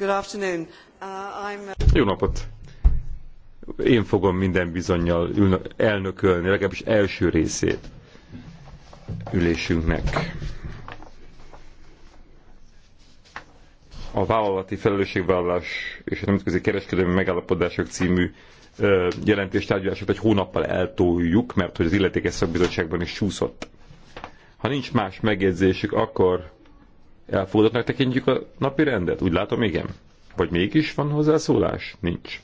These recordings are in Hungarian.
Uh, Jó napot! Én fogom minden bizonyal elnökölni, legalábbis első részét ülésünknek. A vállalati felelősségvállalás és a nemzetközi kereskedelmi megállapodások című jelentéstárgyalásokat egy hónappal eltoljuk, mert hogy az illetékes szakbizottságban is csúszott. Ha nincs más megjegyzésük, akkor Elfogadottnak tekintjük a napi rendet? Úgy látom, igen. Vagy mégis van hozzászólás? Nincs.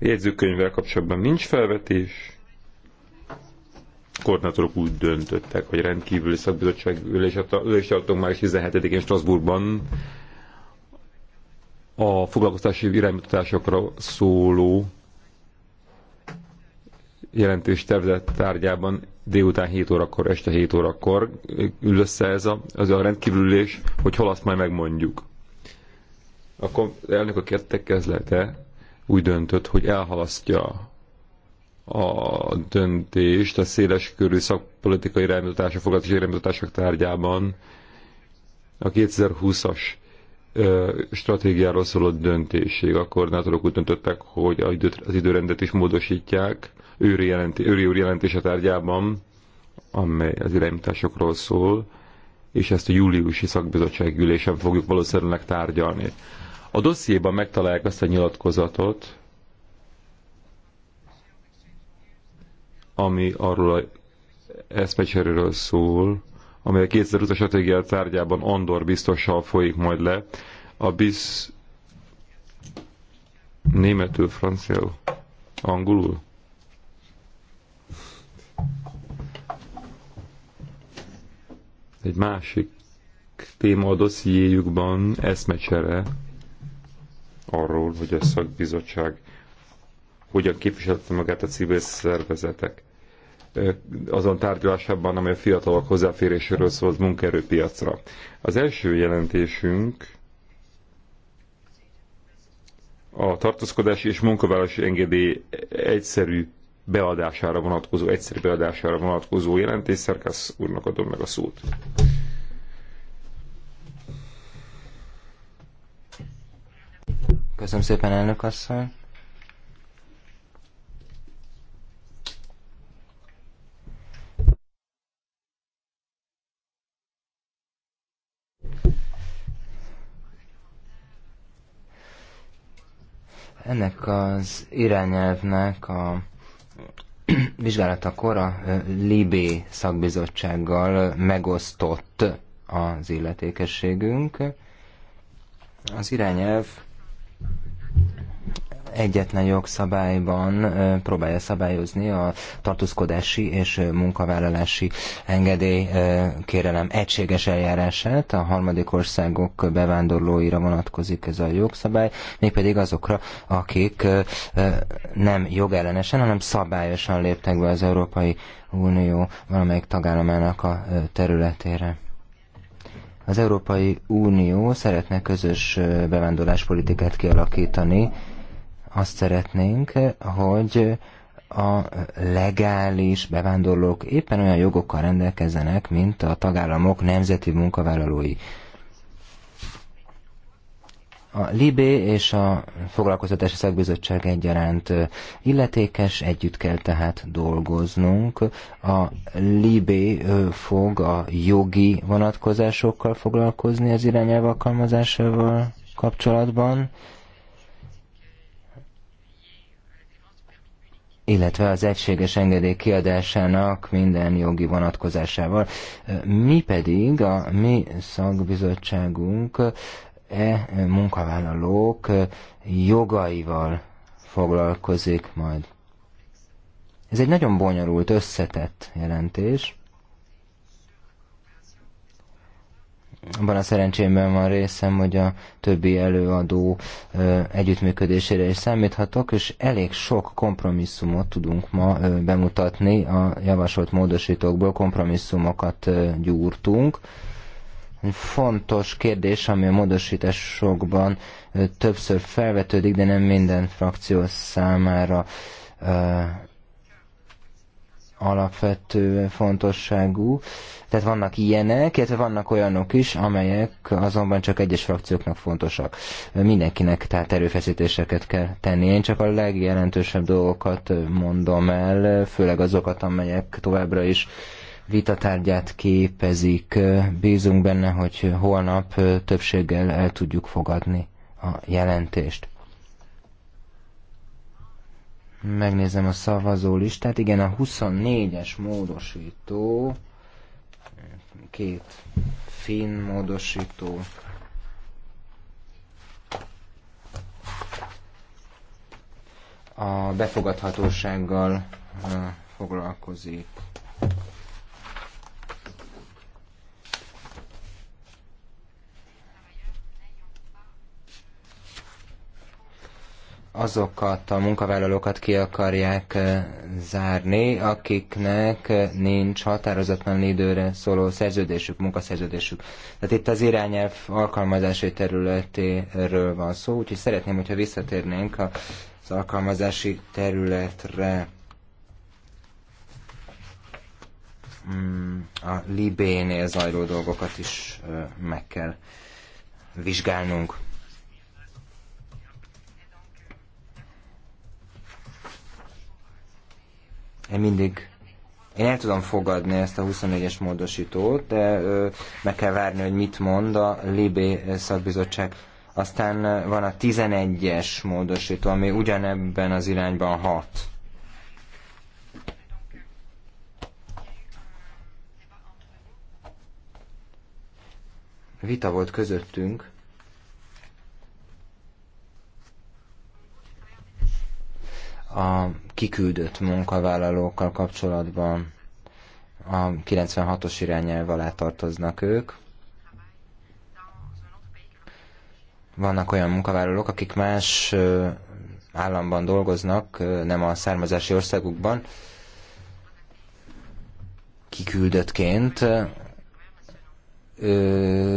A jegyzőkönyvvel kapcsolatban nincs felvetés. A koordinátorok úgy döntöttek, hogy rendkívüli szakbizottság ülés tartunk már 17-én Strasbourgban a foglalkoztási iránymutatásokra szóló Jelentős tervezett tárgyában délután 7 órakor, este 7 órakor ül össze ez a, az a rendkívülülés, hogy hol azt majd megmondjuk. Akkor elnök a kezlete úgy döntött, hogy elhalasztja a döntést a széles körű szakpolitikai rámutatása, fogadási rámutatások tárgyában a 2020-as stratégiáról szóló döntésig. A koordinátorok úgy döntöttek, hogy az időrendet is módosítják, őri, jelenti, őri úr jelentése tárgyában, amely az irányításokról szól, és ezt a júliusi szakbizottsági ülésen fogjuk valószínűleg tárgyalni. A dossziéban megtalálják azt a nyilatkozatot, ami arról a eszmecseréről szól, amely a 2020-as stratégia tárgyában Andor biztossal folyik majd le. A biz németül, franciául, angolul? Egy másik téma a dossziéjukban eszmecsere arról, hogy a szakbizottság hogyan képviselte magát a civil szervezetek azon tárgyalásában, amely a fiatalok hozzáféréséről szól az munkaerőpiacra. Az első jelentésünk a tartózkodási és munkavállalási engedély egyszerű beadására vonatkozó, egyszerű beadására vonatkozó jelentés. Szerkesz úrnak adom meg a szót. Köszönöm szépen, elnök asszony. Ennek az irányelvnek a vizsgálatakor a Libé szakbizottsággal megosztott az illetékességünk. Az irányelv egyetlen jogszabályban próbálja szabályozni a tartózkodási és munkavállalási engedély kérelem egységes eljárását. A harmadik országok bevándorlóira vonatkozik ez a jogszabály, mégpedig azokra, akik nem jogellenesen, hanem szabályosan léptek be az Európai Unió valamelyik tagállamának a területére. Az Európai Unió szeretne közös bevándorláspolitikát kialakítani, azt szeretnénk, hogy a legális bevándorlók éppen olyan jogokkal rendelkezzenek, mint a tagállamok nemzeti munkavállalói. A Libé és a Foglalkoztatási Szakbizottság egyaránt illetékes, együtt kell tehát dolgoznunk. A Libé fog a jogi vonatkozásokkal foglalkozni az irányelv alkalmazásával kapcsolatban. illetve az egységes engedély kiadásának minden jogi vonatkozásával. Mi pedig, a mi szakbizottságunk e munkavállalók jogaival foglalkozik majd. Ez egy nagyon bonyolult, összetett jelentés, abban a szerencsémben van részem, hogy a többi előadó együttműködésére is számíthatok, és elég sok kompromisszumot tudunk ma bemutatni a javasolt módosítókból, kompromisszumokat gyúrtunk. Fontos kérdés, ami a módosításokban többször felvetődik, de nem minden frakció számára alapvető fontosságú. Tehát vannak ilyenek, illetve vannak olyanok is, amelyek azonban csak egyes frakcióknak fontosak. Mindenkinek tehát erőfeszítéseket kell tenni. Én csak a legjelentősebb dolgokat mondom el, főleg azokat, amelyek továbbra is vitatárgyát képezik. Bízunk benne, hogy holnap többséggel el tudjuk fogadni a jelentést. Megnézem a szavazó listát. Igen, a 24-es módosító két fin módosító. A befogadhatósággal foglalkozik. azokat a munkavállalókat ki akarják zárni, akiknek nincs határozatlan időre szóló szerződésük, munkaszerződésük. Tehát itt az irányelv alkalmazási területéről van szó, úgyhogy szeretném, hogyha visszatérnénk az alkalmazási területre. Hmm, a Libénél zajló dolgokat is meg kell vizsgálnunk. Én mindig én el tudom fogadni ezt a 24-es módosítót, de ö, meg kell várni, hogy mit mond a Libé szakbizottság. Aztán van a 11-es módosító, ami ugyanebben az irányban hat. Vita volt közöttünk a kiküldött munkavállalókkal kapcsolatban a 96-os irányelv alá tartoznak ők. Vannak olyan munkavállalók, akik más államban dolgoznak, nem a származási országukban, kiküldöttként,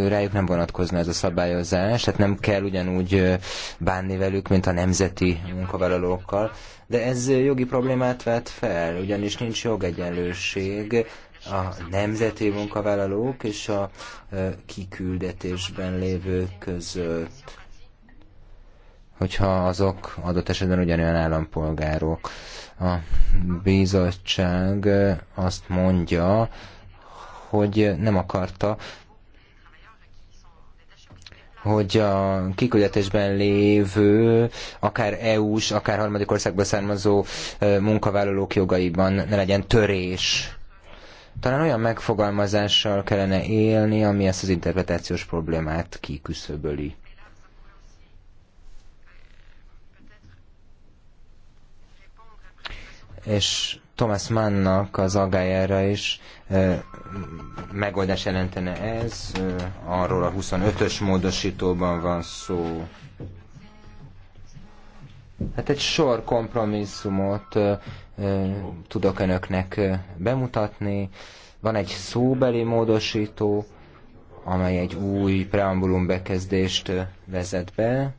rájuk nem vonatkozna ez a szabályozás, tehát nem kell ugyanúgy bánni velük, mint a nemzeti munkavállalókkal de ez jogi problémát vet fel, ugyanis nincs jogegyenlőség a nemzeti munkavállalók és a kiküldetésben lévők között hogyha azok adott esetben ugyanolyan állampolgárok. A bizottság azt mondja, hogy nem akarta hogy a kiküldetésben lévő, akár EU-s, akár harmadik országból származó munkavállalók jogaiban ne legyen törés. Talán olyan megfogalmazással kellene élni, ami ezt az interpretációs problémát kiküszöböli. És Thomas Mannnak az agájára is megoldás jelentene ez, arról a 25-ös módosítóban van szó. Hát egy sor kompromisszumot tudok önöknek bemutatni. Van egy szóbeli módosító, amely egy új preambulum bekezdést vezet be,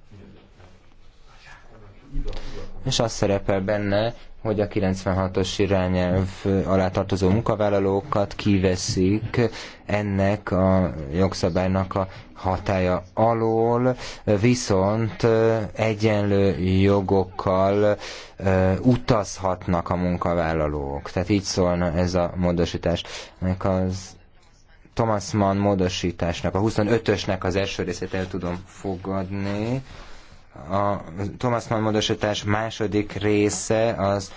és az szerepel benne, hogy a 96-os irányelv alá tartozó munkavállalókat kiveszik ennek a jogszabálynak a hatája alól, viszont egyenlő jogokkal utazhatnak a munkavállalók. Tehát így szólna ez a módosítás. Ennek az Thomas Mann módosításnak, a 25-ösnek az első részét el tudom fogadni. A Thomas Mann módosítás második része az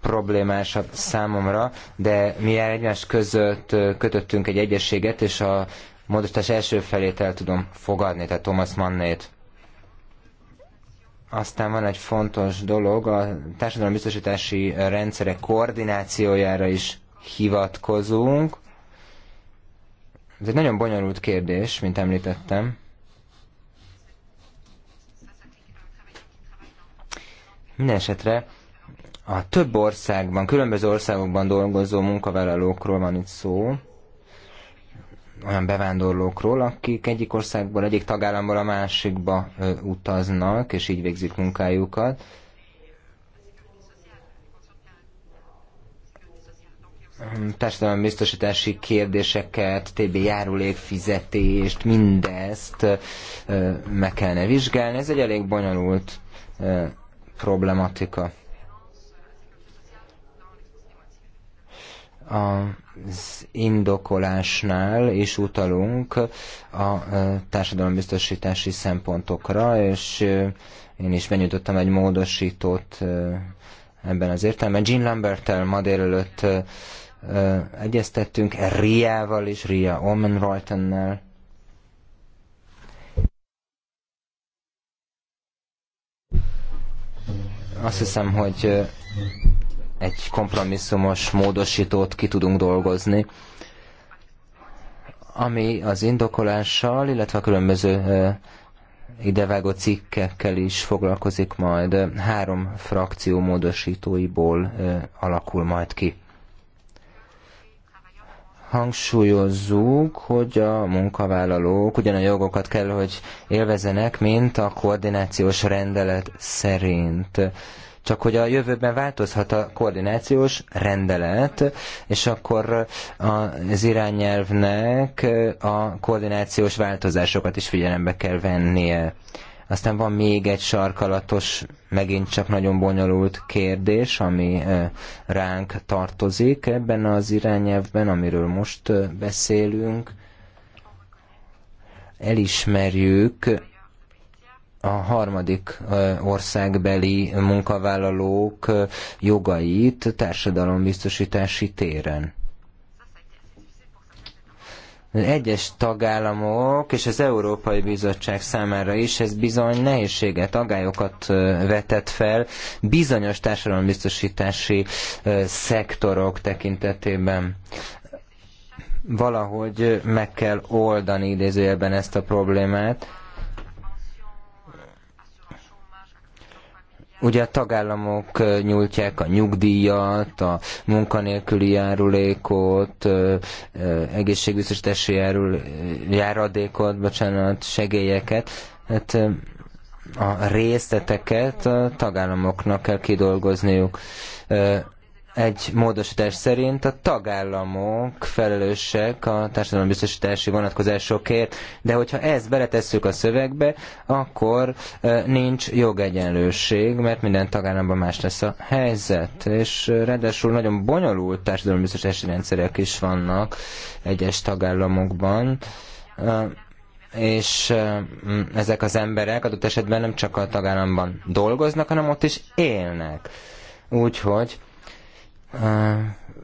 problémásabb számomra, de mi egymás között kötöttünk egy egyességet, és a módosítás első felét el tudom fogadni, tehát Thomas Mannét. Aztán van egy fontos dolog, a biztosítási rendszerek koordinációjára is hivatkozunk. Ez egy nagyon bonyolult kérdés, mint említettem. Minden esetre a több országban, különböző országokban dolgozó munkavállalókról van itt szó, olyan bevándorlókról, akik egyik országból, egyik tagállamból a másikba utaznak, és így végzik munkájukat. társadalmi biztosítási kérdéseket, TB járulék fizetést, mindezt meg kellene vizsgálni. Ez egy elég bonyolult problematika. az indokolásnál is utalunk a társadalombiztosítási szempontokra, és én is benyújtottam egy módosítót ebben az értelemben. Jean Lambert-tel ma délelőtt egyeztettünk, Ria-val is, Ria Omenreutennel, Azt hiszem, hogy egy kompromisszumos módosítót ki tudunk dolgozni, ami az indokolással, illetve a különböző idevágó cikkekkel is foglalkozik majd, három frakció módosítóiból alakul majd ki hangsúlyozzuk, hogy a munkavállalók a jogokat kell, hogy élvezenek, mint a koordinációs rendelet szerint. Csak hogy a jövőben változhat a koordinációs rendelet, és akkor az irányelvnek a koordinációs változásokat is figyelembe kell vennie. Aztán van még egy sarkalatos, megint csak nagyon bonyolult kérdés, ami ránk tartozik ebben az irányelvben, amiről most beszélünk. Elismerjük a harmadik országbeli munkavállalók jogait társadalombiztosítási téren egyes tagállamok és az Európai Bizottság számára is ez bizony nehézséget, agályokat vetett fel bizonyos társadalombiztosítási szektorok tekintetében valahogy meg kell oldani idézőjelben ezt a problémát, Ugye a tagállamok nyújtják a nyugdíjat, a munkanélküli járulékot, egészségbiztosítási járul, járadékot, bocsánat, segélyeket. Hát a részleteket a tagállamoknak kell kidolgozniuk egy módosítás szerint a tagállamok felelősek a társadalombiztosítási vonatkozásokért, de hogyha ezt beletesszük a szövegbe, akkor nincs jogegyenlőség, mert minden tagállamban más lesz a helyzet. És ráadásul nagyon bonyolult társadalombiztosítási rendszerek is vannak egyes tagállamokban és ezek az emberek adott esetben nem csak a tagállamban dolgoznak, hanem ott is élnek. Úgyhogy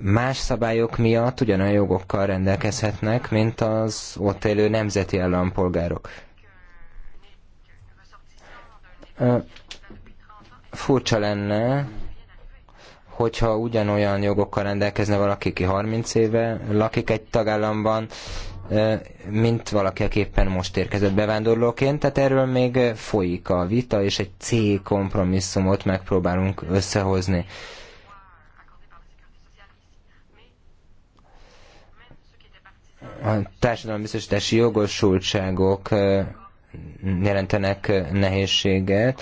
más szabályok miatt ugyanolyan jogokkal rendelkezhetnek, mint az ott élő nemzeti állampolgárok. Furcsa lenne, hogyha ugyanolyan jogokkal rendelkezne valaki, ki 30 éve lakik egy tagállamban, mint valaki, aki éppen most érkezett bevándorlóként, tehát erről még folyik a vita, és egy C kompromisszumot megpróbálunk összehozni. a társadalombiztosítási jogosultságok jelentenek nehézséget.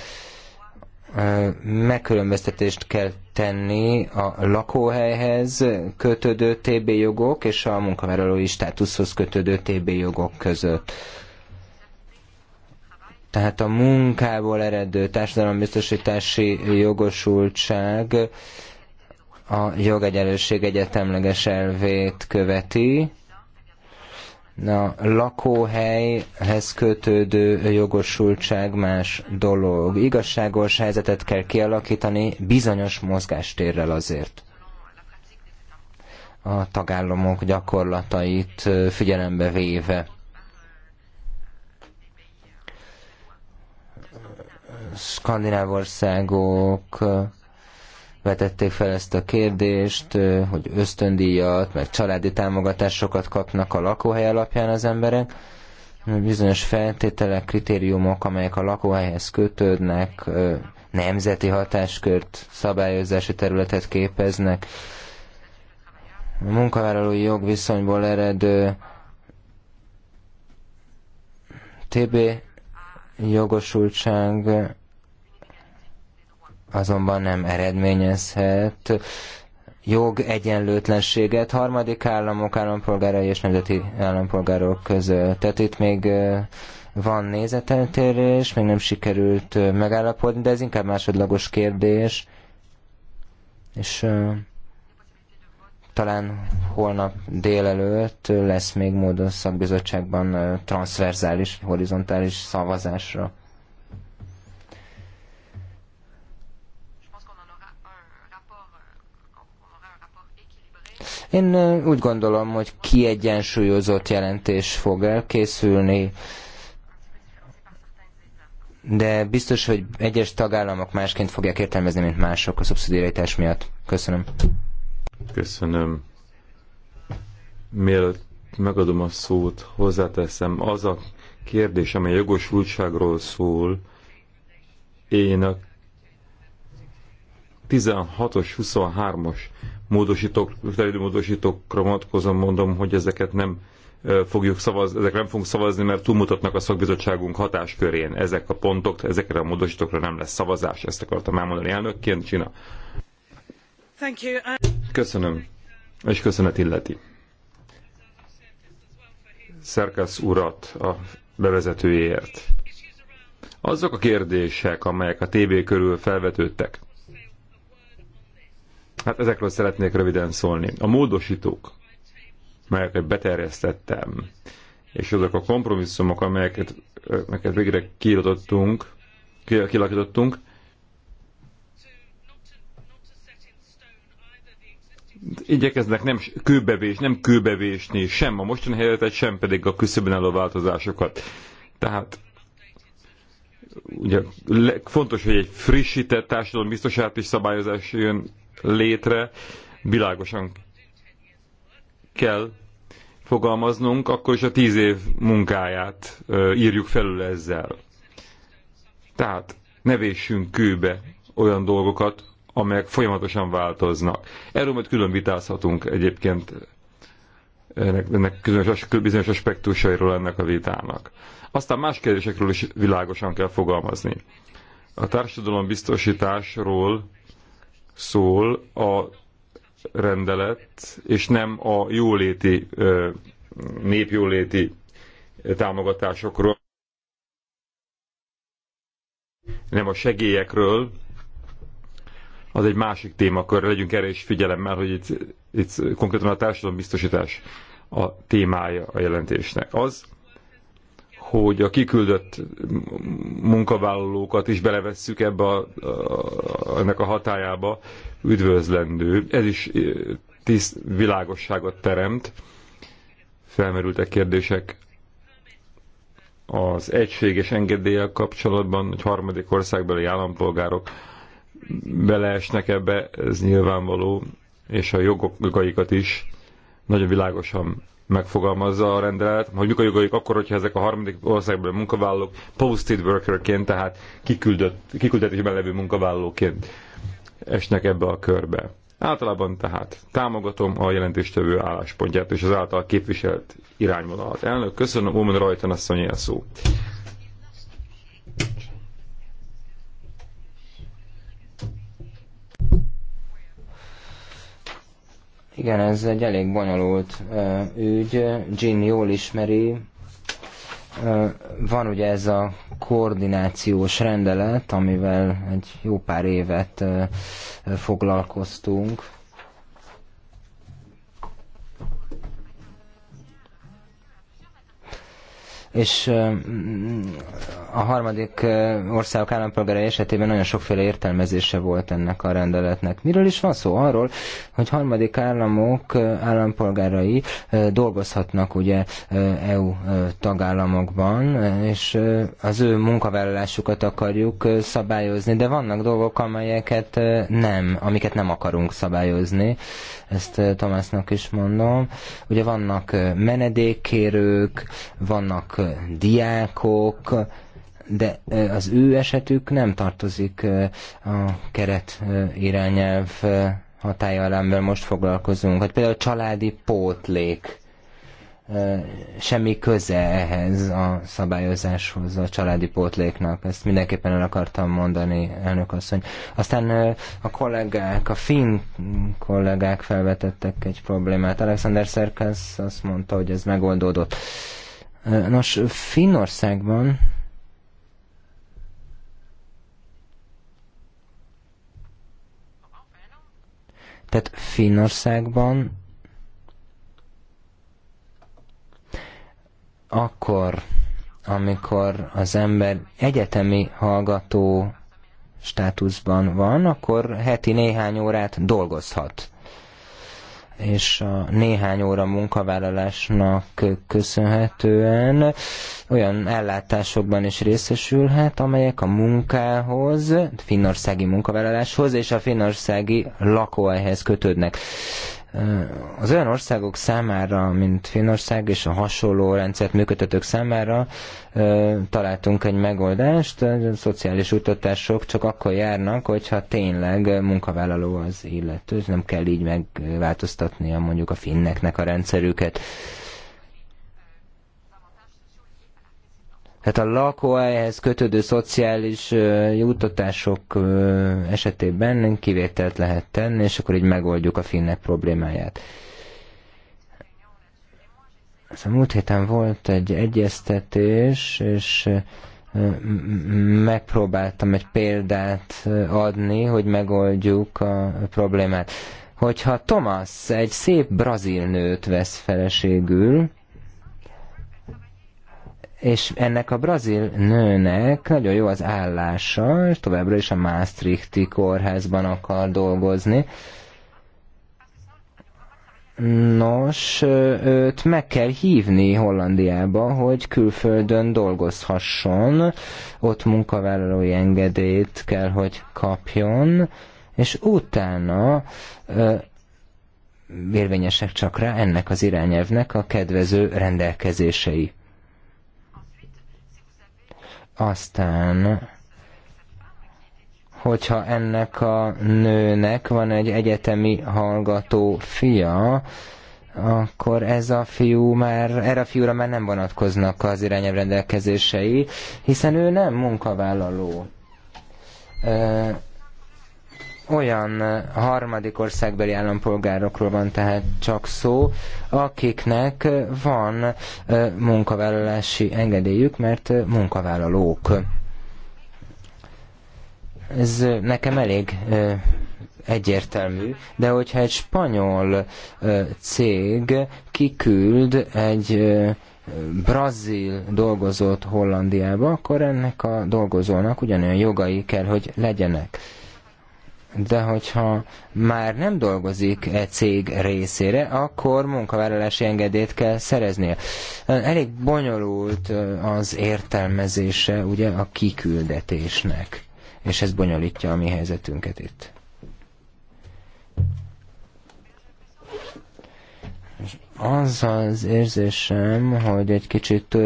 Megkülönböztetést kell tenni a lakóhelyhez kötődő TB jogok és a munkavállalói státuszhoz kötődő TB jogok között. Tehát a munkából eredő társadalombiztosítási jogosultság a jogegyenlőség egyetemleges elvét követi, a lakóhelyhez kötődő jogosultság más dolog. Igazságos helyzetet kell kialakítani bizonyos mozgástérrel azért. A tagállamok gyakorlatait figyelembe véve. Skandinávországok országok vetették fel ezt a kérdést, hogy ösztöndíjat, meg családi támogatásokat kapnak a lakóhely alapján az emberek. Bizonyos feltételek, kritériumok, amelyek a lakóhelyhez kötődnek, nemzeti hatáskört, szabályozási területet képeznek. A munkavállalói jogviszonyból eredő TB jogosultság azonban nem eredményezhet jog egyenlőtlenséget harmadik államok állampolgárai és nemzeti állampolgárok között. Tehát itt még van nézeteltérés, még nem sikerült megállapodni, de ez inkább másodlagos kérdés, és uh, talán holnap délelőtt lesz még módon szakbizottságban uh, transzverzális, horizontális szavazásra. Én úgy gondolom, hogy kiegyensúlyozott jelentés fog elkészülni, de biztos, hogy egyes tagállamok másként fogják értelmezni, mint mások a szubszidiaritás miatt. Köszönöm. Köszönöm. Mielőtt megadom a szót, hozzáteszem, az a kérdés, amely jogosultságról szól, én a 16-os, 23 os módosítók, módosítókra vonatkozom, mondom, hogy ezeket nem fogjuk szavazni, ezekre nem fogunk szavazni, mert túlmutatnak a szakbizottságunk hatáskörén ezek a pontok, ezekre a módosítókra nem lesz szavazás. Ezt akartam elmondani elnökként, Csina. Uh, Köszönöm, és köszönet illeti. Szerkesz urat a bevezetőjéért. Azok a kérdések, amelyek a tévé körül felvetődtek, Hát ezekről szeretnék röviden szólni. A módosítók, melyeket beterjesztettem, és azok a kompromisszumok, amelyeket, amelyeket végre kiiratottunk, kilakítottunk, igyekeznek nem kőbevés, nem kőbevésni sem a mostani helyzetet, sem pedig a küszöbben álló változásokat. Tehát ugye fontos, hogy egy frissített társadalom biztosát is szabályozás jön létre, világosan kell fogalmaznunk, akkor is a tíz év munkáját írjuk felül ezzel. Tehát ne véssünk kőbe olyan dolgokat, amelyek folyamatosan változnak. Erről majd külön vitázhatunk egyébként ennek, ennek bizonyos, bizonyos aspektusairól ennek a vitának. Aztán más kérdésekről is világosan kell fogalmazni. A társadalombiztosításról szól a rendelet, és nem a jóléti, népjóléti támogatásokról, nem a segélyekről, az egy másik témakör, legyünk erre is figyelemmel, hogy itt, itt konkrétan a társadalombiztosítás a témája a jelentésnek. Az, hogy a kiküldött munkavállalókat is belevesszük ebbe a, a, ennek a hatájába, üdvözlendő. Ez is eh, tiszt, világosságot teremt. Felmerültek kérdések az egységes engedéllyel kapcsolatban, hogy harmadik országbeli állampolgárok beleesnek ebbe, ez nyilvánvaló, és a jogaikat is nagyon világosan megfogalmazza a rendelet, hogy mik a jogaik akkor, hogyha ezek a harmadik országból munkavállalók posted workerként, tehát kiküldött, kiküldetésben levő munkavállalóként esnek ebbe a körbe. Általában tehát támogatom a jelentéstevő álláspontját és az által képviselt irányvonalat. Elnök, köszönöm, Omen Rajtan a szó. Igen, ez egy elég bonyolult ügy. Jim jól ismeri. Van ugye ez a koordinációs rendelet, amivel egy jó pár évet foglalkoztunk és a harmadik országok állampolgárai esetében nagyon sokféle értelmezése volt ennek a rendeletnek. Miről is van szó? Arról, hogy harmadik államok állampolgárai dolgozhatnak ugye EU tagállamokban, és az ő munkavállalásukat akarjuk szabályozni, de vannak dolgok, amelyeket nem, amiket nem akarunk szabályozni. Ezt Tomásnak is mondom. Ugye vannak menedékkérők, vannak diákok, de az ő esetük nem tartozik a keret irányelv hatája alá, amivel most foglalkozunk. Hát például a családi pótlék semmi köze ehhez a szabályozáshoz, a családi pótléknak. Ezt mindenképpen el akartam mondani, elnök asszony. Aztán a kollégák, a finn kollégák felvetettek egy problémát. Alexander Szerkesz azt mondta, hogy ez megoldódott. Eh, nos, Finnországban Tehát Finnországban akkor, amikor az ember egyetemi hallgató státuszban van, akkor heti néhány órát dolgozhat és a néhány óra munkavállalásnak köszönhetően olyan ellátásokban is részesülhet, amelyek a munkához, finnországi munkavállaláshoz és a finnországi lakóhelyhez kötődnek az olyan országok számára, mint Finnország és a hasonló rendszert működtetők számára találtunk egy megoldást, a szociális utatások csak akkor járnak, hogyha tényleg munkavállaló az illető, és nem kell így megváltoztatnia mondjuk a finneknek a rendszerüket. Hát a lakóhelyhez kötődő szociális juttatások esetében nem kivételt lehet tenni, és akkor így megoldjuk a finnek problémáját. A múlt héten volt egy egyeztetés, és megpróbáltam egy példát adni, hogy megoldjuk a problémát. Hogyha Thomas egy szép brazil nőt vesz feleségül, és ennek a brazil nőnek nagyon jó az állása, és továbbra is a Maastrichti kórházban akar dolgozni. Nos, őt meg kell hívni Hollandiába, hogy külföldön dolgozhasson, ott munkavállalói engedélyt kell, hogy kapjon, és utána érvényesek csak rá ennek az irányelvnek a kedvező rendelkezései. Aztán hogyha ennek a nőnek van egy egyetemi hallgató fia, akkor ez a fiú már, erre a fiúra már nem vonatkoznak az irányelv rendelkezései, hiszen ő nem munkavállaló olyan eh, harmadik országbeli állampolgárokról van tehát csak szó, akiknek eh, van eh, munkavállalási engedélyük, mert munkavállalók. Ez nekem elég egyértelmű, de hogyha egy spanyol cég kiküld egy brazil dolgozót Hollandiába, akkor ennek a dolgozónak ugyanolyan jogai kell, hogy legyenek de hogyha már nem dolgozik e cég részére, akkor munkavállalási engedélyt kell szereznie. Elég bonyolult az értelmezése ugye a kiküldetésnek, és ez bonyolítja a mi helyzetünket itt. az az érzésem, hogy egy kicsit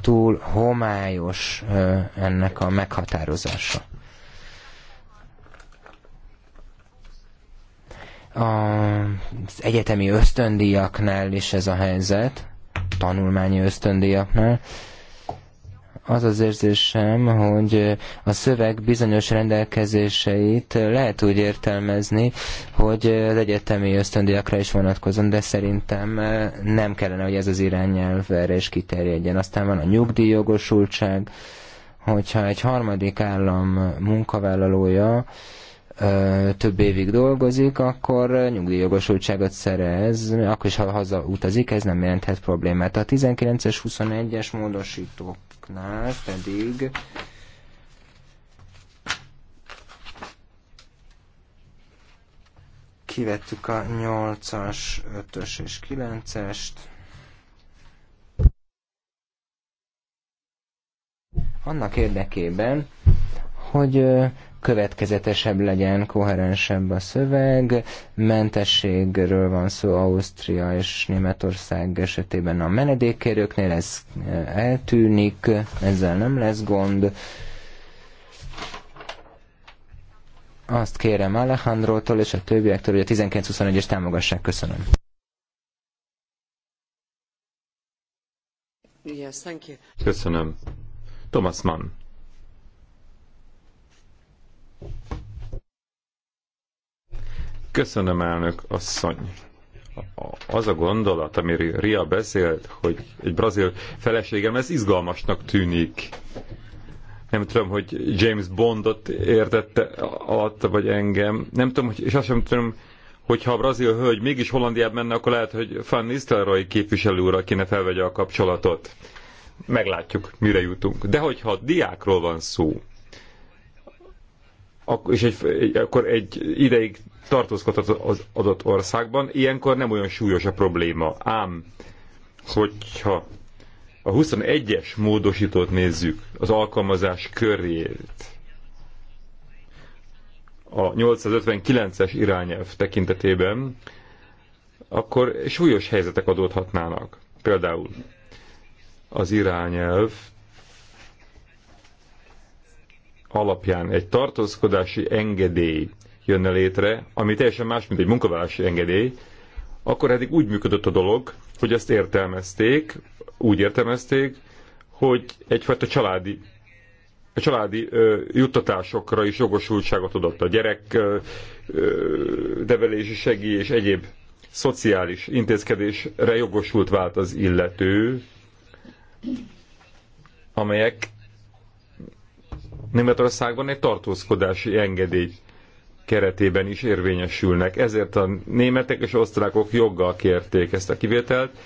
túl homályos ennek a meghatározása. Az egyetemi ösztöndíjaknál is ez a helyzet, tanulmányi ösztöndíjaknál. Az az érzésem, hogy a szöveg bizonyos rendelkezéseit lehet úgy értelmezni, hogy az egyetemi ösztöndíjakra is vonatkozom, de szerintem nem kellene, hogy ez az irányelv erre is kiterjedjen. Aztán van a nyugdíjjogosultság, hogyha egy harmadik állam munkavállalója több évig dolgozik, akkor nyugdíjjogosultságot szerez, akkor is, ha haza utazik, ez nem jelenthet problémát. A 19-es, 21-es módosítóknál pedig kivettük a 8-as, 5-ös és 9-est. Annak érdekében, hogy következetesebb legyen, koherensebb a szöveg. Mentességről van szó Ausztria és Németország esetében a menedékkérőknél, ez e, eltűnik, ezzel nem lesz gond. Azt kérem Alejandrótól és a többiektől, hogy a 1921-es támogassák. Köszönöm. Yes, thank you. Köszönöm. Thomas Mann. Köszönöm, elnök asszony. Az a gondolat, amiről Ria beszélt, hogy egy brazil feleségem, ez izgalmasnak tűnik. Nem tudom, hogy James Bondot értette alatta, vagy engem. Nem tudom, hogy, és azt sem tudom, ha a brazil hölgy mégis Hollandiába menne, akkor lehet, hogy Van Nistelrooy képviselő aki kéne felvegye a kapcsolatot. Meglátjuk, mire jutunk. De hogyha diákról van szó, és egy, egy, akkor egy ideig tartózkodhat az adott országban, ilyenkor nem olyan súlyos a probléma. Ám, hogyha a 21-es módosítót nézzük, az alkalmazás körét, a 859-es irányelv tekintetében, akkor súlyos helyzetek adódhatnának. Például az irányelv alapján egy tartózkodási engedély jönne létre, ami teljesen más, mint egy munkavállalási engedély, akkor eddig úgy működött a dolog, hogy ezt értelmezték, úgy értelmezték, hogy egyfajta családi a családi ö, juttatásokra is jogosultságot adott a gyerek, ö, ö, develési segély és egyéb szociális intézkedésre jogosult vált az illető, amelyek Németországban egy tartózkodási engedély keretében is érvényesülnek. Ezért a németek és osztrákok joggal kérték ezt a kivételt,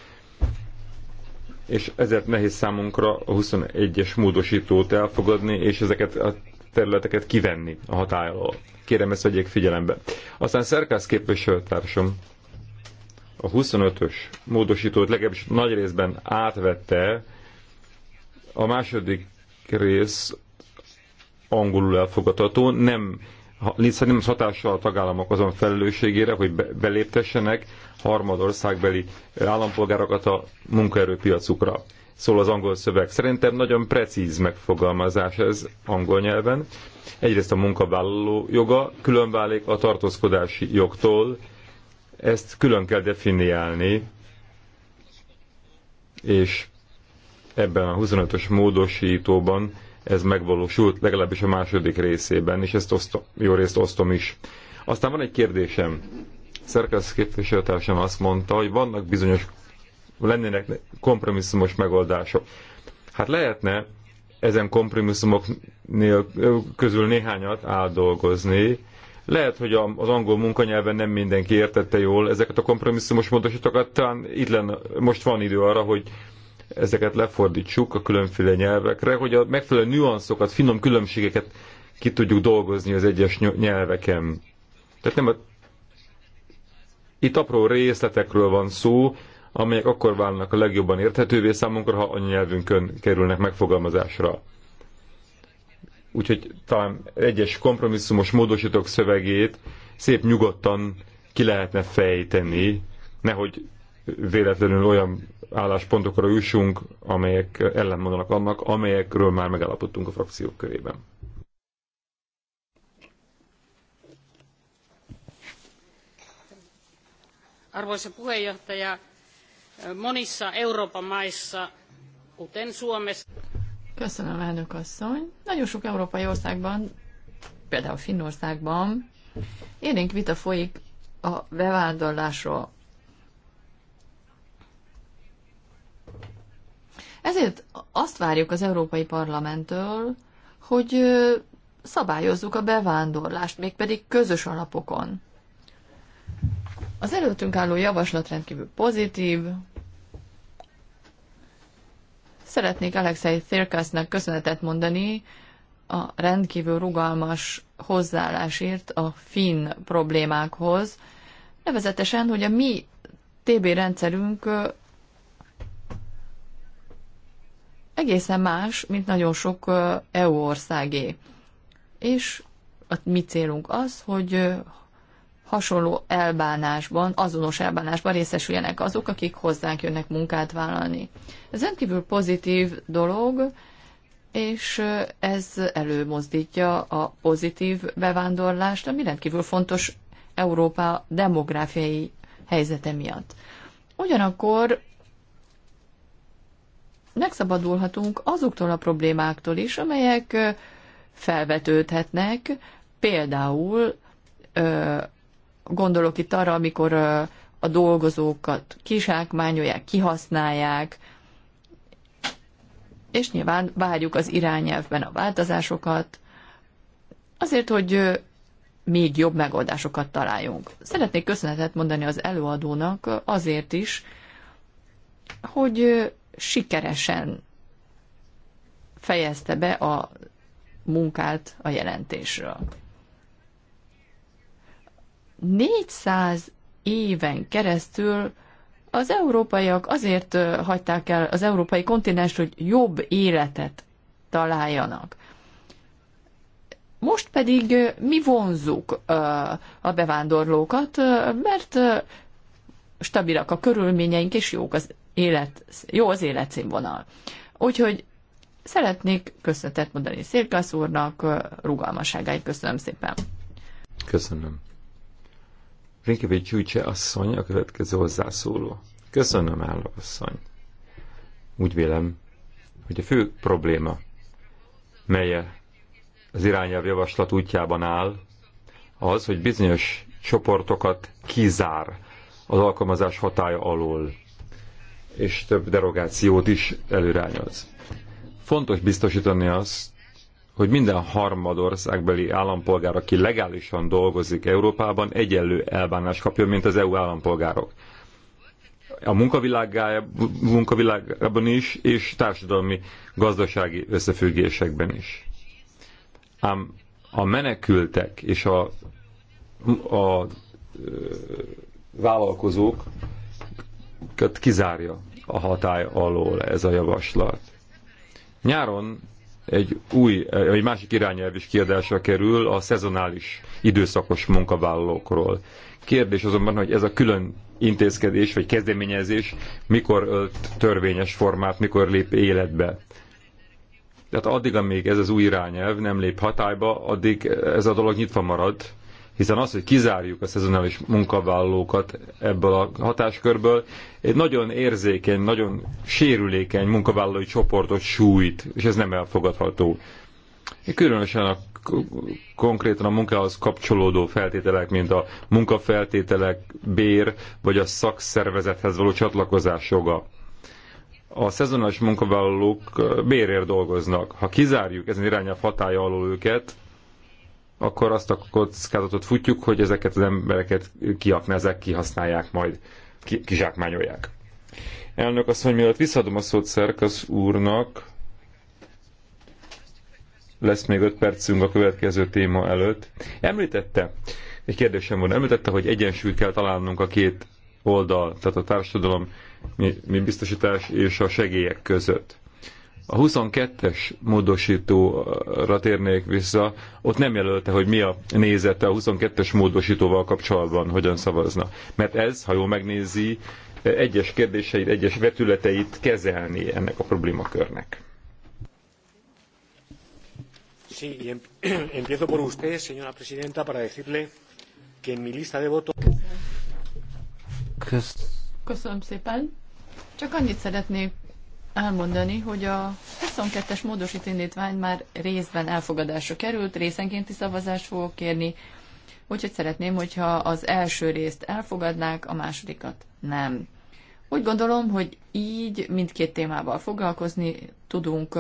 és ezért nehéz számunkra a 21-es módosítót elfogadni, és ezeket a területeket kivenni a hatály Kérem, ezt vegyék figyelembe. Aztán Szerkász képviselőtársam a 25-ös módosítót legalábbis nagy részben átvette, a második rész angolul elfogadható, nem szerintem az hatással a tagállamok azon felelősségére, hogy beléptessenek harmadországbeli állampolgárokat a munkaerőpiacukra. Szól az angol szöveg. Szerintem nagyon precíz megfogalmazás ez angol nyelven. Egyrészt a munkavállaló joga különválik a tartózkodási jogtól. Ezt külön kell definiálni, és ebben a 25-ös módosítóban ez megvalósult, legalábbis a második részében, és ezt osztom, jó részt osztom is. Aztán van egy kérdésem. Szerkesz képviselőtársam azt mondta, hogy vannak bizonyos, lennének kompromisszumos megoldások. Hát lehetne ezen kompromisszumok közül néhányat átdolgozni. Lehet, hogy az angol munkanyelven nem mindenki értette jól ezeket a kompromisszumos módosítókat, talán itt lenne, most van idő arra, hogy ezeket lefordítsuk a különféle nyelvekre, hogy a megfelelő nüanszokat, finom különbségeket ki tudjuk dolgozni az egyes nyelveken. Tehát nem a... Itt apró részletekről van szó, amelyek akkor válnak a legjobban érthetővé számunkra, ha anyanyelvünkön kerülnek megfogalmazásra. Úgyhogy talán egyes kompromisszumos módosítók szövegét szép nyugodtan ki lehetne fejteni, nehogy véletlenül olyan álláspontokra jussunk, amelyek ellenmondanak annak, amelyekről már megállapodtunk a frakciók körében. Arvoisa puheenjohtaja, monissa Euroopan maissa, kuten Suomessa... Köszönöm, elnök asszony. Nagyon sok európai országban, például Finnországban, élénk vita folyik a bevándorlásról. Ezért azt várjuk az Európai Parlamenttől, hogy szabályozzuk a bevándorlást, mégpedig közös alapokon. Az előttünk álló javaslat rendkívül pozitív. Szeretnék Alexei Thirkasznak köszönetet mondani a rendkívül rugalmas hozzáállásért a finn problémákhoz, nevezetesen, hogy a mi TB rendszerünk egészen más, mint nagyon sok EU országé. És a mi célunk az, hogy hasonló elbánásban, azonos elbánásban részesüljenek azok, akik hozzánk jönnek munkát vállalni. Ez rendkívül pozitív dolog, és ez előmozdítja a pozitív bevándorlást, ami rendkívül fontos Európa demográfiai helyzete miatt. Ugyanakkor megszabadulhatunk azoktól a problémáktól is, amelyek felvetődhetnek, például gondolok itt arra, amikor a dolgozókat kisákmányolják, kihasználják, és nyilván várjuk az irányelvben a változásokat, azért, hogy még jobb megoldásokat találjunk. Szeretnék köszönetet mondani az előadónak azért is, hogy sikeresen fejezte be a munkát a jelentésről. 400 éven keresztül az európaiak azért hagyták el az európai kontinens, hogy jobb életet találjanak. Most pedig mi vonzuk a bevándorlókat, mert stabilak a körülményeink, és jók az élet, jó az életszínvonal. Úgyhogy szeretnék köszönetet mondani Szélkász úrnak, rugalmasságáit köszönöm szépen. Köszönöm. Rinkevé Gyújtse asszony, a következő hozzászóló. Köszönöm, asszony. Úgy vélem, hogy a fő probléma, melye az irányelv javaslat útjában áll, az, hogy bizonyos csoportokat kizár az alkalmazás hatája alól és több derogációt is előrányoz. Fontos biztosítani azt, hogy minden harmadországbeli állampolgár, aki legálisan dolgozik Európában, egyenlő elbánást kapjon, mint az EU állampolgárok. A munkavilágában is, és társadalmi gazdasági összefüggésekben is. Ám a menekültek és a, a, a vállalkozók kizárja a hatály alól ez a javaslat. Nyáron egy új, egy másik irányelv is kiadásra kerül a szezonális időszakos munkavállalókról. Kérdés azonban, hogy ez a külön intézkedés vagy kezdeményezés mikor ölt törvényes formát, mikor lép életbe. Tehát addig, amíg ez az új irányelv nem lép hatályba, addig ez a dolog nyitva marad, hiszen az, hogy kizárjuk a szezonális munkavállalókat ebből a hatáskörből, egy nagyon érzékeny, nagyon sérülékeny munkavállalói csoportot sújt, és ez nem elfogadható. Különösen a konkrétan a munkához kapcsolódó feltételek, mint a munkafeltételek, bér, vagy a szakszervezethez való csatlakozás joga. A szezonális munkavállalók bérért dolgoznak. Ha kizárjuk ezen irányelv hatája alól őket, akkor azt a kockázatot futjuk, hogy ezeket az embereket kiaknázzák, kihasználják, majd kizsákmányolják. Elnök azt mondja, mielőtt visszaadom a szót Szerkasz úrnak, lesz még öt percünk a következő téma előtt. Említette, egy kérdésem van, említette, hogy egyensúlyt kell találnunk a két oldal, tehát a társadalom mi, mi biztosítás és a segélyek között. A 22-es módosítóra térnék vissza, ott nem jelölte, hogy mi a nézete a 22-es módosítóval kapcsolatban, hogyan szavazna. Mert ez, ha jól megnézi, egyes kérdéseit, egyes vetületeit kezelni ennek a problémakörnek. Sí, empiezo por usted, señora presidenta, para decirle que en mi lista de votos... Köszönöm szépen. Csak annyit szeretnék elmondani, hogy a 22-es módosít indítvány már részben elfogadásra került, részenkénti szavazást fogok kérni, úgyhogy szeretném, hogyha az első részt elfogadnák, a másodikat nem. Úgy gondolom, hogy így mindkét témával foglalkozni tudunk,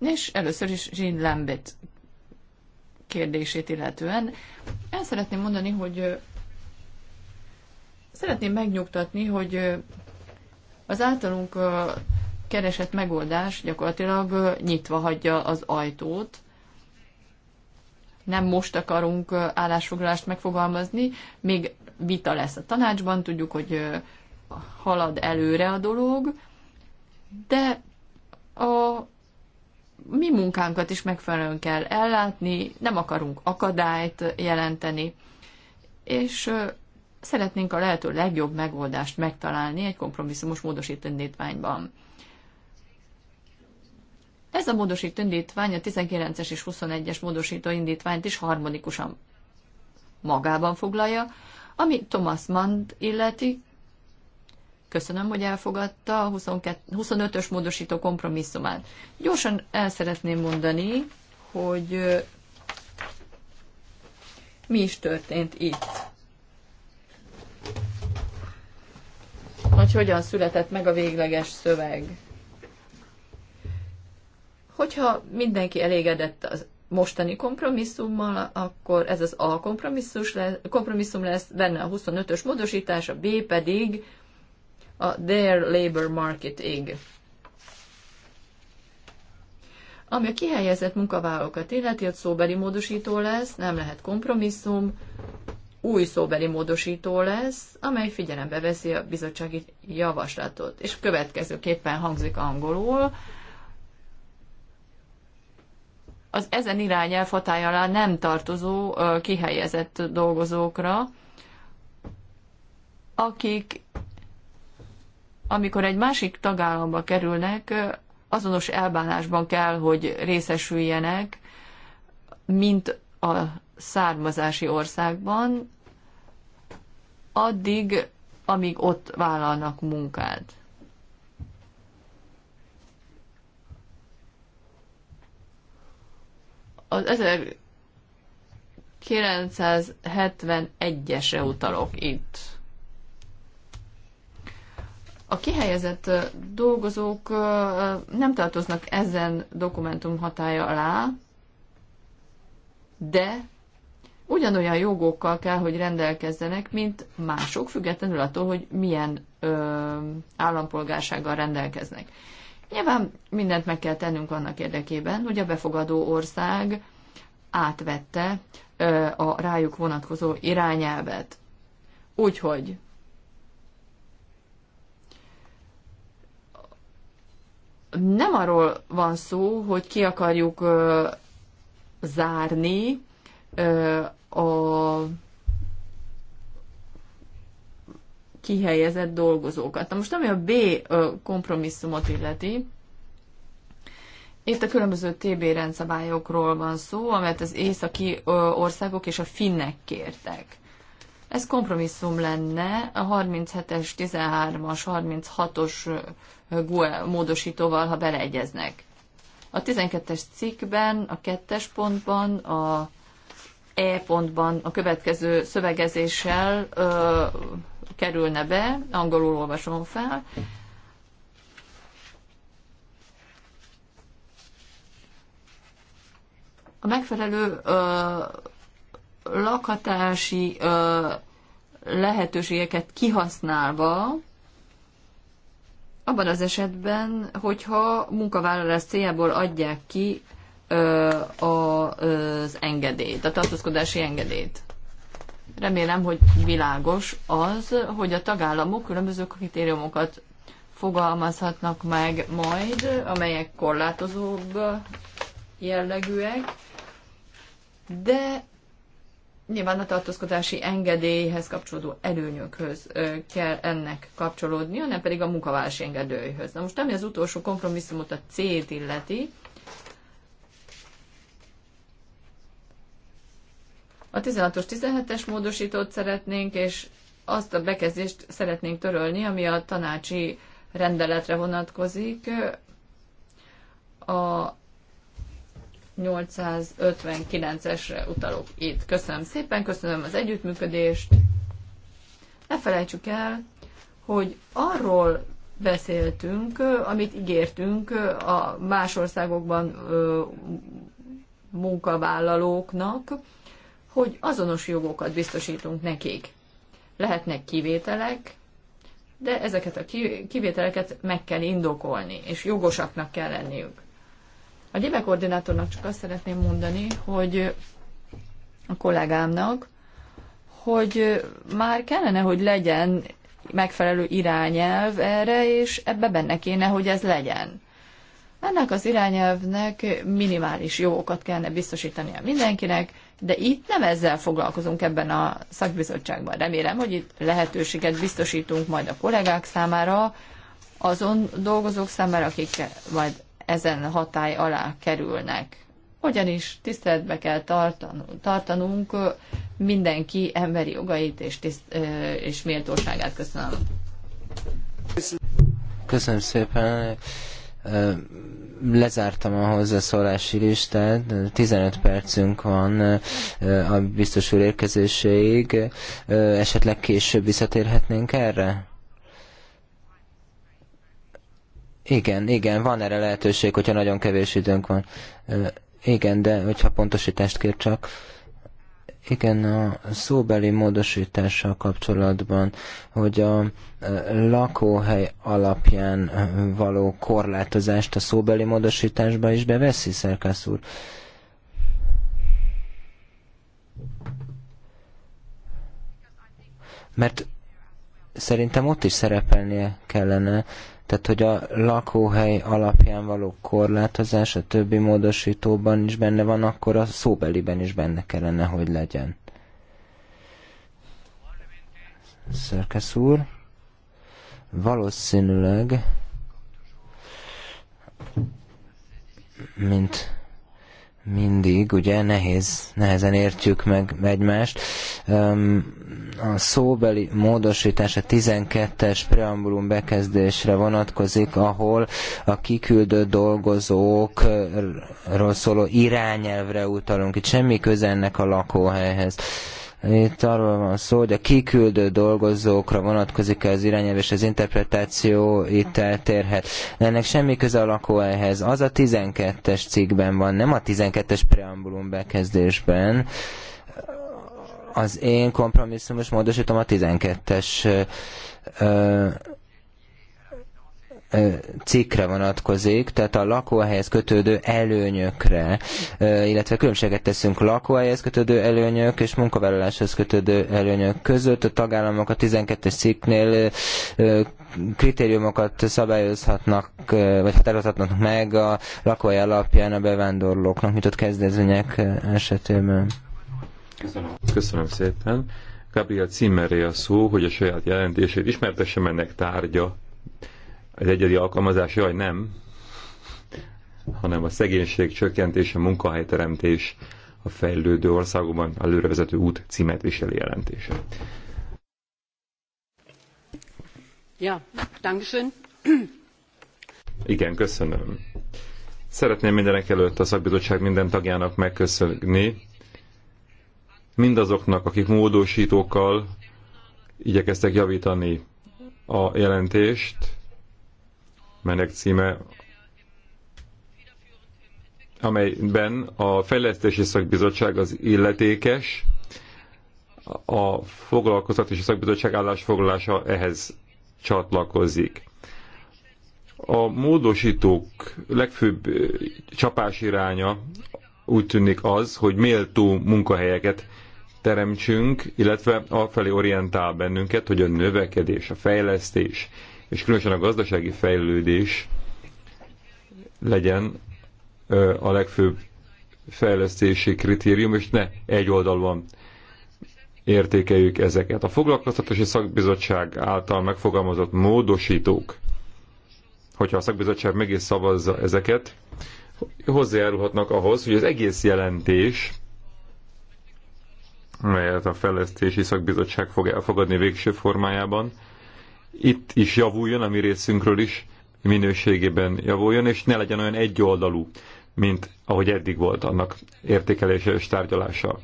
és először is Jean Lambert kérdését illetően. El szeretném mondani, hogy Szeretném megnyugtatni, hogy az általunk keresett megoldás gyakorlatilag nyitva hagyja az ajtót. Nem most akarunk állásfoglalást megfogalmazni, még vita lesz a tanácsban, tudjuk, hogy halad előre a dolog, de a mi munkánkat is megfelelően kell ellátni, nem akarunk akadályt jelenteni, és szeretnénk a lehető legjobb megoldást megtalálni egy kompromisszumos módosítendítványban. Ez a módosító indítvány a 19-es és 21-es módosító indítványt is harmonikusan magában foglalja, ami Thomas Mand illeti. Köszönöm, hogy elfogadta a 25-ös módosító kompromisszumát. Gyorsan el szeretném mondani, hogy mi is történt itt hogy hogyan született meg a végleges szöveg. Hogyha mindenki elégedett az mostani kompromisszummal, akkor ez az A kompromisszus lesz, kompromisszum lesz, benne a 25-ös módosítás, a B pedig a Their Labor ig Ami a kihelyezett munkavállalókat illeti, ott szóbeli módosító lesz, nem lehet kompromisszum, új szóbeli módosító lesz, amely figyelembe veszi a bizottsági javaslatot. És következőképpen hangzik angolul. Az ezen irányelv hatája alá nem tartozó kihelyezett dolgozókra, akik amikor egy másik tagállamba kerülnek, azonos elbánásban kell, hogy részesüljenek, mint a származási országban, addig, amíg ott vállalnak munkát. Az 1971-esre utalok itt. A kihelyezett dolgozók nem tartoznak ezen dokumentum hatája alá, de ugyanolyan jogokkal kell, hogy rendelkezzenek, mint mások, függetlenül attól, hogy milyen ö, állampolgársággal rendelkeznek. Nyilván mindent meg kell tennünk annak érdekében, hogy a befogadó ország átvette ö, a rájuk vonatkozó irányelvet. Úgyhogy nem arról van szó, hogy ki akarjuk ö, zárni a kihelyezett dolgozókat. Na most ami a B kompromisszumot illeti, itt a különböző TB rendszabályokról van szó, amelyet az északi országok és a finnek kértek. Ez kompromisszum lenne a 37-es, 13-as, 36-os GUE módosítóval, ha beleegyeznek. A 12-es cikkben, a 2-es pontban, a E pontban a következő szövegezéssel ö, kerülne be, angolul olvasom fel. A megfelelő ö, lakhatási ö, lehetőségeket kihasználva, abban az esetben, hogyha munkavállalás céljából adják ki az engedélyt, a tartózkodási engedélyt. Remélem, hogy világos az, hogy a tagállamok különböző kritériumokat fogalmazhatnak meg majd, amelyek korlátozóbb jellegűek, de nyilván a tartózkodási engedélyhez kapcsolódó előnyökhöz kell ennek kapcsolódni, hanem pedig a munkavállalási engedélyhöz. Na most ami az utolsó kompromisszumot, a célt illeti, A 16-os, 17-es módosítót szeretnénk, és azt a bekezdést szeretnénk törölni, ami a tanácsi rendeletre vonatkozik. A 859-esre utalok itt. Köszönöm szépen, köszönöm az együttműködést. Ne felejtsük el, hogy arról beszéltünk, amit ígértünk a más országokban munkavállalóknak, hogy azonos jogokat biztosítunk nekik. Lehetnek kivételek, de ezeket a kivételeket meg kell indokolni, és jogosaknak kell lenniük. A gyébe koordinátornak csak azt szeretném mondani, hogy a kollégámnak, hogy már kellene, hogy legyen megfelelő irányelv erre, és ebbe benne kéne, hogy ez legyen. Ennek az irányelvnek minimális jogokat kellene biztosítania mindenkinek, de itt nem ezzel foglalkozunk ebben a szakbizottságban. Remélem, hogy itt lehetőséget biztosítunk majd a kollégák számára, azon dolgozók számára, akik majd ezen hatály alá kerülnek. Ugyanis tiszteletbe kell tartanunk, tartanunk mindenki emberi jogait és, tiszt, és méltóságát. Köszönöm. Köszönöm szépen lezártam a hozzászólási listát, 15 percünk van a biztos úr érkezéséig, esetleg később visszatérhetnénk erre? Igen, igen, van erre lehetőség, hogyha nagyon kevés időnk van. Igen, de hogyha pontosítást kér csak. Igen, a szóbeli módosítással kapcsolatban, hogy a e, lakóhely alapján e, való korlátozást a szóbeli módosításba is beveszi, Szerkász úr. Mert szerintem ott is szerepelnie kellene, tehát, hogy a lakóhely alapján való korlátozás a többi módosítóban is benne van, akkor a szóbeliben is benne kellene, hogy legyen. Szerkesz úr, valószínűleg, mint mindig, ugye nehéz, nehezen értjük meg egymást. Um, a szóbeli módosítás a 12-es preambulum bekezdésre vonatkozik, ahol a kiküldő dolgozókról szóló irányelvre utalunk. Itt semmi köze ennek a lakóhelyhez. Itt arról van szó, hogy a kiküldő dolgozókra vonatkozik -e az irányelv, és az interpretáció itt eltérhet. De ennek semmi köze a lakóhelyhez. Az a 12-es cikkben van, nem a 12-es preambulum bekezdésben. Az én kompromisszumos módosítom a 12-es cikkre vonatkozik, tehát a lakóhelyhez kötődő előnyökre, illetve különbséget teszünk lakóhelyhez kötődő előnyök és munkavállaláshoz kötődő előnyök között. A tagállamok a 12-es cikknél kritériumokat szabályozhatnak, vagy határozhatnak meg a lakóhely alapján a bevándorlóknak nyitott kezdezmények esetében. Köszönöm. Köszönöm szépen. Gabriel Cimmeré a szó, hogy a saját jelentését ismertesse ennek tárgya. Az egyedi alkalmazás, jaj nem, hanem a szegénység csökkentés, a munkahelyteremtés a fejlődő országokban előrevezető út címet viseli jelentése. Ja, dankeschön. Igen, köszönöm. Szeretném mindenek előtt a szakbizottság minden tagjának megköszönni mindazoknak, akik módosítókkal igyekeztek javítani a jelentést, melynek címe, amelyben a Fejlesztési Szakbizottság az illetékes, a Foglalkoztatási Szakbizottság állásfoglalása ehhez csatlakozik. A módosítók legfőbb csapásiránya úgy tűnik az, hogy méltó munkahelyeket teremtsünk, illetve afelé orientál bennünket, hogy a növekedés, a fejlesztés, és különösen a gazdasági fejlődés legyen a legfőbb fejlesztési kritérium, és ne egy oldalon értékeljük ezeket. A foglalkoztatási szakbizottság által megfogalmazott módosítók, hogyha a szakbizottság meg is szavazza ezeket, hozzájárulhatnak ahhoz, hogy az egész jelentés melyet a Fejlesztési Szakbizottság fog elfogadni végső formájában. Itt is javuljon, a mi részünkről is minőségében javuljon, és ne legyen olyan egyoldalú, mint ahogy eddig volt annak értékelése és tárgyalása.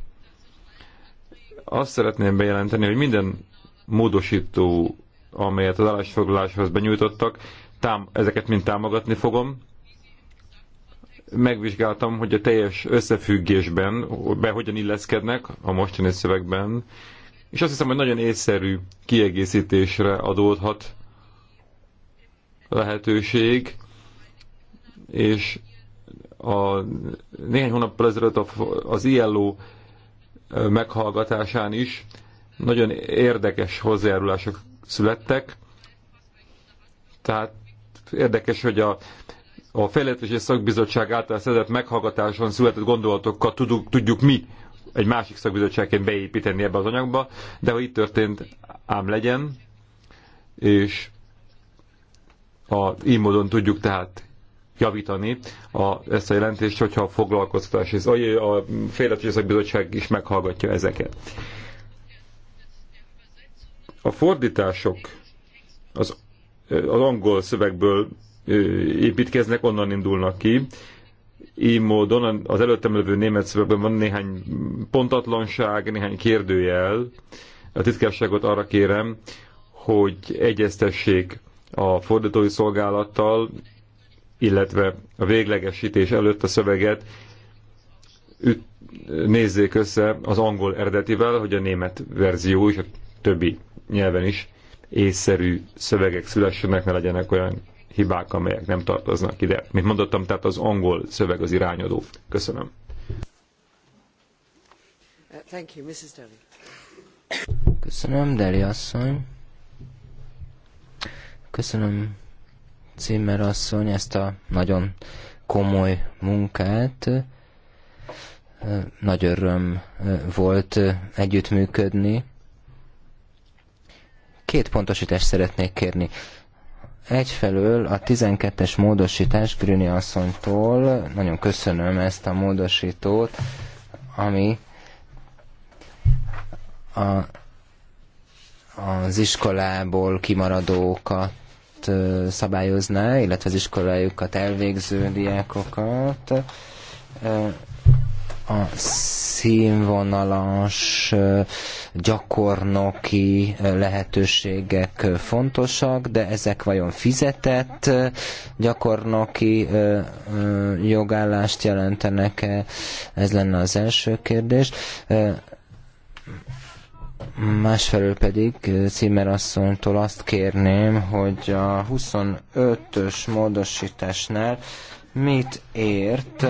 Azt szeretném bejelenteni, hogy minden módosító, amelyet az állásfoglaláshoz benyújtottak, tám- ezeket mind támogatni fogom, megvizsgáltam, hogy a teljes összefüggésben be hogyan illeszkednek a mostani szövegben, és azt hiszem, hogy nagyon észszerű kiegészítésre adódhat lehetőség, és a, néhány hónappal ezelőtt az ILO meghallgatásán is nagyon érdekes hozzájárulások születtek, tehát érdekes, hogy a a Fejlesztési Szakbizottság által szedett meghallgatáson született gondolatokat tudjuk, tudjuk mi egy másik szakbizottságként beépíteni ebbe az anyagba, de ha itt történt, ám legyen, és a, így módon tudjuk tehát javítani a, ezt a jelentést, hogyha a foglalkoztatás, és a, a Fejlesztési Szakbizottság is meghallgatja ezeket. A fordítások az, az angol szövegből építkeznek, onnan indulnak ki. Így módon az előttem levő német szövegben van néhány pontatlanság, néhány kérdőjel. A titkárságot arra kérem, hogy egyeztessék a fordítói szolgálattal, illetve a véglegesítés előtt a szöveget üt, nézzék össze az angol eredetivel, hogy a német verzió és a többi nyelven is észszerű szövegek szülessenek, ne legyenek olyan hibák, amelyek nem tartoznak ide. Mint mondottam, tehát az angol szöveg az irányadó. Köszönöm. Thank you, Mrs. Deli. Köszönöm, Deli asszony. Köszönöm, Cimmer asszony, ezt a nagyon komoly munkát. Nagy öröm volt együttműködni. Két pontosítást szeretnék kérni. Egyfelől a 12-es módosítás Grüni asszonytól, nagyon köszönöm ezt a módosítót, ami a, az iskolából kimaradókat szabályozná, illetve az iskolájukat elvégző diákokat a színvonalas gyakornoki lehetőségek fontosak, de ezek vajon fizetett gyakornoki jogállást jelentenek-e? Ez lenne az első kérdés. Másfelől pedig Cimmer asszonytól azt kérném, hogy a 25-ös módosításnál mit ért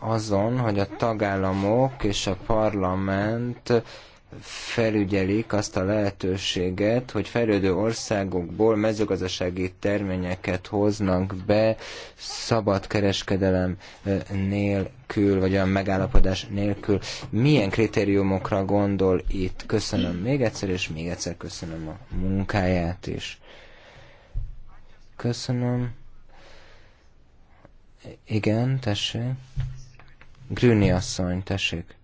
azon, hogy a tagállamok és a parlament felügyelik azt a lehetőséget, hogy fejlődő országokból mezőgazdasági terményeket hoznak be szabad kereskedelem nélkül, vagy olyan megállapodás nélkül. Milyen kritériumokra gondol itt? Köszönöm még egyszer, és még egyszer köszönöm a munkáját is. Köszönöm. Igen, tessék. Grüni asszony, tessék.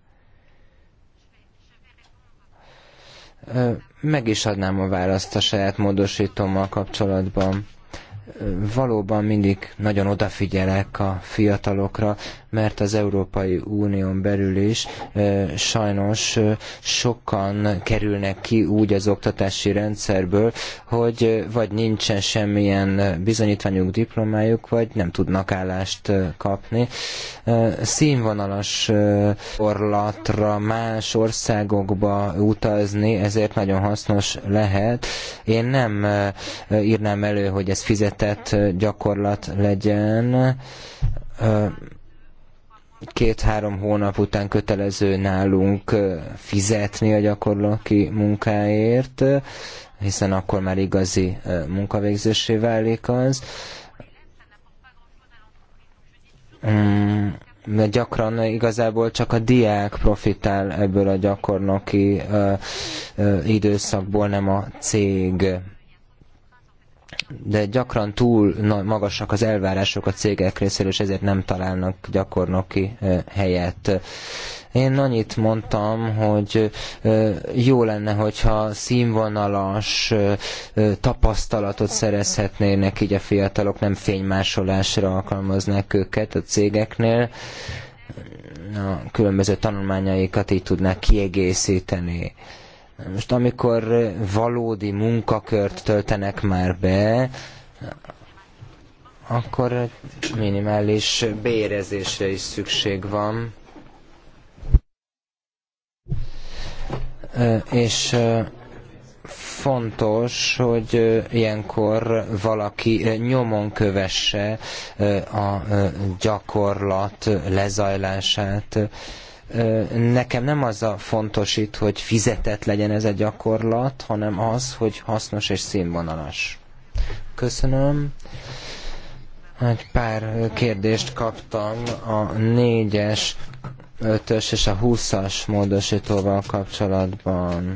Meg is adnám a választ a saját módosítommal kapcsolatban valóban mindig nagyon odafigyelek a fiatalokra, mert az Európai Unión belül is sajnos sokan kerülnek ki úgy az oktatási rendszerből, hogy vagy nincsen semmilyen bizonyítványuk, diplomájuk, vagy nem tudnak állást kapni. Színvonalas orlatra más országokba utazni, ezért nagyon hasznos lehet. Én nem írnám elő, hogy ez fizet bevetett gyakorlat legyen. Két-három hónap után kötelező nálunk fizetni a gyakorlati munkáért, hiszen akkor már igazi munkavégzésé válik az. De mm, gyakran igazából csak a diák profitál ebből a gyakornoki időszakból, nem a cég de gyakran túl magasak az elvárások a cégek részéről, és ezért nem találnak gyakornoki helyet. Én annyit mondtam, hogy jó lenne, hogyha színvonalas tapasztalatot szerezhetnének így a fiatalok, nem fénymásolásra alkalmaznák őket a cégeknél, a különböző tanulmányaikat így tudnák kiegészíteni. Most amikor valódi munkakört töltenek már be, akkor minimális bérezésre is szükség van. És fontos, hogy ilyenkor valaki nyomon kövesse a gyakorlat lezajlását. Nekem nem az a fontos itt, hogy fizetett legyen ez a gyakorlat, hanem az, hogy hasznos és színvonalas. Köszönöm. Egy pár kérdést kaptam a négyes, ötös és a húszas módosítóval kapcsolatban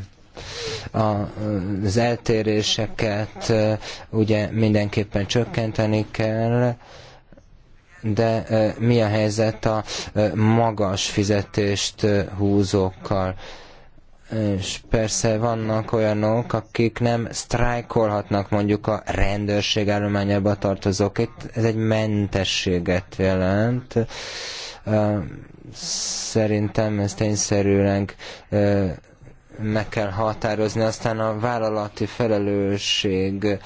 a, az eltéréseket ugye mindenképpen csökkenteni kell, de mi a helyzet a magas fizetést húzókkal? És persze vannak olyanok, akik nem sztrájkolhatnak mondjuk a rendőrség állományába tartozók. Itt ez egy mentességet jelent. Szerintem ez tényszerűleg meg kell határozni. Aztán a vállalati felelősség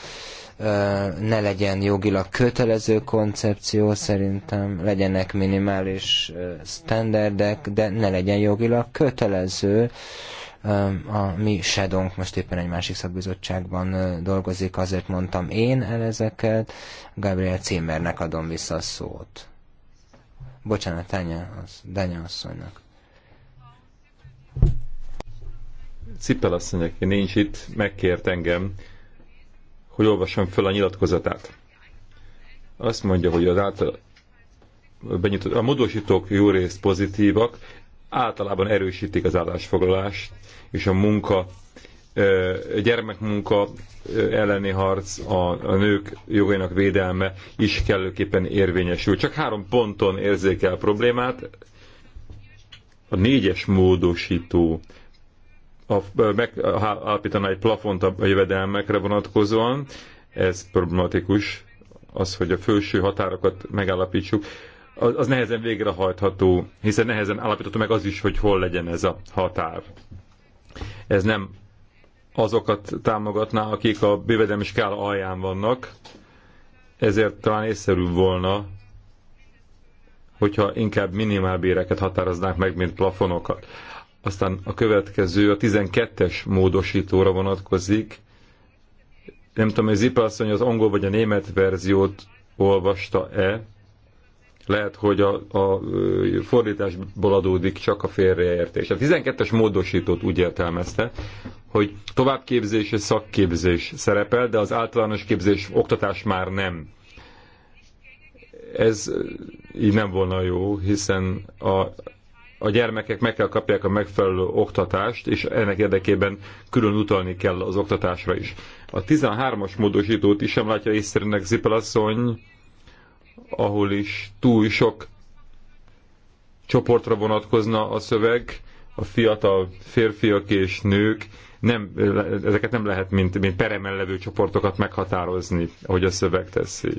ne legyen jogilag kötelező koncepció, szerintem legyenek minimális standardek, de ne legyen jogilag kötelező. A mi Shadownk most éppen egy másik szakbizottságban dolgozik, azért mondtam én el ezeket. Gabriel Címernek adom vissza a szót. Bocsánat, Tanya, az, Danya asszonynak. Cipel asszonyok, nincs itt, megkért engem, hogy olvassam föl a nyilatkozatát. Azt mondja, hogy az által benyitott, a módosítók jó részt pozitívak, általában erősítik az állásfoglalást, és a munka, gyermekmunka elleni harc, a, a nők jogainak védelme is kellőképpen érvényesül. Csak három ponton érzékel problémát. A négyes módosító a, meg, egy plafont a jövedelmekre vonatkozóan, ez problematikus, az, hogy a felső határokat megállapítsuk, az, az nehezen végrehajtható, hiszen nehezen állapítható meg az is, hogy hol legyen ez a határ. Ez nem azokat támogatná, akik a bővedelmi skála alján vannak, ezért talán észszerűbb volna, hogyha inkább minimálbéreket határoznák meg, mint plafonokat. Aztán a következő a 12-es módosítóra vonatkozik. Nem tudom, hogy Zipa asszony az angol vagy a német verziót olvasta-e. Lehet, hogy a, a fordításból adódik csak a félreértés. A 12-es módosítót úgy értelmezte, hogy továbbképzés és szakképzés szerepel, de az általános képzés oktatás már nem. Ez így nem volna jó, hiszen a, a gyermekek meg kell kapják a megfelelő oktatást, és ennek érdekében külön utalni kell az oktatásra is. A 13-as módosítót is sem látja észszerűnek Zipelasszony, ahol is túl sok csoportra vonatkozna a szöveg, a fiatal férfiak és nők, nem, ezeket nem lehet, mint, mint peremen levő csoportokat meghatározni, ahogy a szöveg teszi.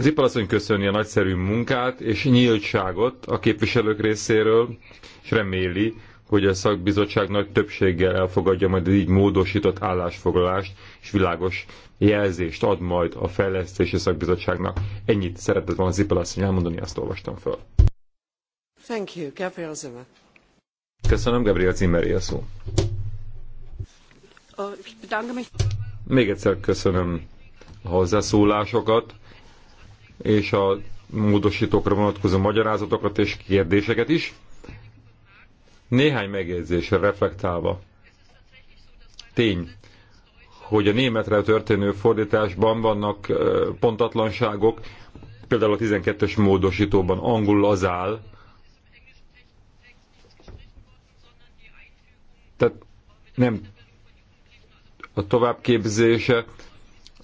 Az iparasszony köszöni a nagyszerű munkát és nyíltságot a képviselők részéről, és reméli, hogy a szakbizottság nagy többséggel elfogadja majd az így módosított állásfoglalást, és világos jelzést ad majd a fejlesztési szakbizottságnak. Ennyit szeretett volna az asszony elmondani, azt olvastam föl. Thank you, Gabriel Zimmer. Köszönöm, Gabriel Zimmer, a szó. Még egyszer köszönöm a hozzászólásokat és a módosítókra vonatkozó magyarázatokat és kérdéseket is. Néhány megjegyzésre reflektálva. Tény, hogy a németre történő fordításban vannak pontatlanságok, például a 12-es módosítóban angol az áll, tehát nem a továbbképzése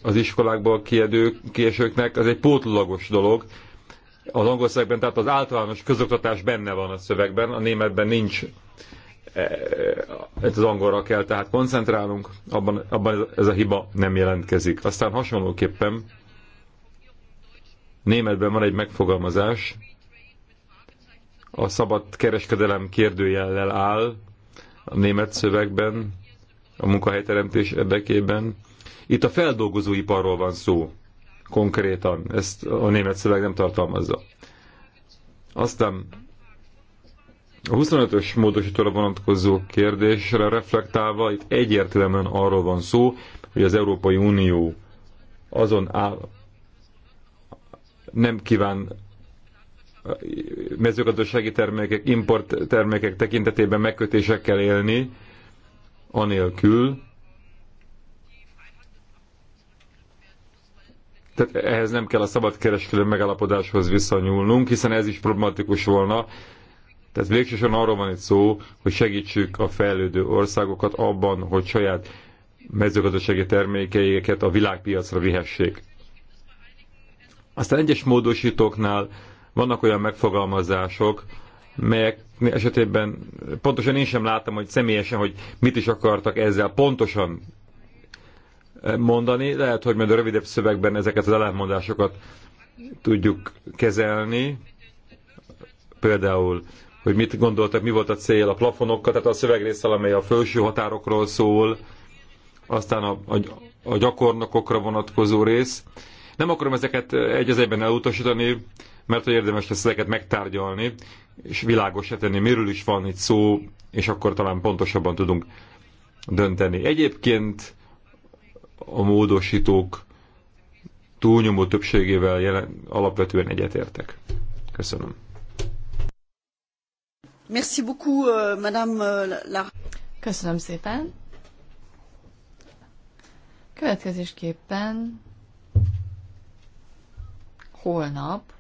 az iskolákból kiedő, kiesőknek, az egy pótlagos dolog. Az angol szövegben, tehát az általános közoktatás benne van a szövegben, a németben nincs. E, e, ez az angolra kell tehát koncentrálunk, abban, abban ez a hiba nem jelentkezik. Aztán hasonlóképpen németben van egy megfogalmazás, a szabad kereskedelem kérdőjellel áll a német szövegben, a munkahelyteremtés érdekében. Itt a feldolgozóiparról van szó konkrétan, ezt a német szöveg nem tartalmazza. Aztán a 25-ös módosítóra vonatkozó kérdésre reflektálva, itt egyértelműen arról van szó, hogy az Európai Unió azon áll, nem kíván mezőgazdasági termékek, import termékek tekintetében megkötésekkel élni, anélkül, Tehát ehhez nem kell a szabadkereskedelmi megállapodáshoz visszanyúlnunk, hiszen ez is problematikus volna. Tehát végsősorban arról van itt szó, hogy segítsük a fejlődő országokat abban, hogy saját mezőgazdasági termékeiket a világpiacra vihessék. Aztán egyes módosítóknál vannak olyan megfogalmazások, melyek esetében pontosan én sem láttam, hogy személyesen, hogy mit is akartak ezzel pontosan mondani. Lehet, hogy majd a rövidebb szövegben ezeket az ellentmondásokat tudjuk kezelni. Például, hogy mit gondoltak, mi volt a cél a plafonokkal, tehát a szövegrészsel, amely a felső határokról szól, aztán a, a, a gyakornokokra vonatkozó rész. Nem akarom ezeket egy az egyben elutasítani, mert hogy érdemes lesz ezeket megtárgyalni, és világosra tenni, miről is van itt szó, és akkor talán pontosabban tudunk dönteni. Egyébként a módosítók túlnyomó többségével jelen, alapvetően egyetértek. Köszönöm. Merci beaucoup, uh, madame euh, la... Köszönöm szépen. Következésképpen holnap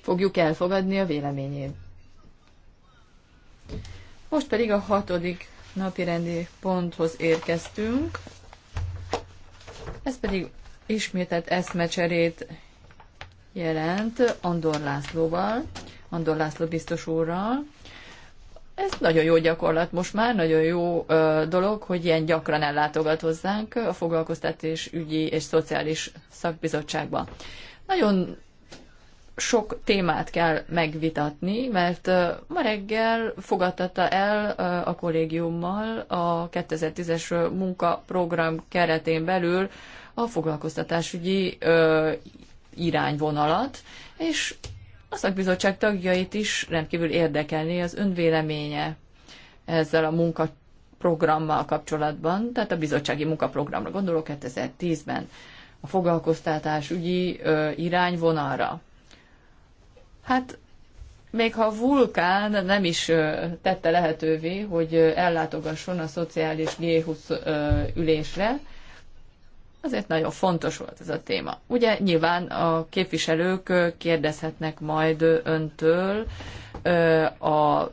fogjuk elfogadni a véleményét. Most pedig a hatodik napirendi ponthoz érkeztünk. Ez pedig ismételt eszmecserét jelent Andor Lászlóval, Andor László biztos úrral. Ez nagyon jó gyakorlat most már, nagyon jó ö, dolog, hogy ilyen gyakran ellátogat hozzánk a foglalkoztatás ügyi és szociális szakbizottságba. Nagyon sok témát kell megvitatni, mert ma reggel fogadtatta el a kollégiummal a 2010-es munkaprogram keretén belül a foglalkoztatásügyi irányvonalat, és a szakbizottság tagjait is rendkívül érdekelni az önvéleménye ezzel a munkaprogrammal kapcsolatban, tehát a bizottsági munkaprogramra gondolok 2010-ben, a foglalkoztatásügyi irányvonalra. Hát még ha a vulkán nem is tette lehetővé, hogy ellátogasson a szociális G20 ülésre, azért nagyon fontos volt ez a téma. Ugye nyilván a képviselők kérdezhetnek majd öntől a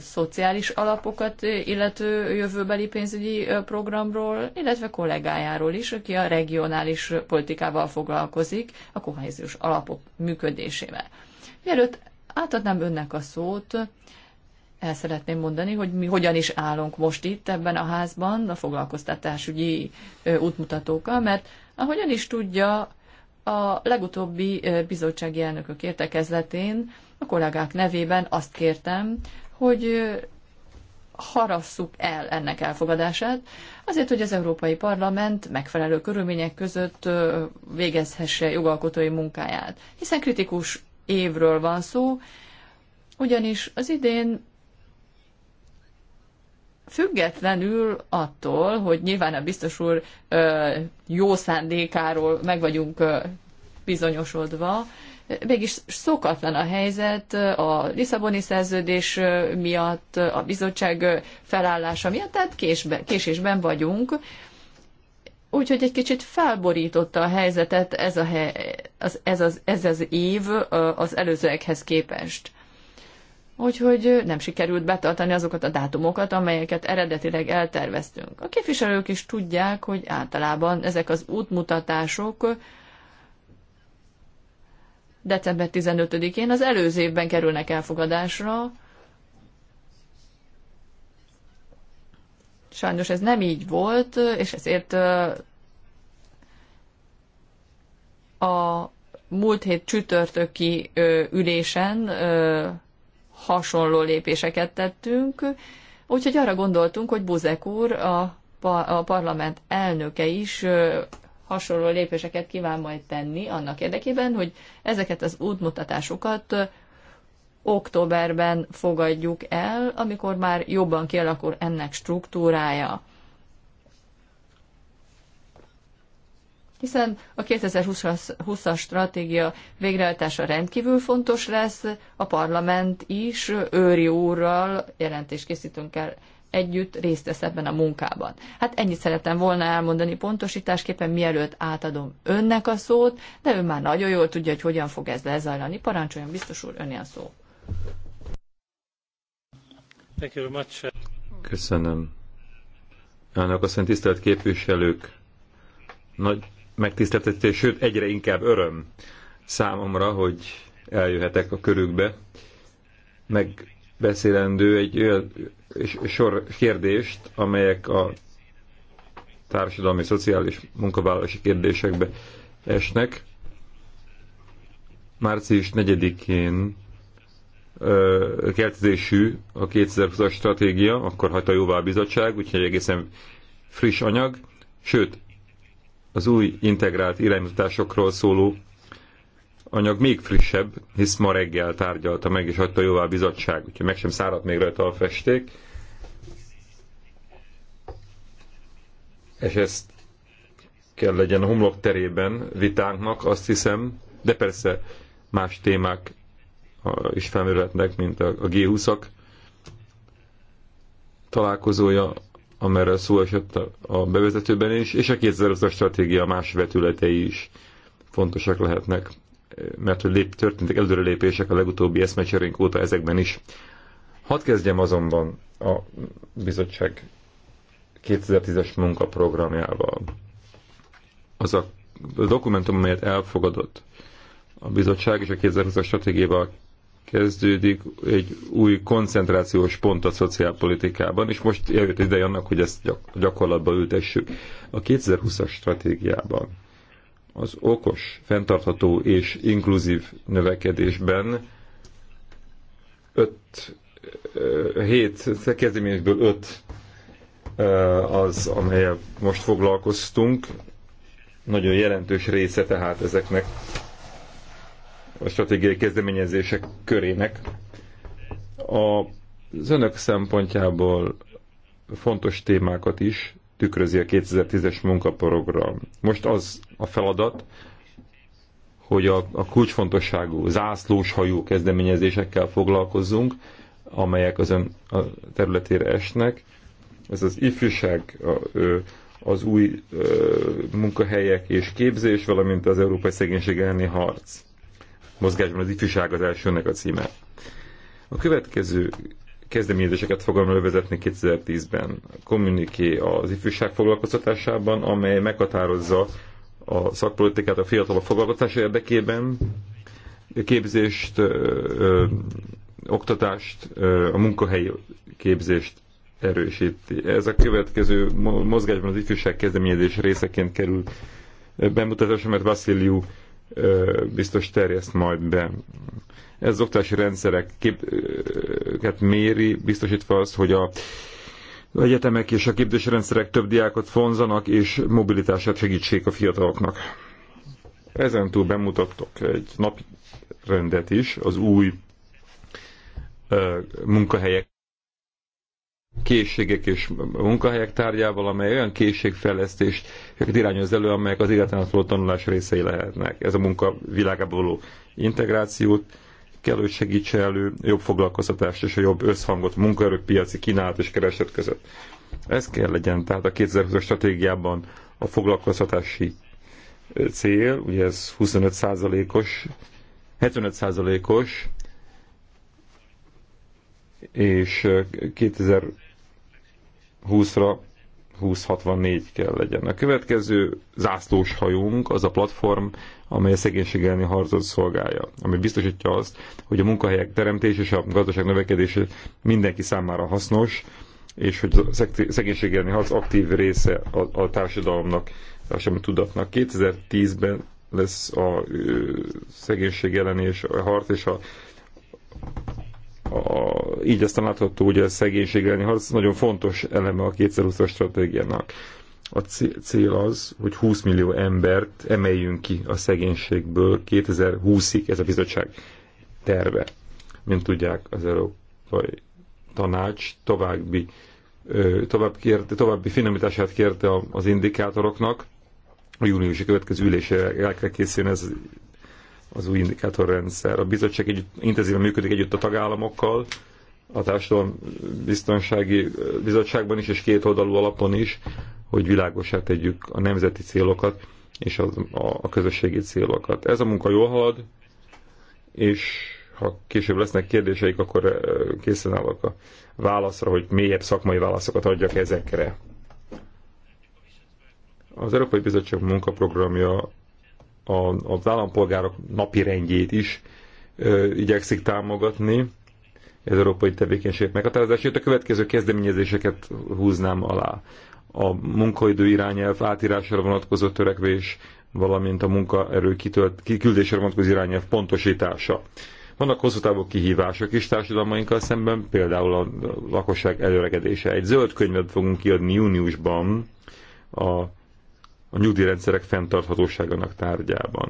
szociális alapokat illető jövőbeli pénzügyi programról, illetve kollégájáról is, aki a regionális politikával foglalkozik, a kohéziós alapok működésével. Mielőtt átadnám önnek a szót, el szeretném mondani, hogy mi hogyan is állunk most itt ebben a házban a foglalkoztatásügyi útmutatókkal, mert ahogyan is tudja, a legutóbbi bizottsági elnökök értekezletén a kollégák nevében azt kértem, hogy harasszuk el ennek elfogadását, azért, hogy az Európai Parlament megfelelő körülmények között végezhesse jogalkotói munkáját, hiszen kritikus évről van szó, ugyanis az idén függetlenül attól, hogy nyilván a biztos úr ö, jó szándékáról meg vagyunk ö, bizonyosodva, mégis szokatlan a helyzet a Lisszaboni szerződés miatt, a bizottság felállása miatt, tehát késbe, késésben vagyunk. Úgyhogy egy kicsit felborította a helyzetet ez, a hely, az, ez, az, ez az év az előzőekhez képest. Úgyhogy nem sikerült betartani azokat a dátumokat, amelyeket eredetileg elterveztünk. A képviselők is tudják, hogy általában ezek az útmutatások december 15-én az előző évben kerülnek elfogadásra, Sajnos ez nem így volt, és ezért a múlt hét csütörtöki ülésen hasonló lépéseket tettünk, úgyhogy arra gondoltunk, hogy Buzek úr, a, a parlament elnöke is hasonló lépéseket kíván majd tenni annak érdekében, hogy ezeket az útmutatásokat októberben fogadjuk el, amikor már jobban kialakul ennek struktúrája. Hiszen a 2020-as stratégia végrehajtása rendkívül fontos lesz, a parlament is őri úrral, el együtt részt vesz ebben a munkában. Hát ennyit szerettem volna elmondani pontosításképpen, mielőtt átadom önnek a szót, de ő már nagyon jól tudja, hogy hogyan fog ez lezajlani. Parancsoljon, biztos úr, öné a szó. Thank you Köszönöm. Önök azt tisztelt képviselők, nagy megtiszteltetés, sőt egyre inkább öröm számomra, hogy eljöhetek a körükbe, megbeszélendő egy olyan sor kérdést, amelyek a társadalmi, szociális, munkavállalási kérdésekbe esnek. Március 4-én keltezésű a 2020-as stratégia, akkor hagyta jóvá a bizottság, úgyhogy egészen friss anyag, sőt, az új integrált irányításokról szóló anyag még frissebb, hisz ma reggel tárgyalta meg és hagyta jóvá a bizottság, úgyhogy meg sem száradt még rajta a festék. És ezt kell legyen a homlok terében vitánknak, azt hiszem, de persze más témák is felmerülhetnek, mint a G20-ak találkozója, amerre szó esett a bevezetőben is, és a 2020-as stratégia más vetületei is fontosak lehetnek, mert hogy lép, történtek előrelépések a legutóbbi eszmecserénk óta ezekben is. Hadd kezdjem azonban a bizottság 2010-es munkaprogramjával. Az a dokumentum, amelyet elfogadott a bizottság és a 2020-as stratégiával kezdődik egy új koncentrációs pont a szociálpolitikában, és most jött ide annak, hogy ezt gyakorlatba ültessük. A 2020-as stratégiában az okos, fenntartható és inkluzív növekedésben 5 eh, hét kezdeményekből öt eh, az, amelyel most foglalkoztunk. Nagyon jelentős része tehát ezeknek a stratégiai kezdeményezések körének. A, az önök szempontjából fontos témákat is tükrözi a 2010-es munkaprogram. Most az a feladat, hogy a, a kulcsfontosságú zászlóshajó kezdeményezésekkel foglalkozzunk, amelyek az ön a területére esnek. Ez az ifjúság, a, az új ö, munkahelyek és képzés, valamint az európai szegénység elleni harc mozgásban az ifjúság az elsőnek a címe. A következő kezdeményezéseket fogom elővezetni 2010-ben. Kommuniké az ifjúság foglalkoztatásában, amely meghatározza a szakpolitikát a fiatalok foglalkoztatása érdekében, képzést, ö, ö, oktatást, ö, a munkahelyi képzést erősíti. Ez a következő mozgásban az ifjúság kezdeményezés részeként kerül bemutatásra, mert Vasziliu biztos terjeszt majd be. Ez az oktatási rendszereket méri, biztosítva azt, hogy a egyetemek és a képzési rendszerek több diákot vonzanak, és mobilitását segítsék a fiataloknak. Ezen túl bemutattok egy napi rendet is, az új munkahelyek készségek és munkahelyek tárgyával, amely olyan készségfejlesztést irányoz elő, amelyek az életen átoló tanulás részei lehetnek. Ez a munka világába való integrációt kell, hogy segítse elő jobb foglalkoztatást és a jobb összhangot munkaerőpiaci kínálat és kereslet között. Ez kell legyen, tehát a 2020 stratégiában a foglalkoztatási cél, ugye ez 25 százalékos, 75 százalékos, és 2000 20-ra 2064 kell legyen. A következő zászlós hajónk az a platform, amely a szegénység elleni harcot szolgálja, ami biztosítja azt, hogy a munkahelyek teremtés és a gazdaság növekedése mindenki számára hasznos, és hogy a szegénység elleni harc aktív része a, a társadalomnak, társadalmi tudatnak. 2010-ben lesz a ö, szegénység elleni és a harc és a a, így aztán látható, hogy a szegénység lenni, harc nagyon fontos eleme a 2020-as stratégiának. A cél az, hogy 20 millió embert emeljünk ki a szegénységből 2020-ig, ez a bizottság terve. Mint tudják, az Európai Tanács további, tovább kérte, további finomítását kérte az indikátoroknak, a júniusi következő ülésére el kell készülni ez az új indikátorrendszer. A bizottság együtt intenzíven működik együtt a tagállamokkal, a társadalom biztonsági bizottságban is, és két oldalú alapon is, hogy világosá tegyük a nemzeti célokat és az, a, a közösségi célokat. Ez a munka jól halad, és ha később lesznek kérdéseik, akkor készen állok a válaszra, hogy mélyebb szakmai válaszokat adjak ezekre. Az Európai Bizottság munkaprogramja a, az állampolgárok napi rendjét is ö, igyekszik támogatni, az európai tevékenység meghatározását. A következő kezdeményezéseket húznám alá. A munkaidő irányelv átírására vonatkozó törekvés, valamint a munkaerő kitölt, kiküldésre vonatkozó irányelv pontosítása. Vannak hosszú távú kihívások is társadalmainkkal szemben, például a lakosság előregedése. Egy zöld könyvet fogunk kiadni júniusban a a nyugdíjrendszerek fenntarthatóságának tárgyában.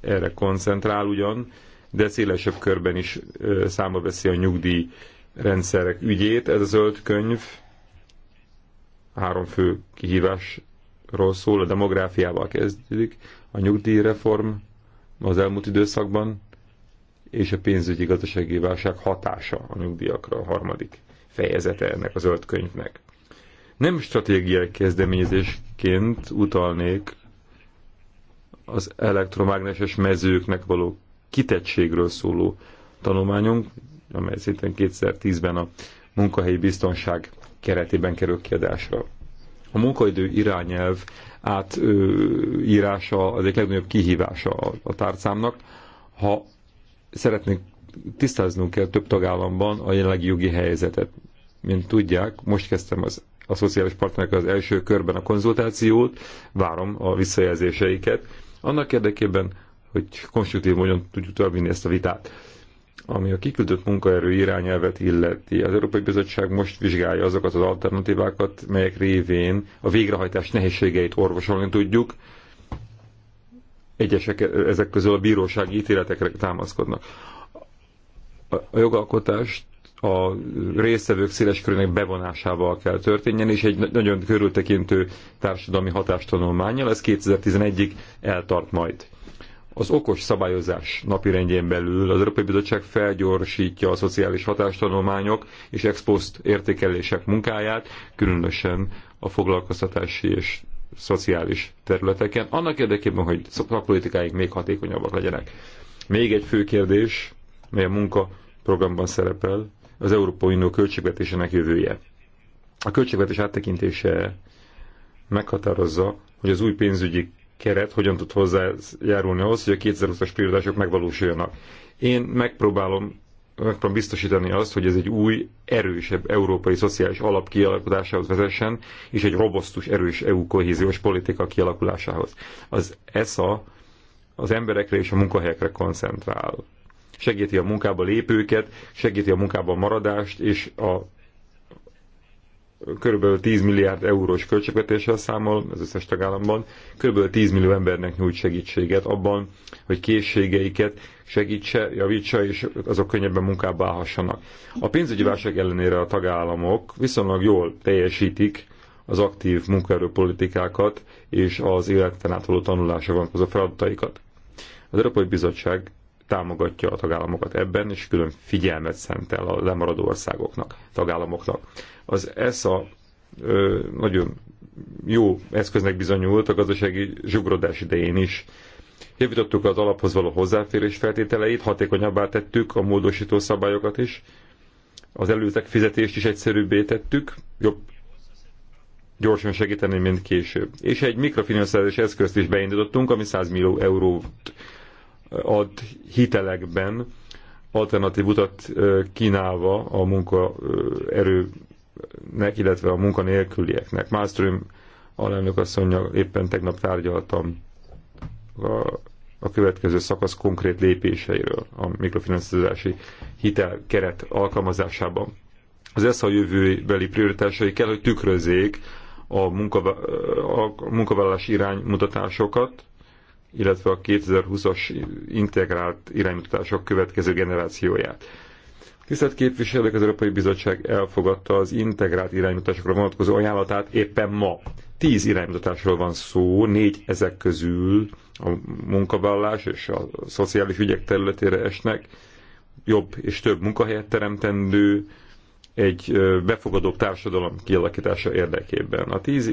Erre koncentrál ugyan, de szélesebb körben is számba veszi a nyugdíjrendszerek ügyét. Ez a zöld könyv három fő kihívásról szól, a demográfiával kezdődik, a nyugdíjreform az elmúlt időszakban, és a pénzügyi gazdasági válság hatása a nyugdíjakra a harmadik fejezete ennek a zöld könyvnek. Nem stratégiai kezdeményezés egyébként utalnék az elektromágneses mezőknek való kitettségről szóló tanulmányunk, amely szintén 2010-ben a munkahelyi biztonság keretében kerül kiadásra. A munkaidő irányelv átírása az egyik legnagyobb kihívása a tárcámnak. Ha szeretnénk tisztáznunk kell több tagállamban a jelenlegi jogi helyzetet. Mint tudják, most kezdtem az a szociális partnerek az első körben a konzultációt, várom a visszajelzéseiket, annak érdekében, hogy konstruktív módon tudjuk továbbvinni ezt a vitát. Ami a kiküldött munkaerő irányelvet illeti, az Európai Bizottság most vizsgálja azokat az alternatívákat, melyek révén a végrehajtás nehézségeit orvosolni tudjuk, egyesek ezek közül a bírósági ítéletekre támaszkodnak. A jogalkotást a résztvevők széles körének bevonásával kell történjen, és egy nagyon körültekintő társadalmi hatástanulmányjal, ez 2011-ig eltart majd. Az okos szabályozás napirendjén belül az Európai Bizottság felgyorsítja a szociális hatástanulmányok és expost értékelések munkáját, különösen a foglalkoztatási és szociális területeken, annak érdekében, hogy politikáink még hatékonyabbak legyenek. Még egy fő kérdés, mely a munka programban szerepel, az Európai Unió költségvetésének jövője. A költségvetés áttekintése meghatározza, hogy az új pénzügyi keret hogyan tud hozzájárulni ahhoz, hogy a 2020-as prioritások megvalósuljanak. Én megpróbálom, megpróbálom biztosítani azt, hogy ez egy új, erősebb európai szociális alap kialakulásához vezessen, és egy robosztus, erős EU kohéziós politika kialakulásához. Az ESA az emberekre és a munkahelyekre koncentrál segíti a munkába lépőket, segíti a munkába maradást, és a kb. 10 milliárd eurós költségvetéssel számol az összes tagállamban, kb. 10 millió embernek nyújt segítséget abban, hogy készségeiket segítse, javítsa, és azok könnyebben munkába állhassanak. A pénzügyi válság ellenére a tagállamok viszonylag jól teljesítik az aktív munkaerőpolitikákat és az életen átoló tanulásra vonatkozó feladataikat. Az Európai Bizottság támogatja a tagállamokat ebben, és külön figyelmet szentel a lemaradó országoknak, tagállamoknak. Az ESA ö, nagyon jó eszköznek bizonyult a gazdasági zsugrodás idején is. Javítottuk az alaphoz való hozzáférés feltételeit, hatékonyabbá tettük a módosító szabályokat is, az előzek fizetést is egyszerűbbé tettük, jobb gyorsan segíteni, mint később. És egy mikrofinanszírozás eszközt is beindítottunk, ami 100 millió eurót ad hitelekben, alternatív utat kínálva a munkaerőnek, illetve a munkanélkülieknek. Mástrom alelnök asszonya éppen tegnap tárgyaltam a, a következő szakasz konkrét lépéseiről a mikrofinanszírozási hitelkeret alkalmazásában. Az a jövőbeli prioritásai kell, hogy tükrözzék a, munkavá- a munkavállalás iránymutatásokat, illetve a 2020-as integrált irányítások következő generációját. Tisztelt képviselők, az Európai Bizottság elfogadta az integrált irányításokra vonatkozó ajánlatát éppen ma. Tíz irányításról van szó, négy ezek közül a munkavállás és a szociális ügyek területére esnek, jobb és több munkahelyet teremtendő, egy befogadóbb társadalom kialakítása érdekében. A tíz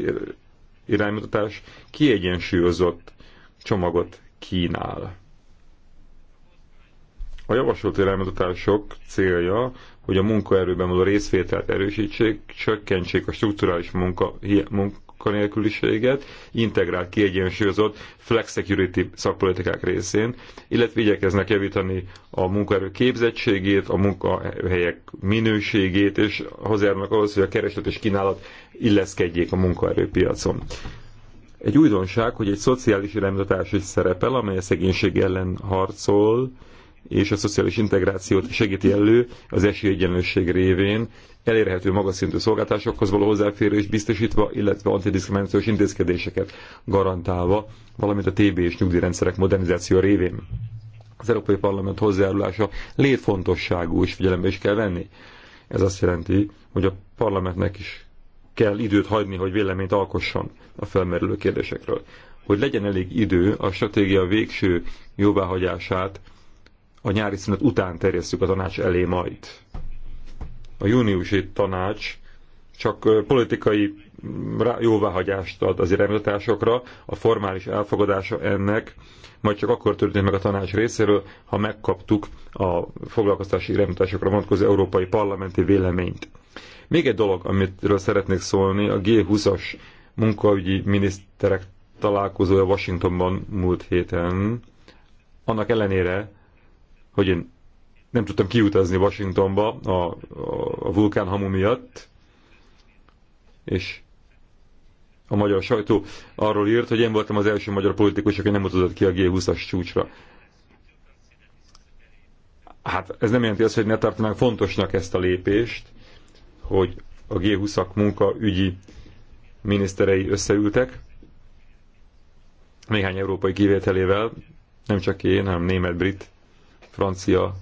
iránymutatás kiegyensúlyozott csomagot kínál. A javasolt iránymutatások célja, hogy a munkaerőben való részvételt erősítsék, csökkentsék a strukturális munka, munkanélküliséget, integrált, kiegyensúlyozott flex security szakpolitikák részén, illetve igyekeznek javítani a munkaerő képzettségét, a munkahelyek minőségét, és hozzájárulnak ahhoz, hogy a kereslet és kínálat illeszkedjék a munkaerőpiacon. Egy újdonság, hogy egy szociális iránymutatás is szerepel, amely a szegénység ellen harcol, és a szociális integrációt segíti elő az esélyegyenlőség révén, elérhető magas szintű szolgáltatásokhoz való hozzáférés biztosítva, illetve antidiszkriminációs intézkedéseket garantálva, valamint a TB és nyugdíjrendszerek modernizáció révén. Az Európai Parlament hozzájárulása létfontosságú és figyelembe is kell venni. Ez azt jelenti, hogy a parlamentnek is kell időt hagyni, hogy véleményt alkosson a felmerülő kérdésekről. Hogy legyen elég idő a stratégia végső jóváhagyását a nyári szünet után terjesztjük a tanács elé majd. A júniusi tanács csak politikai mm, jóváhagyást ad az irányításokra, a formális elfogadása ennek majd csak akkor történik meg a tanács részéről, ha megkaptuk a foglalkoztási irányításokra vonatkozó európai parlamenti véleményt. Még egy dolog, amitről szeretnék szólni, a G20-as munkaügyi miniszterek találkozója Washingtonban múlt héten. Annak ellenére, hogy én nem tudtam kiutazni Washingtonba a, a, a vulkánhamu miatt, és a magyar sajtó arról írt, hogy én voltam az első magyar politikus, aki nem utazott ki a G20-as csúcsra. Hát ez nem jelenti azt, hogy ne tartanánk fontosnak ezt a lépést, hogy a G20-ak munkaügyi miniszterei összeültek, néhány európai kivételével, nem csak én, hanem német, brit, francia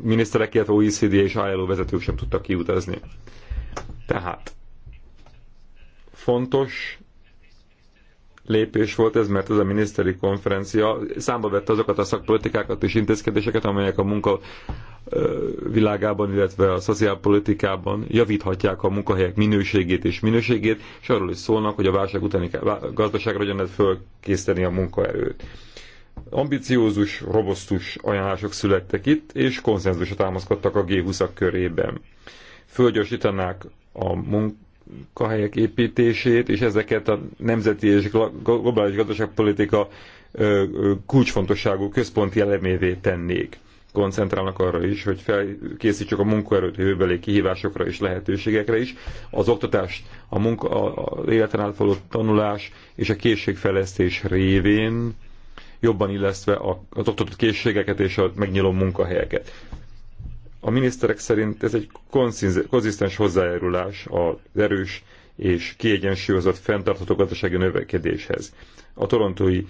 miniszterek, illetve OECD és ILO vezetők sem tudtak kiutazni. Tehát fontos lépés volt ez, mert ez a miniszteri konferencia számba vette azokat a szakpolitikákat és intézkedéseket, amelyek a munka világában, illetve a szociálpolitikában javíthatják a munkahelyek minőségét és minőségét, és arról is szólnak, hogy a válság utáni gazdaságra hogyan lehet fölkészíteni a munkaerőt. Ambiciózus, robosztus ajánlások születtek itt, és konszenzusra támaszkodtak a G20-ak körében. Fölgyorsítanák a munkahelyek építését, és ezeket a nemzeti és globális gazdaságpolitika kulcsfontosságú központi elemévé tennék koncentrálnak arra is, hogy felkészítsük a munkaerőt jövőbeli kihívásokra és lehetőségekre is. Az oktatást, a munka, a életen átfaló tanulás és a készségfejlesztés révén jobban illesztve az oktatott készségeket és a megnyiló munkahelyeket. A miniszterek szerint ez egy konzisztens hozzájárulás az erős és kiegyensúlyozott fenntartható gazdasági növekedéshez. A torontói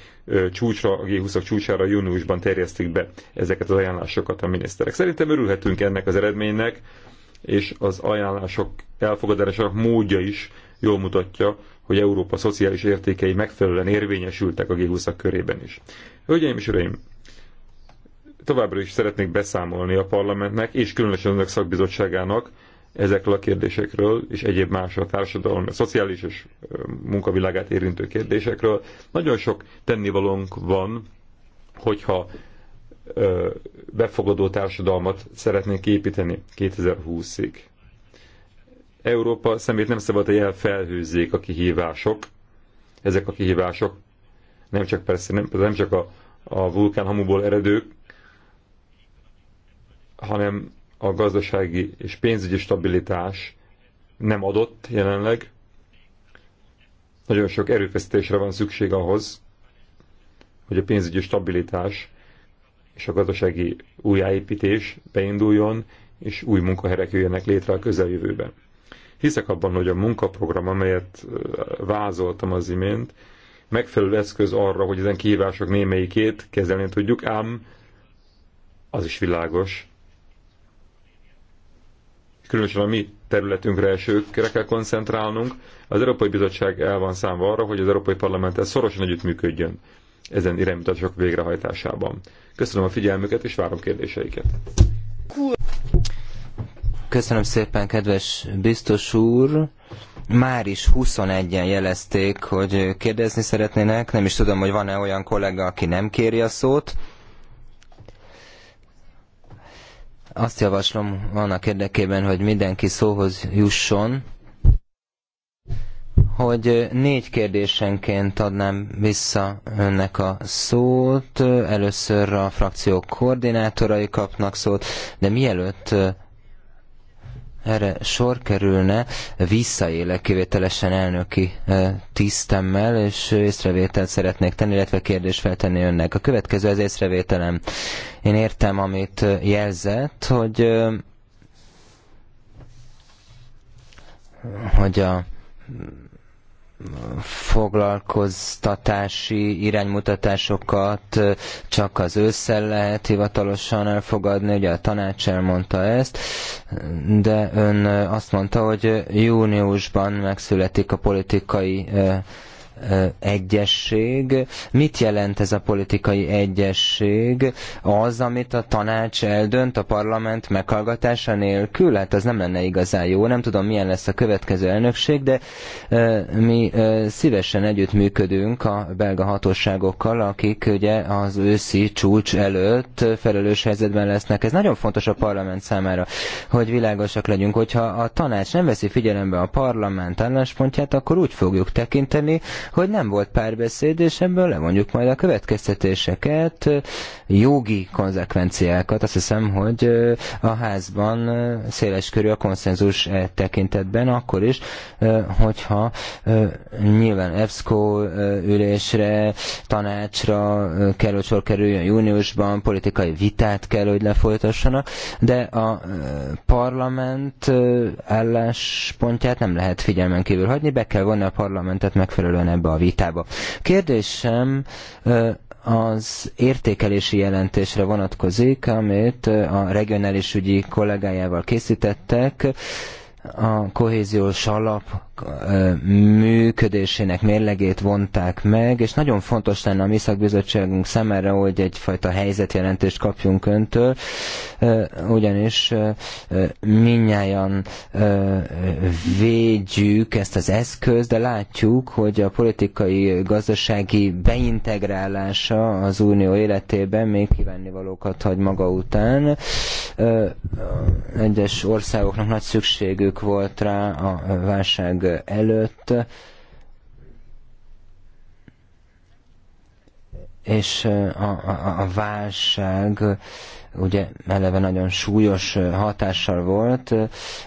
csúcsra, a G20-ak csúcsára júniusban terjesztik be ezeket az ajánlásokat a miniszterek. Szerintem örülhetünk ennek az eredménynek, és az ajánlások elfogadásának módja is jól mutatja, hogy Európa szociális értékei megfelelően érvényesültek a g 20 körében is. Hölgyeim és Uraim, továbbra is szeretnék beszámolni a parlamentnek, és különösen önök szakbizottságának ezekről a kérdésekről, és egyéb más a társadalom, a szociális és munkavilágát érintő kérdésekről. Nagyon sok tennivalónk van, hogyha befogadó társadalmat szeretnénk építeni 2020-ig. Európa szemét nem szabad, hogy elfelhőzzék a kihívások. Ezek a kihívások nem csak persze, nem, nem csak a, a vulkán hamuból eredők, hanem a gazdasági és pénzügyi stabilitás nem adott jelenleg. Nagyon sok erőfeszítésre van szükség ahhoz, hogy a pénzügyi stabilitás és a gazdasági újjáépítés beinduljon, és új munkahelyek jöjjenek létre a közeljövőben. Hiszek abban, hogy a munkaprogram, amelyet vázoltam az imént, megfelelő eszköz arra, hogy ezen kihívások némelyikét kezelni tudjuk, ám az is világos, különösen a mi területünkre esőkre kell koncentrálnunk. Az Európai Bizottság el van számva arra, hogy az Európai Parlamenttel szorosan együttműködjön ezen iránymutatások végrehajtásában. Köszönöm a figyelmüket, és várom kérdéseiket. Köszönöm szépen, kedves biztos úr! Már is 21-en jelezték, hogy kérdezni szeretnének. Nem is tudom, hogy van-e olyan kollega, aki nem kéri a szót. Azt javaslom annak érdekében, hogy mindenki szóhoz jusson, hogy négy kérdésenként adnám vissza önnek a szót. Először a frakciók koordinátorai kapnak szót, de mielőtt erre sor kerülne, visszaélek kivételesen elnöki eh, tisztemmel, és észrevételt szeretnék tenni, illetve kérdést feltenni önnek. A következő az észrevételem. Én értem, amit eh, jelzett, hogy eh, hogy a foglalkoztatási iránymutatásokat csak az ősszel lehet hivatalosan elfogadni, ugye a tanács elmondta ezt, de ön azt mondta, hogy júniusban megszületik a politikai eh, egyesség. Mit jelent ez a politikai egyesség? Az, amit a tanács eldönt a parlament meghallgatása nélkül? Hát az nem lenne igazán jó. Nem tudom, milyen lesz a következő elnökség, de mi szívesen együttműködünk a belga hatóságokkal, akik ugye az őszi csúcs előtt felelős helyzetben lesznek. Ez nagyon fontos a parlament számára, hogy világosak legyünk. Hogyha a tanács nem veszi figyelembe a parlament álláspontját, akkor úgy fogjuk tekinteni, hogy nem volt párbeszéd, és ebből levonjuk majd a következtetéseket, jogi konzekvenciákat. Azt hiszem, hogy a házban széles körű a konszenzus e tekintetben, akkor is, hogyha nyilván EBSCO ülésre, tanácsra kell, hogy sor kerüljön júniusban, politikai vitát kell, hogy lefolytassanak, de a parlament álláspontját nem lehet figyelmen kívül hagyni, be kell vonni a parlamentet megfelelően ebbe a vitába. Kérdésem az értékelési jelentésre vonatkozik, amit a regionális ügyi kollégájával készítettek a kohéziós alap működésének mérlegét vonták meg, és nagyon fontos lenne a mi szakbizottságunk szemére, hogy egyfajta helyzetjelentést kapjunk öntől, ugyanis minnyáján védjük ezt az eszközt, de látjuk, hogy a politikai, gazdasági beintegrálása az unió életében még kívánnivalókat hagy maga után. Egyes országoknak nagy szükségük volt rá a válság előtt, és a, a, a válság ugye eleve nagyon súlyos hatással volt,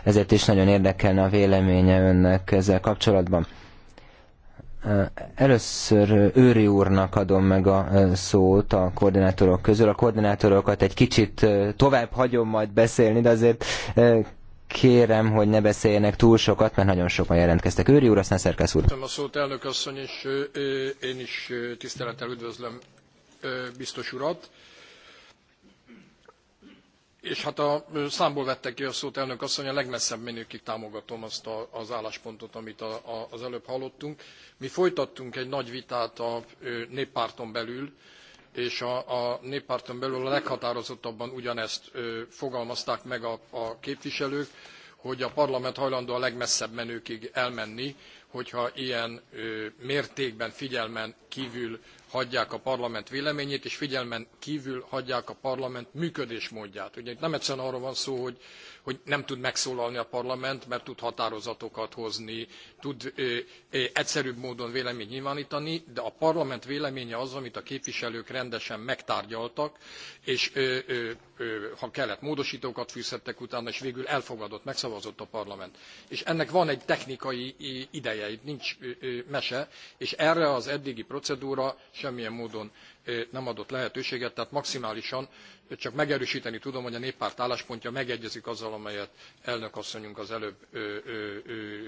ezért is nagyon érdekelne a véleménye önnek ezzel kapcsolatban. Először Őri úrnak adom meg a szót a koordinátorok közül. A koordinátorokat egy kicsit tovább hagyom majd beszélni, de azért kérem, hogy ne beszéljenek túl sokat, mert nagyon sokan jelentkeztek. Őri úr, aztán Szerkesz úr. Köszönöm a szót, elnök asszony, és én is tisztelettel üdvözlöm biztos urat. És hát a számból vettek ki a szót, elnök asszony, a legmesszebb menőkig támogatom azt a, az álláspontot, amit a, a, az előbb hallottunk. Mi folytattunk egy nagy vitát a néppárton belül, és a, a néppárton belül a leghatározottabban ugyanezt ö, fogalmazták meg a, a képviselők, hogy a parlament hajlandó a legmesszebb menőkig elmenni, hogyha ilyen mértékben figyelmen kívül hagyják a parlament véleményét, és figyelmen kívül hagyják a parlament működésmódját. Ugye itt nem egyszerűen arról van szó, hogy, hogy nem tud megszólalni a parlament, mert tud határozatokat hozni, tud ö, ö, egyszerűbb módon véleményt nyilvánítani, de a parlament véleménye az, amit a képviselők rendesen megtárgyaltak, és ö, ha kellett, módosítókat fűzhettek utána, és végül elfogadott, megszavazott a parlament. És ennek van egy technikai ideje, munkája, itt nincs mese, és erre az eddigi procedúra semmilyen módon nem adott lehetőséget, tehát maximálisan csak megerősíteni tudom, hogy a néppárt álláspontja megegyezik azzal, amelyet elnök asszonyunk az előbb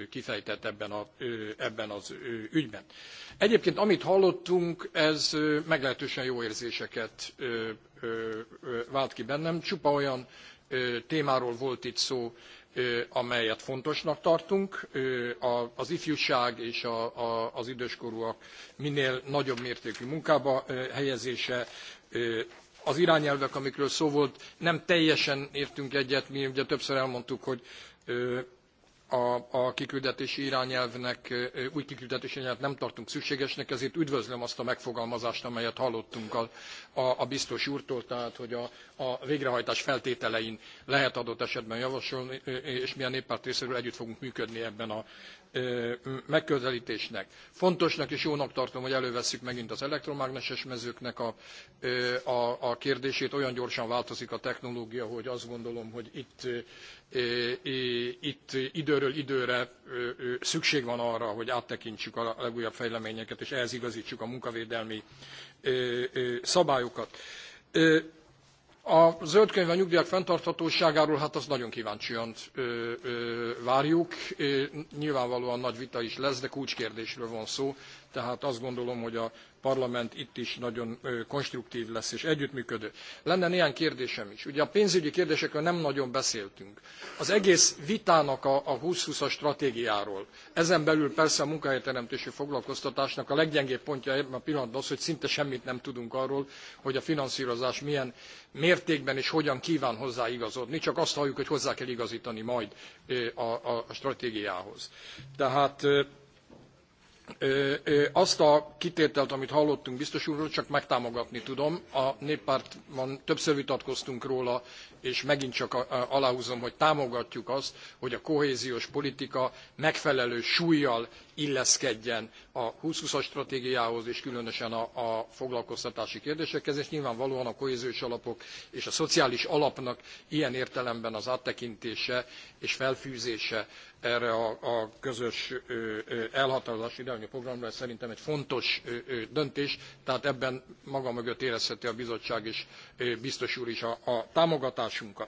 kifejtett ebben, a, ebben az ügyben. Egyébként amit hallottunk, ez meglehetősen jó érzéseket vált ki bennem, csupa olyan témáról volt itt szó, amelyet fontosnak tartunk. Az ifjúság és az időskorúak minél nagyobb mértékű munkába helyezése, az irányelvek, amikről szó volt, nem teljesen értünk egyet, mi ugye többször elmondtuk, hogy a, a kiküldetési irányelvnek, új kiküldetési irányelvet nem tartunk szükségesnek, ezért üdvözlöm azt a megfogalmazást, amelyet hallottunk a, a, a biztos úrtól, tehát hogy a, a végrehajtás feltételein lehet adott esetben javasolni, és mi a néppárt részéről együtt fogunk működni ebben a megközelítésnek. Fontosnak és jónak tartom, hogy elővesszük megint az elektromágneses mezőknek a, a, a kérdését. Olyan gyorsan változik a technológia, hogy azt gondolom, hogy itt, itt időről időre szükség van arra, hogy áttekintsük a legújabb fejleményeket, és ehhez igazítsuk a munkavédelmi szabályokat a zöld könyv a nyugdíjak fenntarthatóságáról, hát azt nagyon kíváncsian várjuk. Nyilvánvalóan nagy vita is lesz, de kulcskérdésről van szó tehát azt gondolom, hogy a parlament itt is nagyon konstruktív lesz és együttműködő. Lenne néhány kérdésem is. Ugye a pénzügyi kérdésekről nem nagyon beszéltünk. Az egész vitának a, a 2020-as stratégiáról, ezen belül persze a munkahelyteremtési foglalkoztatásnak a leggyengébb pontja ebben a pillanatban az, hogy szinte semmit nem tudunk arról, hogy a finanszírozás milyen mértékben és hogyan kíván hozzáigazodni, csak azt halljuk, hogy hozzá kell igazítani majd a, a stratégiához. Tehát azt a kitételt, amit hallottunk biztos úrról, csak megtámogatni tudom. A néppártban többször vitatkoztunk róla, és megint csak aláhúzom, hogy támogatjuk azt, hogy a kohéziós politika megfelelő súlyjal illeszkedjen a 2020-as stratégiához, és különösen a, a foglalkoztatási kérdésekhez, és nyilvánvalóan a kohéziós alapok és a szociális alapnak ilyen értelemben az áttekintése és felfűzése erre a, a közös elhatározási irányú programra szerintem egy fontos döntés, tehát ebben maga mögött érezheti a bizottság és biztos úr is a, a támogatást hozzáállásunkat.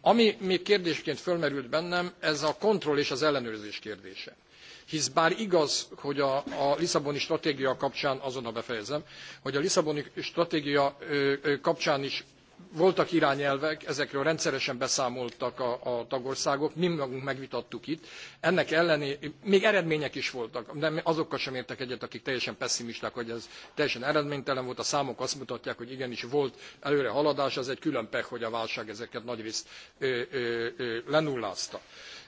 Ami még kérdésként fölmerült bennem, ez a kontroll és az ellenőrzés kérdése hisz bár igaz, hogy a, a, Lisszaboni stratégia kapcsán, azonnal befejezem, hogy a Lisszaboni stratégia ö, ö, kapcsán is voltak irányelvek, ezekről rendszeresen beszámoltak a, a tagországok, mi magunk megvitattuk itt. Ennek ellenére még eredmények is voltak, de azokkal sem értek egyet, akik teljesen pessimisták, hogy ez teljesen eredménytelen volt. A számok azt mutatják, hogy igenis volt előrehaladás, az egy külön pech, hogy a válság ezeket nagyrészt lenullázta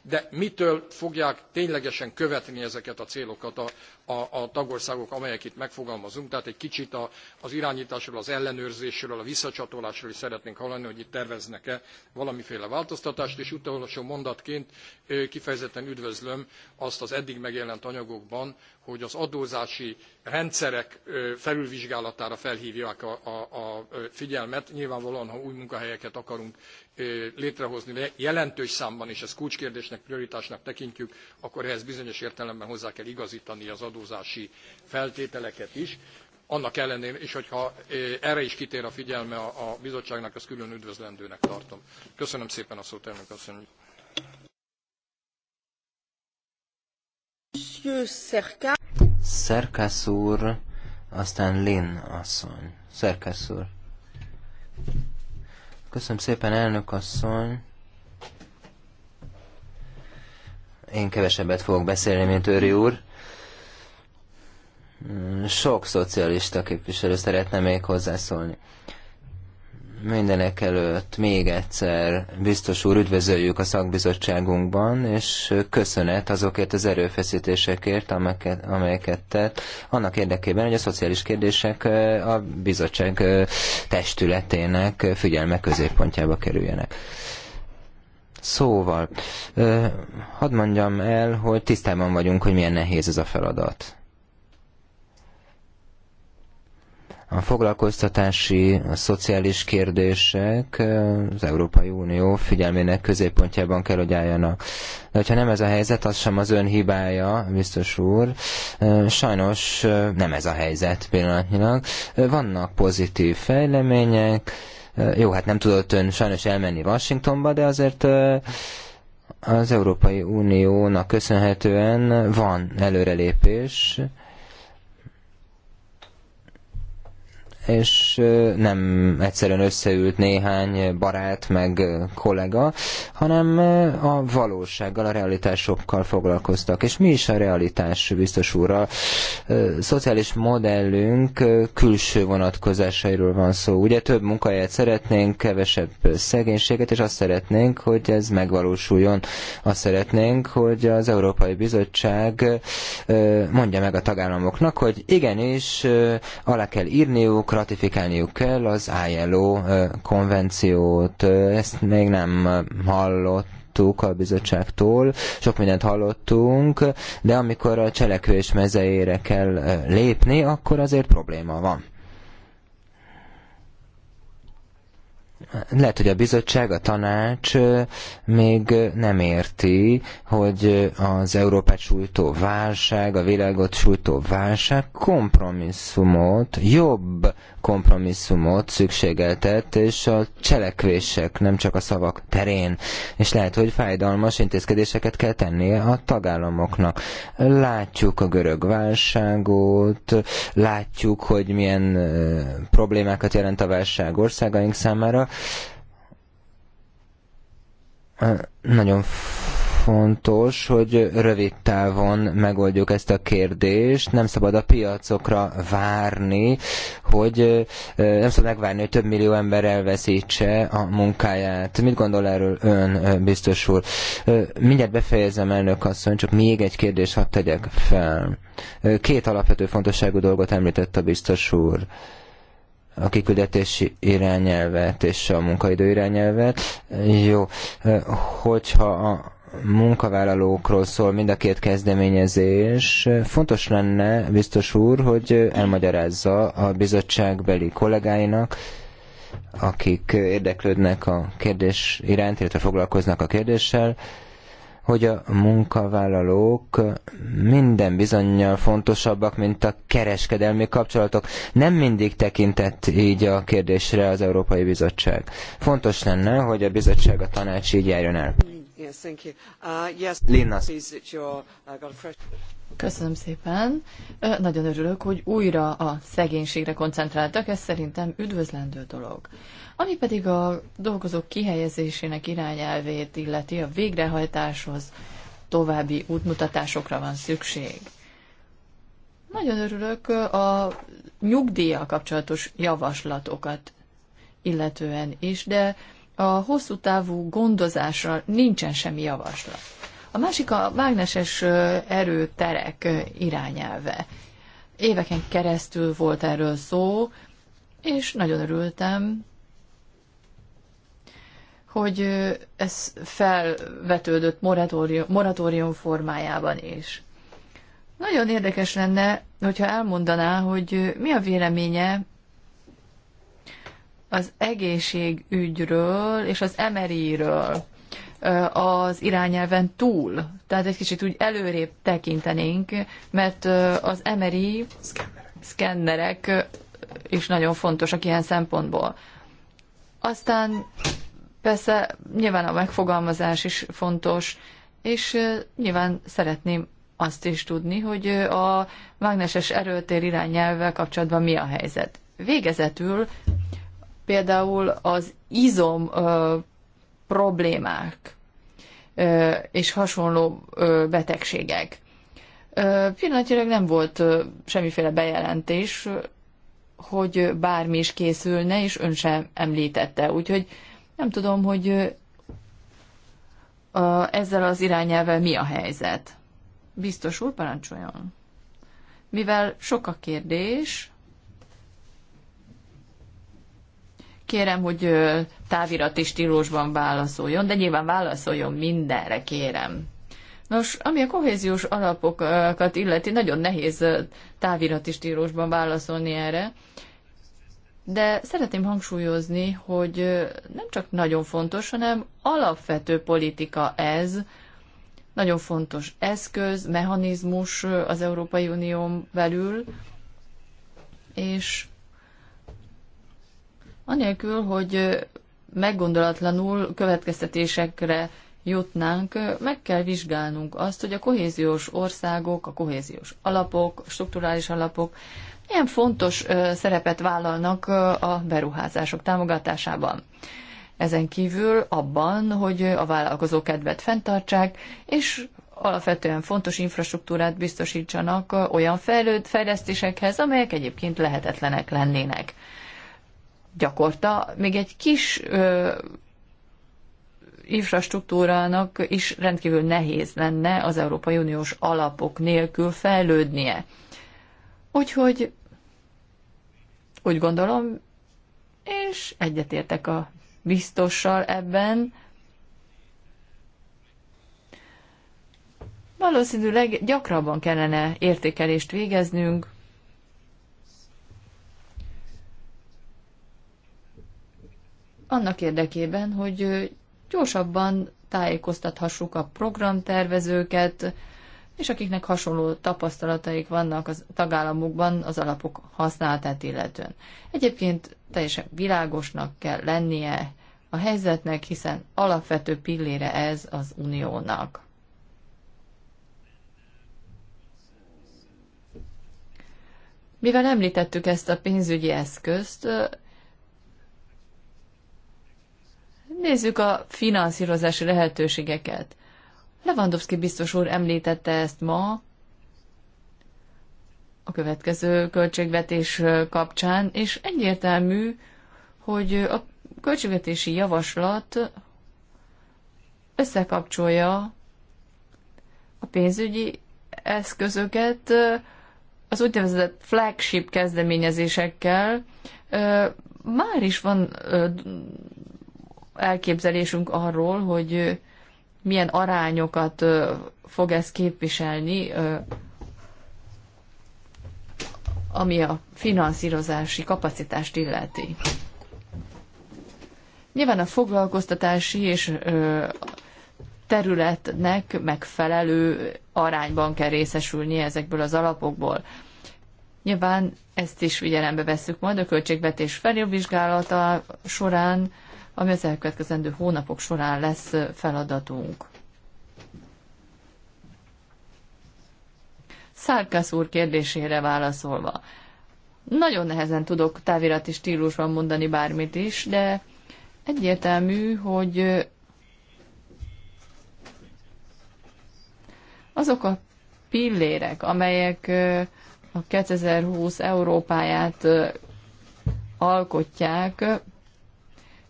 de mitől fogják ténylegesen követni ezeket a célokat a, a, a tagországok, amelyek itt megfogalmazunk? Tehát egy kicsit a, az irányításról, az ellenőrzésről, a visszacsatolásról is szeretnénk hallani, hogy itt terveznek-e valamiféle változtatást, és utolsó mondatként kifejezetten üdvözlöm azt az eddig megjelent anyagokban, hogy az adózási rendszerek felülvizsgálatára felhívják a, a, a figyelmet. Nyilvánvalóan, ha új munkahelyeket akarunk létrehozni jelentős számban, és ezt kulcskérdésnek, prioritásnak tekintjük, akkor ehhez bizonyos értelemben hozzá kell igazítani az adózási feltételeket is. Annak ellenére, és hogyha erre is kitér a figyelme a bizottságnak, azt külön üdvözlendőnek tartom. Köszönöm szépen a szót, elnök asszony. Szerkász úr, aztán Lin asszony. Szerkász úr. Köszönöm szépen, elnök asszony. Én kevesebbet fogok beszélni, mint Őri úr. Sok szocialista képviselő szeretne még hozzászólni. Mindenek előtt még egyszer biztos úr üdvözöljük a szakbizottságunkban, és köszönet azokért az erőfeszítésekért, amelyeket, amelyeket tett, annak érdekében, hogy a szociális kérdések a bizottság testületének figyelme középpontjába kerüljenek. Szóval, hadd mondjam el, hogy tisztában vagyunk, hogy milyen nehéz ez a feladat A foglalkoztatási, a szociális kérdések az Európai Unió figyelmének középpontjában kell, hogy álljanak. De hogyha nem ez a helyzet, az sem az ön hibája, biztos úr. Sajnos nem ez a helyzet pillanatnyilag. Vannak pozitív fejlemények. Jó, hát nem tudott ön sajnos elmenni Washingtonba, de azért az Európai Uniónak köszönhetően van előrelépés és nem egyszerűen összeült néhány barát meg kollega, hanem a valósággal, a realitásokkal foglalkoztak. És mi is a realitás, biztos úr? A szociális modellünk külső vonatkozásairól van szó. Ugye több munkahelyet szeretnénk, kevesebb szegénységet, és azt szeretnénk, hogy ez megvalósuljon. Azt szeretnénk, hogy az Európai Bizottság mondja meg a tagállamoknak, hogy igenis alá kell írniuk, ratifikálniuk kell az ILO konvenciót. Ezt még nem hallott hallottuk a bizottságtól, sok mindent hallottunk, de amikor a cselekvés mezejére kell lépni, akkor azért probléma van. Lehet, hogy a bizottság, a tanács még nem érti, hogy az Európát sújtó válság, a világot sújtó válság kompromisszumot, jobb kompromisszumot szükségeltet, és a cselekvések, nem csak a szavak terén. És lehet, hogy fájdalmas intézkedéseket kell tennie a tagállamoknak. Látjuk a görög válságot, látjuk, hogy milyen problémákat jelent a válság országaink számára. Nagyon fontos, hogy rövid távon megoldjuk ezt a kérdést. Nem szabad a piacokra várni, hogy nem szabad megvárni, hogy több millió ember elveszítse a munkáját. Mit gondol erről ön, biztos úr? Mindjárt befejezem, elnök asszony, csak még egy kérdést hadd tegyek fel. Két alapvető fontosságú dolgot említett a biztos úr a kiküldetési irányelvet és a munkaidő irányelvet. Jó, hogyha a munkavállalókról szól mind a két kezdeményezés. Fontos lenne, biztos úr, hogy elmagyarázza a bizottságbeli kollégáinak, akik érdeklődnek a kérdés iránt, illetve foglalkoznak a kérdéssel, hogy a munkavállalók minden bizonyal fontosabbak, mint a kereskedelmi kapcsolatok. Nem mindig tekintett így a kérdésre az Európai Bizottság. Fontos lenne, hogy a bizottság a tanács így járjon el. Uh, uh, Köszönöm szépen. Nagyon örülök, hogy újra a szegénységre koncentráltak, ez szerintem üdvözlendő dolog. Ami pedig a dolgozók kihelyezésének irányelvét illeti, a végrehajtáshoz további útmutatásokra van szükség. Nagyon örülök a nyugdíjjal kapcsolatos javaslatokat illetően is, de a hosszú távú gondozásra nincsen semmi javaslat. A másik a mágneses erőterek irányelve. Éveken keresztül volt erről szó, és nagyon örültem, hogy ez felvetődött moratórium, moratórium formájában is. Nagyon érdekes lenne, hogyha elmondaná, hogy mi a véleménye az egészségügyről és az MRI-ről az irányelven túl. Tehát egy kicsit úgy előrébb tekintenénk, mert az MRI szkennerek, szkennerek is nagyon fontosak ilyen szempontból. Aztán persze nyilván a megfogalmazás is fontos, és nyilván szeretném azt is tudni, hogy a mágneses erőtér irányelvvel kapcsolatban mi a helyzet. Végezetül például az izom ö, problémák ö, és hasonló ö, betegségek. Ö, pillanatilag nem volt ö, semmiféle bejelentés, hogy bármi is készülne, és ön sem említette. Úgyhogy nem tudom, hogy ezzel az irányelvel mi a helyzet. Biztos úr, parancsoljon. Mivel sok a kérdés, kérem, hogy távirati stílusban válaszoljon, de nyilván válaszoljon mindenre, kérem. Nos, ami a kohéziós alapokat illeti, nagyon nehéz távirati stílusban válaszolni erre, de szeretném hangsúlyozni, hogy nem csak nagyon fontos, hanem alapvető politika ez, nagyon fontos eszköz, mechanizmus az Európai Unión belül, és anélkül, hogy meggondolatlanul következtetésekre jutnánk, meg kell vizsgálnunk azt, hogy a kohéziós országok, a kohéziós alapok, a strukturális alapok milyen fontos szerepet vállalnak a beruházások támogatásában. Ezen kívül abban, hogy a vállalkozó kedvet fenntartsák, és alapvetően fontos infrastruktúrát biztosítsanak olyan fejlőd, fejlesztésekhez, amelyek egyébként lehetetlenek lennének gyakorta még egy kis ö, infrastruktúrának is rendkívül nehéz lenne az Európai Uniós alapok nélkül fejlődnie. Úgyhogy úgy gondolom, és egyetértek a biztossal ebben, valószínűleg gyakrabban kellene értékelést végeznünk, annak érdekében, hogy gyorsabban tájékoztathassuk a programtervezőket, és akiknek hasonló tapasztalataik vannak az tagállamokban az alapok használatát illetően. Egyébként teljesen világosnak kell lennie a helyzetnek, hiszen alapvető pillére ez az uniónak. Mivel említettük ezt a pénzügyi eszközt, Nézzük a finanszírozási lehetőségeket. Lewandowski biztos úr említette ezt ma a következő költségvetés kapcsán, és egyértelmű, hogy a költségvetési javaslat összekapcsolja a pénzügyi eszközöket az úgynevezett flagship kezdeményezésekkel. Már is van elképzelésünk arról, hogy milyen arányokat fog ez képviselni, ami a finanszírozási kapacitást illeti. Nyilván a foglalkoztatási és területnek megfelelő arányban kell részesülni ezekből az alapokból. Nyilván ezt is figyelembe vesszük majd a költségvetés felülvizsgálata során, ami az elkövetkezendő hónapok során lesz feladatunk. Szárkász úr kérdésére válaszolva. Nagyon nehezen tudok távirati stílusban mondani bármit is, de egyértelmű, hogy azok a pillérek, amelyek a 2020 Európáját alkotják,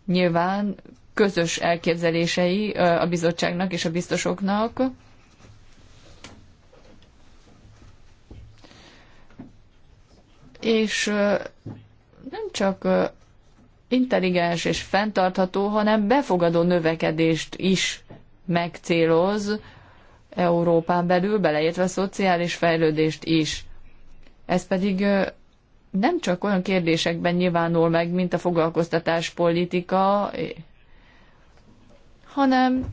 nyilván közös elképzelései a bizottságnak és a biztosoknak. És nem csak intelligens és fenntartható, hanem befogadó növekedést is megcéloz Európán belül, beleértve a szociális fejlődést is. Ez pedig nem csak olyan kérdésekben nyilvánul meg, mint a foglalkoztatáspolitika, hanem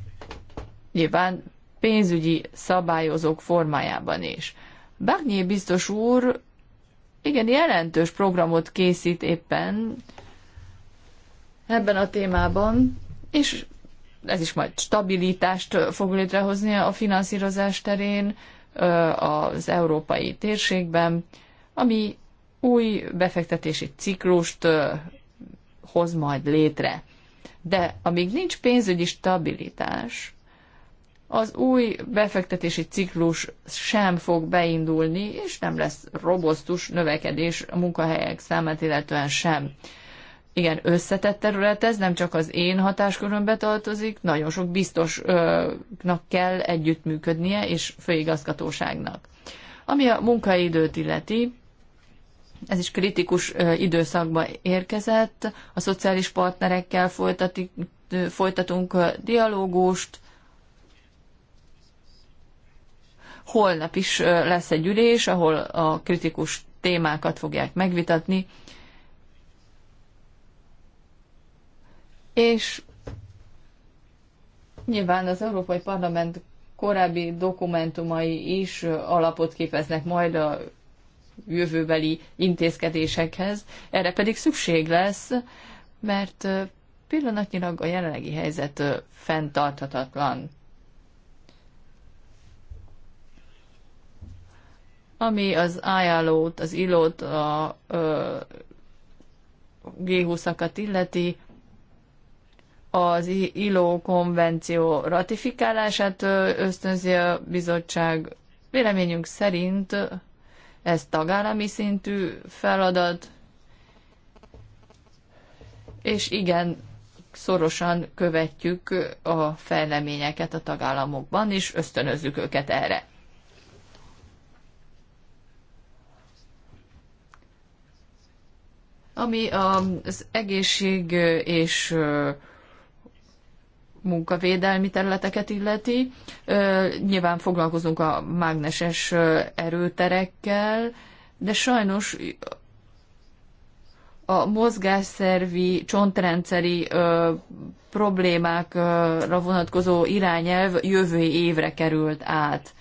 nyilván pénzügyi szabályozók formájában is. Bárnyi biztos úr igen jelentős programot készít éppen ebben a témában, és ez is majd stabilitást fog létrehozni a finanszírozás terén az európai térségben, ami új befektetési ciklust hoz majd létre. De amíg nincs pénzügyi stabilitás, az új befektetési ciklus sem fog beindulni, és nem lesz robosztus növekedés a munkahelyek számát illetően sem. Igen, összetett terület ez, nem csak az én hatáskörömbe tartozik, nagyon sok biztosnak kell együttműködnie, és főigazgatóságnak. Ami a munkaidőt illeti, ez is kritikus időszakba érkezett. A szociális partnerekkel folytatunk dialógust. Holnap is lesz egy ülés, ahol a kritikus témákat fogják megvitatni. És nyilván az Európai Parlament korábbi dokumentumai is alapot képeznek majd a jövőbeli intézkedésekhez. Erre pedig szükség lesz, mert pillanatnyilag a jelenlegi helyzet fenntarthatatlan. Ami az ajánlót, az ilót a G20-akat illeti, az ILO konvenció ratifikálását ösztönzi a bizottság. Véleményünk szerint ez tagállami szintű feladat, és igen, szorosan követjük a fejleményeket a tagállamokban, és ösztönözzük őket erre. Ami az egészség és munkavédelmi területeket illeti. Nyilván foglalkozunk a mágneses erőterekkel, de sajnos a mozgásszervi, csontrendszeri ö, problémákra vonatkozó irányelv jövő évre került át.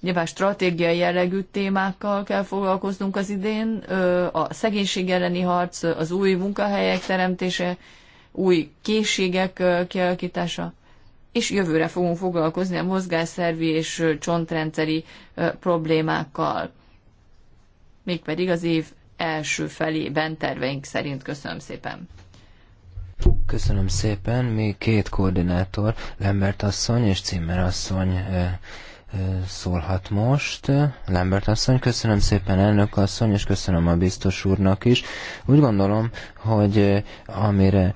Nyilván stratégiai jellegű témákkal kell foglalkoznunk az idén, ö, a szegénység elleni harc, az új munkahelyek teremtése, új készségek kialakítása, és jövőre fogunk foglalkozni a mozgásszervi és csontrendszeri problémákkal. Mégpedig az év első felében terveink szerint. Köszönöm szépen! Köszönöm szépen. Mi két koordinátor, Lembert asszony és Cimmer asszony szólhat most. Lambert asszony, köszönöm szépen elnök asszony, és köszönöm a biztos úrnak is. Úgy gondolom, hogy amire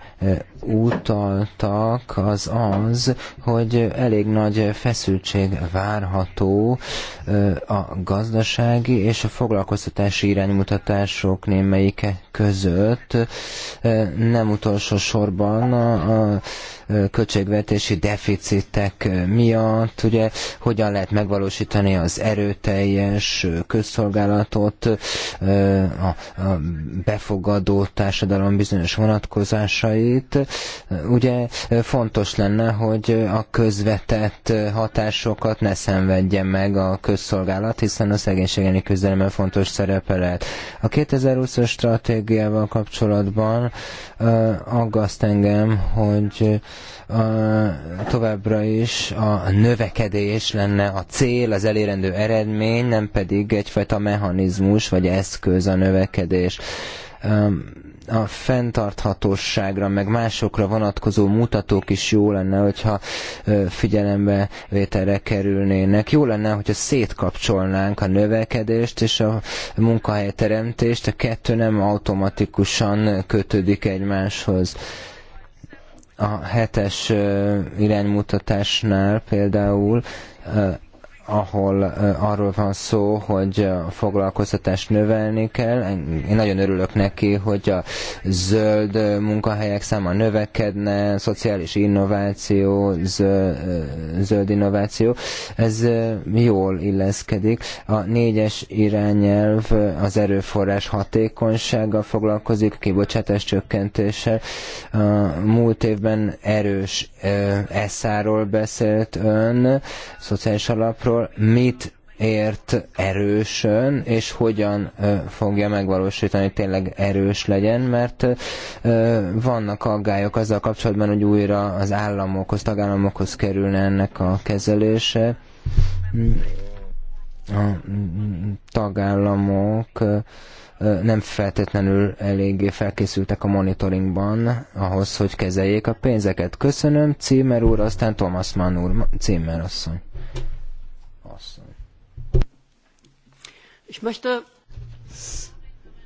utaltak, az az, hogy elég nagy feszültség várható a gazdasági és a foglalkoztatási iránymutatások némelyike között, nem utolsó sorban a költségvetési deficitek miatt, ugye hogyan lehet megvalósítani az erőteljes közszolgálatot, a befogadó társadalom bizonyos vonatkozásait, Ugye fontos lenne, hogy a közvetett hatásokat ne szenvedje meg a közszolgálat, hiszen a szegénységeni küzdelemben fontos szerepe lehet. A 2020-as stratégiával kapcsolatban aggaszt engem, hogy továbbra is a növekedés lenne a cél, az elérendő eredmény, nem pedig egyfajta mechanizmus vagy eszköz a növekedés a fenntarthatóságra, meg másokra vonatkozó mutatók is jó lenne, hogyha figyelembe vételre kerülnének. Jó lenne, hogyha szétkapcsolnánk a növekedést és a munkahelyteremtést, a kettő nem automatikusan kötődik egymáshoz a hetes iránymutatásnál például ahol arról van szó, hogy a foglalkoztatást növelni kell. Én nagyon örülök neki, hogy a zöld munkahelyek száma növekedne, szociális innováció, zöld innováció. Ez jól illeszkedik. A négyes irányelv az erőforrás hatékonysággal foglalkozik, kibocsátás csökkentéssel. A múlt évben erős eszáról beszélt ön, szociális alapról, arról, mit ért erősön, és hogyan fogja megvalósítani, hogy tényleg erős legyen, mert vannak aggályok azzal kapcsolatban, hogy újra az államokhoz, tagállamokhoz kerülne ennek a kezelése. A tagállamok nem feltétlenül eléggé felkészültek a monitoringban ahhoz, hogy kezeljék a pénzeket. Köszönöm, Címer úr, aztán Thomas Mann úr, Címer asszony. Ich möchte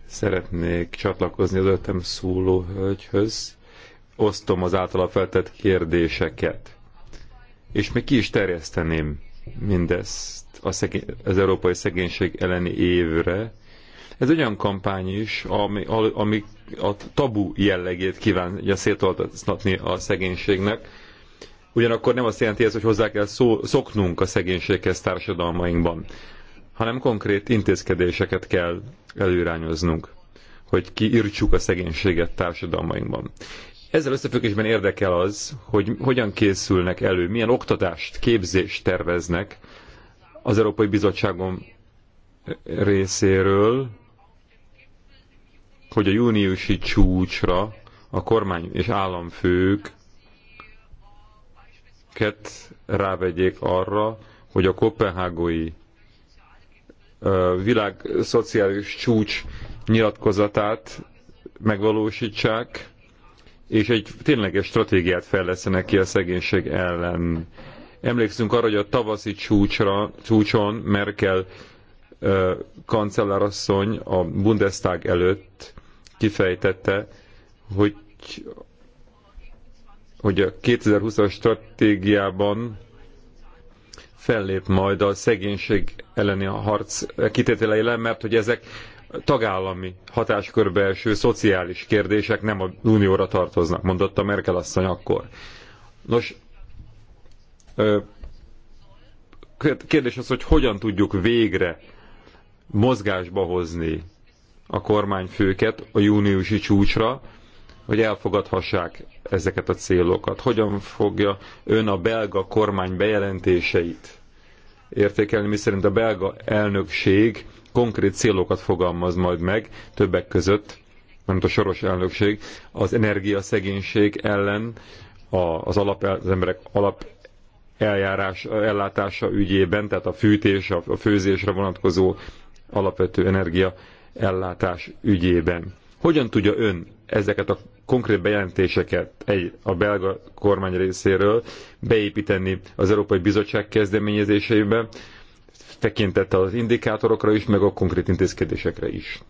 Szeretnék csatlakozni az ötem szóló hölgyhöz. Osztom az általa feltett kérdéseket. És még ki is terjeszteném mindezt a szegény, az európai szegénység elleni évre. Ez olyan kampány is, ami, ami a tabu jellegét kívánja szétoltatni a szegénységnek. Ugyanakkor nem azt jelenti ez, hogy hozzá kell szó, szoknunk a szegénységhez társadalmainkban, hanem konkrét intézkedéseket kell előrányoznunk, hogy kiirtsuk a szegénységet társadalmainkban. Ezzel összefüggésben érdekel az, hogy hogyan készülnek elő, milyen oktatást, képzést terveznek az Európai Bizottságon részéről, hogy a júniusi csúcsra a kormány és államfők ket rávegyék arra, hogy a kopenhágói világ szociális csúcs nyilatkozatát megvalósítsák, és egy tényleges stratégiát fejlesztenek ki a szegénység ellen. Emlékszünk arra, hogy a tavaszi csúcsra, csúcson Merkel kancellárasszony a Bundestag előtt kifejtette, hogy, hogy a 2020-as stratégiában fellép majd a szegénység elleni a harc le, mert hogy ezek tagállami hatáskörbe eső szociális kérdések nem a unióra tartoznak, mondotta Merkel asszony akkor. Nos, kérdés az, hogy hogyan tudjuk végre mozgásba hozni a kormányfőket a júniusi csúcsra, hogy elfogadhassák ezeket a célokat. Hogyan fogja ön a belga kormány bejelentéseit értékelni, miszerint a belga elnökség konkrét célokat fogalmaz majd meg, többek között, mert a soros elnökség az energiaszegénység ellen, az, alap, az emberek alap eljárás, ellátása ügyében, tehát a fűtés, a főzésre vonatkozó alapvető energia ellátás ügyében. Hogyan tudja ön ezeket a konkrét bejelentéseket egy a belga kormány részéről beépíteni az Európai Bizottság kezdeményezéseibe, tekintettel az indikátorokra is, meg a konkrét intézkedésekre is.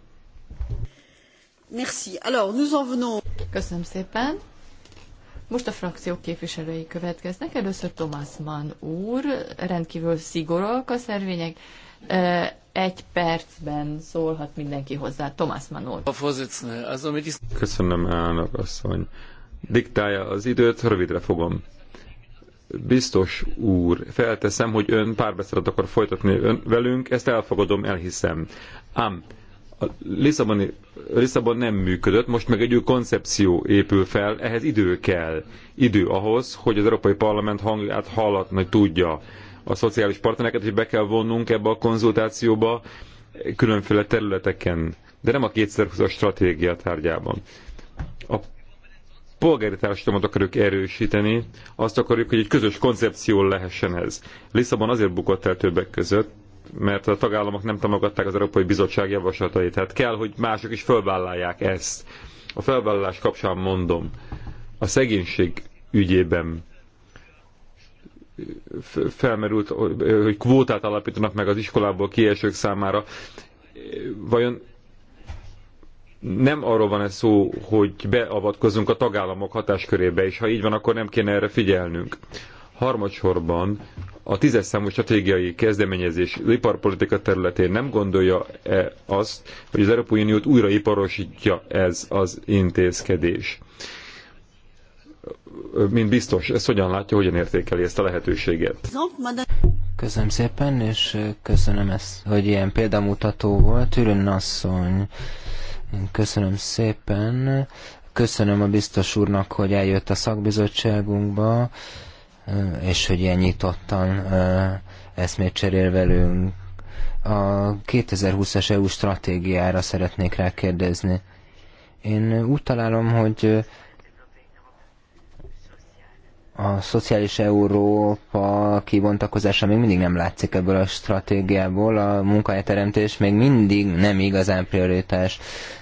Merci. Alors, nous en venons... Köszönöm szépen. Most a frakciók képviselői következnek. Először Thomas Mann úr, rendkívül szigorúak a szervények, egy percben szólhat mindenki hozzá. Tomás Manol. Köszönöm, elnök asszony. Diktálja az időt, rövidre fogom. Biztos úr, felteszem, hogy ön párbeszédet akar folytatni ön velünk, ezt elfogadom, elhiszem. Ám a Lisszaboni, Lisszabon nem működött, most meg egy új koncepció épül fel, ehhez idő kell. Idő ahhoz, hogy az Európai Parlament hangját hallatni tudja a szociális partnereket is be kell vonnunk ebbe a konzultációba különféle területeken, de nem a 2020-as stratégia tárgyában. A polgári társadalmat akarjuk erősíteni, azt akarjuk, hogy egy közös koncepció lehessen ez. Lisszabon azért bukott el többek között, mert a tagállamok nem támogatták az Európai Bizottság javaslatait. Tehát kell, hogy mások is fölvállalják ezt. A felvállalás kapcsán mondom, a szegénység ügyében felmerült, hogy kvótát alapítanak meg az iskolából kiesők számára. Vajon nem arról van ez szó, hogy beavatkozunk a tagállamok hatáskörébe, és ha így van, akkor nem kéne erre figyelnünk. Harmadsorban a tízes számú stratégiai kezdeményezés az iparpolitika területén nem gondolja -e azt, hogy az Európai Uniót újraiparosítja ez az intézkedés? mint biztos. Ezt hogyan látja, hogyan értékeli ezt a lehetőséget? Köszönöm szépen, és köszönöm ezt, hogy ilyen példamutató volt. Ürön asszony, köszönöm szépen. Köszönöm a biztos úrnak, hogy eljött a szakbizottságunkba, és hogy ilyen nyitottan eszmét cserél velünk. A 2020-as EU stratégiára szeretnék rákérdezni. Én úgy találom, hogy a szociális Európa kibontakozása még mindig nem látszik ebből a stratégiából, a munkahelyteremtés még mindig nem igazán prioritás.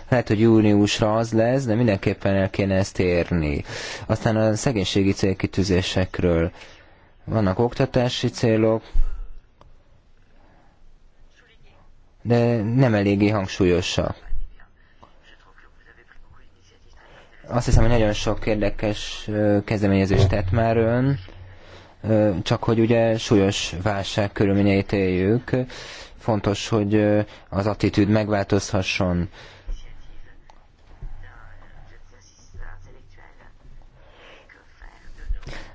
Lehet, hogy júniusra az lesz, de mindenképpen el kéne ezt érni. Aztán a szegénységi célkitűzésekről vannak oktatási célok, de nem eléggé hangsúlyosak Azt hiszem, hogy nagyon sok érdekes kezdeményezést tett már ön, csak hogy ugye súlyos válság körülményeit éljük. Fontos, hogy az attitűd megváltozhasson.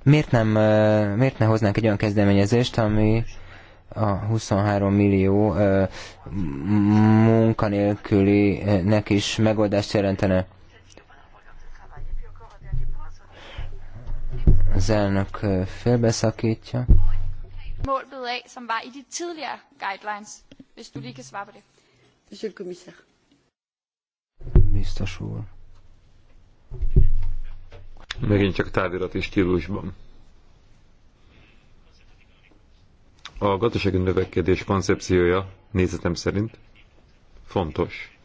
miért, nem, miért ne hoznánk egy olyan kezdeményezést, ami a 23 millió munkanélkülinek is megoldást jelentene? Az elnök félbeszakítja. Mål blev af, som var i de tidligere guidelines, hvis du lige kan svare på det. Monsieur le commissaire. Biztos úr. Megint csak távirati stílusban. A gazdasági növekedés koncepciója nézetem szerint fontos.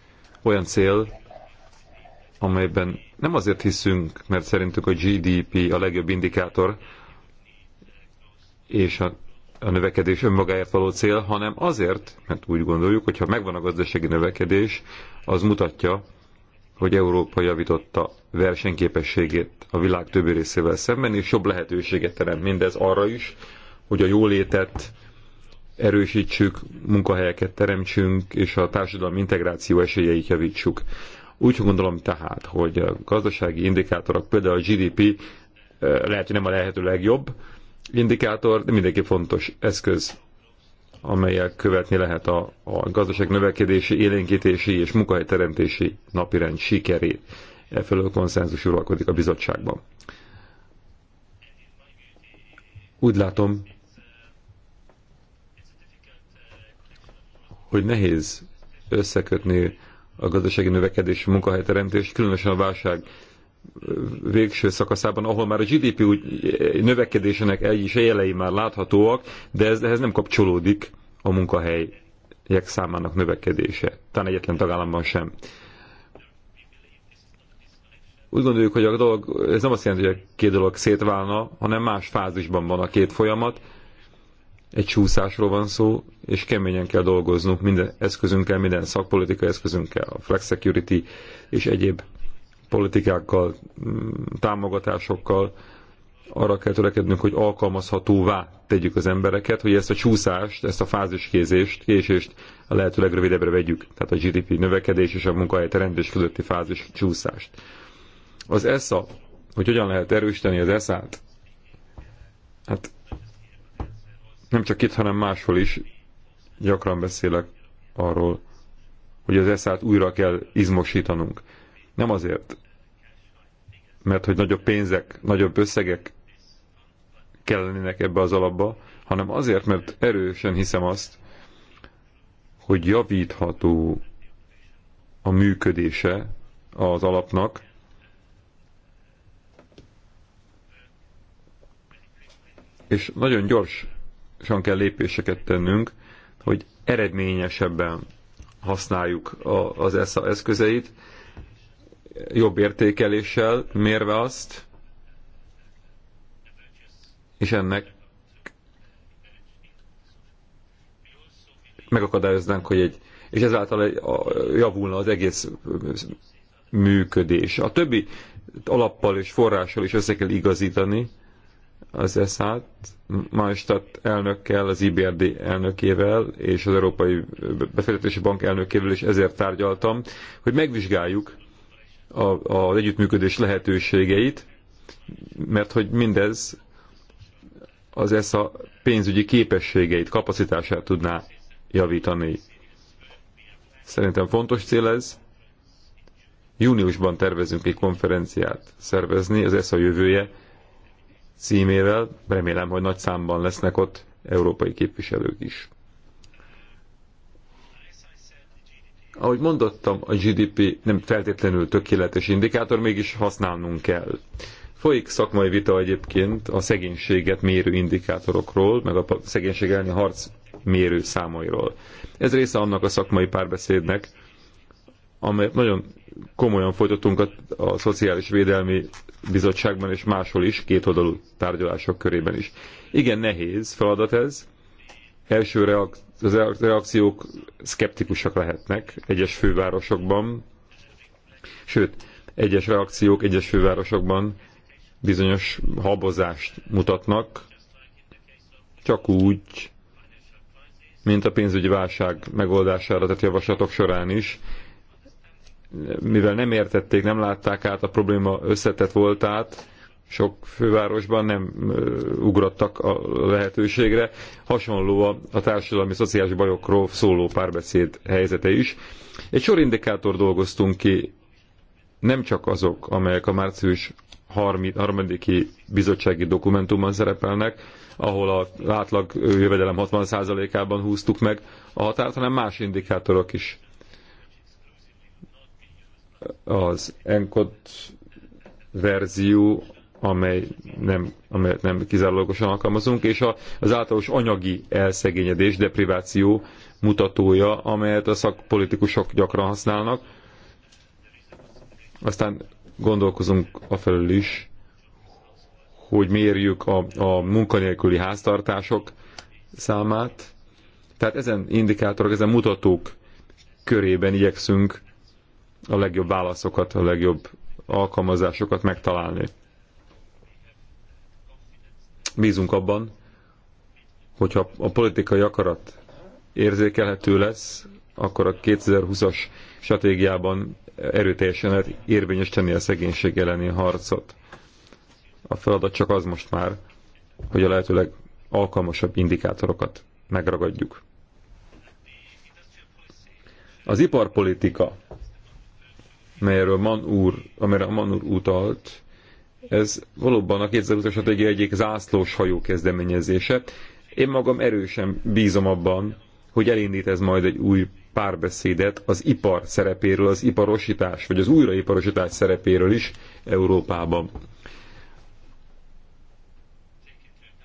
Olyan cél, amelyben nem azért hiszünk, mert szerintük a GDP a legjobb indikátor, és a, a növekedés önmagáért való cél, hanem azért, mert úgy gondoljuk, hogy ha megvan a gazdasági növekedés, az mutatja, hogy Európa javította versenyképességét a világ többi részével szemben, és jobb lehetőséget teremt mindez arra is, hogy a jólétet erősítsük, munkahelyeket teremtsünk, és a társadalmi integráció esélyeit javítsuk. Úgy gondolom tehát, hogy a gazdasági indikátorok, például a GDP eh, lehet, hogy nem a lehető legjobb indikátor, de mindenki fontos eszköz, amelyel követni lehet a, a gazdaság növekedési, élénkítési és munkahelyteremtési napirend sikerét. Efelől konszenzus uralkodik a bizottságban. Úgy látom, hogy nehéz összekötni a gazdasági növekedés, munkahelyteremtés, különösen a válság végső szakaszában, ahol már a GDP úgy növekedésének is jelei már láthatóak, de ez, ehhez nem kapcsolódik a munkahelyek számának növekedése. Talán egyetlen tagállamban sem. Úgy gondoljuk, hogy a dolog, ez nem azt jelenti, hogy a két dolog szétválna, hanem más fázisban van a két folyamat, egy csúszásról van szó, és keményen kell dolgoznunk minden eszközünkkel, minden szakpolitikai eszközünkkel, a flex security és egyéb politikákkal, mm, támogatásokkal arra kell törekednünk, hogy alkalmazhatóvá tegyük az embereket, hogy ezt a csúszást, ezt a fáziskézést, késést a lehető legrövidebbre vegyük, tehát a GDP növekedés és a teremtés közötti fázis csúszást. Az ESA, hogy hogyan lehet erősíteni az ESA-t, hát nem csak itt, hanem máshol is gyakran beszélek arról, hogy az eszát újra kell izmosítanunk. Nem azért, mert hogy nagyobb pénzek, nagyobb összegek kellenének ebbe az alapba, hanem azért, mert erősen hiszem azt, hogy javítható a működése az alapnak, és nagyon gyors kell lépéseket tennünk, hogy eredményesebben használjuk az ESA eszközeit, jobb értékeléssel mérve azt, és ennek megakadályoznánk, hogy egy, és ezáltal egy, a, javulna az egész működés. A többi alappal és forrással is össze kell igazítani, az ESZ-t, Maestat elnökkel, az IBRD elnökével és az Európai Befektetési Bank elnökével is ezért tárgyaltam, hogy megvizsgáljuk a, az együttműködés lehetőségeit, mert hogy mindez az ESZA pénzügyi képességeit, kapacitását tudná javítani. Szerintem fontos cél ez. Júniusban tervezünk egy konferenciát szervezni, az ESZA jövője címével. Remélem, hogy nagy számban lesznek ott európai képviselők is. Ahogy mondottam, a GDP nem feltétlenül tökéletes indikátor, mégis használnunk kell. Folyik szakmai vita egyébként a szegénységet mérő indikátorokról, meg a szegénység elleni harc mérő számairól. Ez része annak a szakmai párbeszédnek, amely nagyon komolyan folytatunk a, a Szociális Védelmi Bizottságban és máshol is, kétoldalú tárgyalások körében is. Igen, nehéz feladat ez. Első reak, az reakciók szkeptikusak lehetnek egyes fővárosokban, sőt, egyes reakciók egyes fővárosokban bizonyos habozást mutatnak, csak úgy, mint a pénzügyi válság megoldására tett javaslatok során is, mivel nem értették, nem látták át a probléma összetett voltát, sok fővárosban nem ugrottak a lehetőségre. Hasonló a, a társadalmi szociális bajokról szóló párbeszéd helyzete is. Egy sor indikátor dolgoztunk ki, nem csak azok, amelyek a március 3-i bizottsági dokumentumban szerepelnek, ahol a látlag jövedelem 60%-ában húztuk meg a határt, hanem más indikátorok is az enkod verzió, amely nem, amelyet nem kizárólagosan alkalmazunk, és a, az általános anyagi elszegényedés, depriváció mutatója, amelyet a szakpolitikusok gyakran használnak. Aztán gondolkozunk felül is, hogy mérjük a, a munkanélküli háztartások számát. Tehát ezen indikátorok, ezen mutatók körében igyekszünk a legjobb válaszokat, a legjobb alkalmazásokat megtalálni. Bízunk abban, hogyha a politikai akarat érzékelhető lesz, akkor a 2020-as stratégiában erőteljesen lehet tenni a szegénység elleni harcot. A feladat csak az most már, hogy a lehetőleg alkalmasabb indikátorokat megragadjuk. Az iparpolitika melyről Man úr, amelyre Man úr utalt, ez valóban a 2020-as stratégia egyik zászlós hajó kezdeményezése. Én magam erősen bízom abban, hogy elindít ez majd egy új párbeszédet az ipar szerepéről, az iparosítás, vagy az újraiparosítás szerepéről is Európában.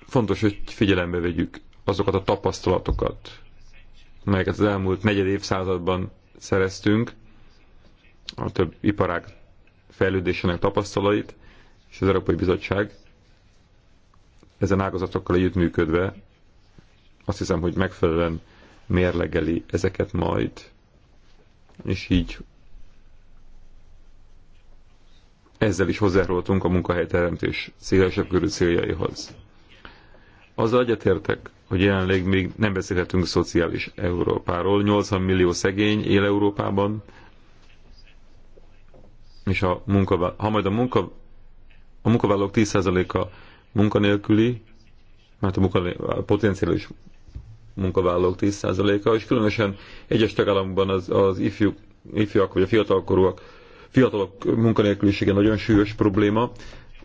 Fontos, hogy figyelembe vegyük azokat a tapasztalatokat, melyeket az elmúlt negyed évszázadban szereztünk, a több iparág fejlődésének tapasztalait, és az Európai Bizottság ezen ágazatokkal együttműködve azt hiszem, hogy megfelelően mérlegeli ezeket majd, és így ezzel is hozzájárultunk a munkahelyteremtés szélesebb körű céljaihoz. Azzal egyetértek, hogy jelenleg még nem beszélhetünk szociális Európáról. 80 millió szegény él Európában, és a munka, ha majd a, munka, a munkavállalók 10%-a munkanélküli, mert a, munka, a potenciális munkavállalók 10%-a, és különösen egyes tagállamokban az, az ifjú, ifjúak vagy a fiatalkorúak, fiatalok munkanélkülisége nagyon súlyos probléma,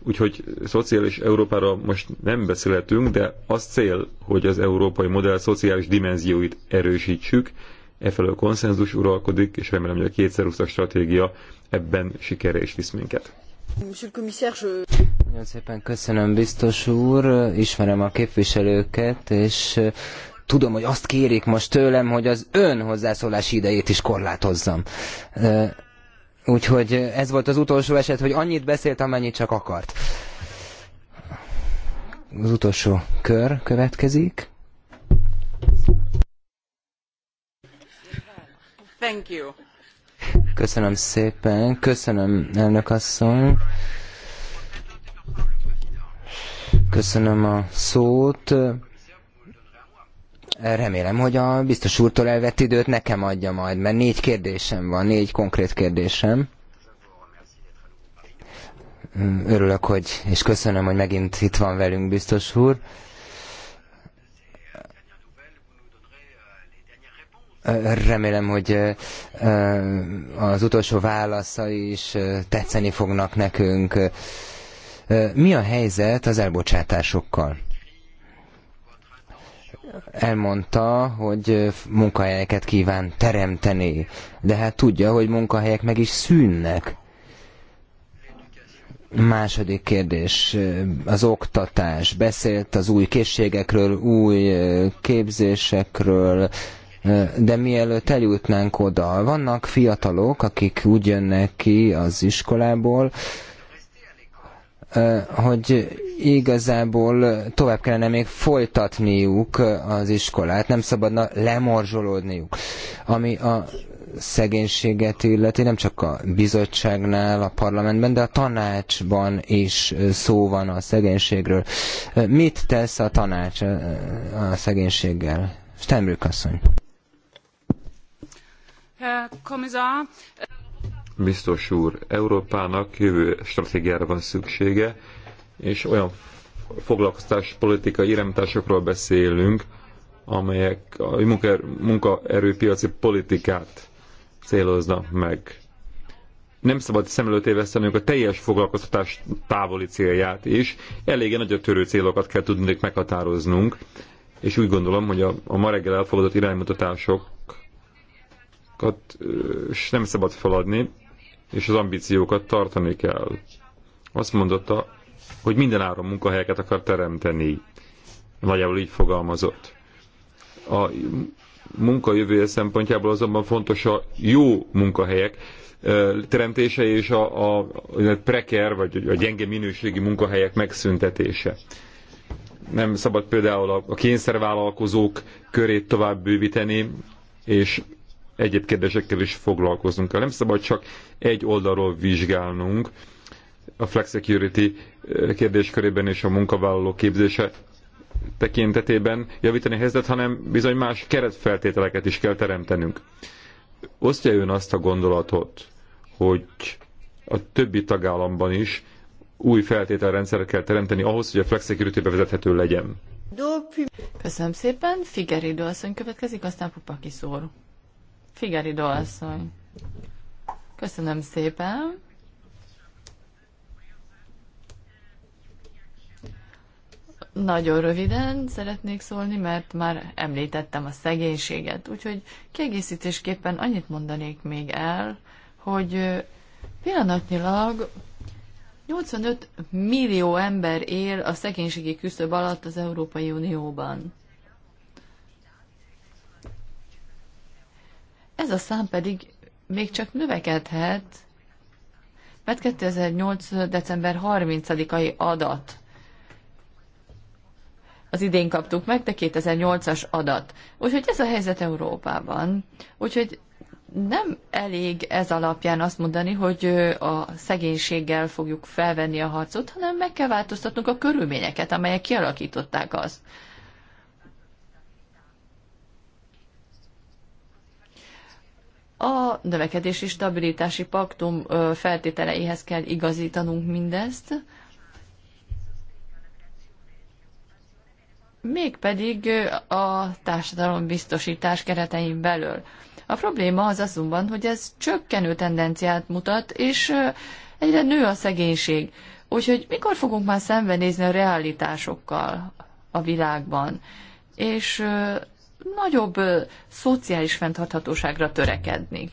úgyhogy szociális Európára most nem beszélhetünk, de az cél, hogy az európai modell szociális dimenzióit erősítsük, efelől konszenzus uralkodik, és remélem, hogy a 2020 stratégia ebben sikere is visz minket. Nagyon szépen köszönöm, biztos úr, ismerem a képviselőket, és tudom, hogy azt kérik most tőlem, hogy az ön hozzászólási idejét is korlátozzam. Úgyhogy ez volt az utolsó eset, hogy annyit beszélt, amennyit csak akart. Az utolsó kör következik. Thank you. Köszönöm szépen, köszönöm elnök asszony. Köszönöm a szót. Remélem, hogy a biztos úrtól elvett időt nekem adja majd, mert négy kérdésem van, négy konkrét kérdésem. Örülök, hogy, és köszönöm, hogy megint itt van velünk, biztos úr. Remélem, hogy az utolsó válaszai is tetszeni fognak nekünk. Mi a helyzet az elbocsátásokkal? elmondta, hogy munkahelyeket kíván teremteni, de hát tudja, hogy munkahelyek meg is szűnnek. Második kérdés, az oktatás. Beszélt az új készségekről, új képzésekről, de mielőtt eljutnánk oda, vannak fiatalok, akik úgy jönnek ki az iskolából, hogy igazából tovább kellene még folytatniuk az iskolát, nem szabadna lemorzsolódniuk. Ami a szegénységet illeti, nem csak a bizottságnál, a parlamentben, de a tanácsban is szó van a szegénységről. Mit tesz a tanács a szegénységgel? Stemrük asszony. Biztos úr, Európának jövő stratégiára van szüksége, és olyan foglalkoztás politikai irányításokról beszélünk, amelyek a munkaerőpiaci politikát céloznak meg. Nem szabad szem előtt a teljes foglalkoztatás távoli célját is. Eléggé nagy a törő célokat kell tudnunk meghatároznunk, és úgy gondolom, hogy a, a ma reggel elfogadott iránymutatások és nem szabad feladni, és az ambíciókat tartani kell. Azt mondotta, hogy minden áron munkahelyeket akar teremteni. Nagyjából így fogalmazott. A munka jövője szempontjából azonban fontos a jó munkahelyek teremtése és a, a, a preker vagy a gyenge minőségi munkahelyek megszüntetése. Nem szabad például a, a kényszervállalkozók körét tovább bővíteni, és egyéb kérdésekkel is foglalkoznunk kell. Nem szabad csak egy oldalról vizsgálnunk a flexicurity eh, kérdéskörében és a munkavállaló képzése tekintetében javítani a helyzet, hanem bizony más keretfeltételeket is kell teremtenünk. Osztja ön azt a gondolatot, hogy a többi tagállamban is új feltételrendszert kell teremteni ahhoz, hogy a flexicurity bevezethető legyen. Köszönöm szépen. Figeridő asszony következik, aztán Pupaki szóró. Figari Dolszony. Köszönöm szépen. Nagyon röviden szeretnék szólni, mert már említettem a szegénységet, úgyhogy kiegészítésképpen annyit mondanék még el, hogy pillanatnyilag 85 millió ember él a szegénységi küszöb alatt az Európai Unióban. Ez a szám pedig még csak növekedhet, mert 2008. december 30-ai adat az idén kaptuk meg, de 2008-as adat. Úgyhogy ez a helyzet Európában. Úgyhogy nem elég ez alapján azt mondani, hogy a szegénységgel fogjuk felvenni a harcot, hanem meg kell változtatnunk a körülményeket, amelyek kialakították azt. A növekedési stabilitási paktum feltételeihez kell igazítanunk mindezt, mégpedig a társadalom biztosítás keretein belül. A probléma az azonban, hogy ez csökkenő tendenciát mutat, és egyre nő a szegénység. Úgyhogy mikor fogunk már szembenézni a realitásokkal a világban? És nagyobb szociális fenntarthatóságra törekedni.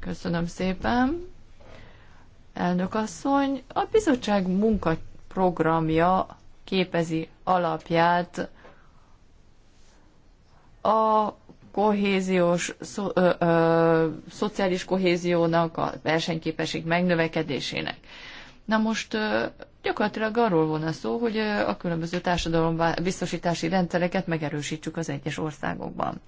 Köszönöm szépen. Elnök asszony, a bizottság munkaprogramja képezi alapját a kohéziós, szo, ö, ö, szociális kohéziónak, a versenyképesség megnövekedésének. Na most gyakorlatilag arról volna szó, hogy a különböző biztosítási rendszereket megerősítsük az egyes országokban.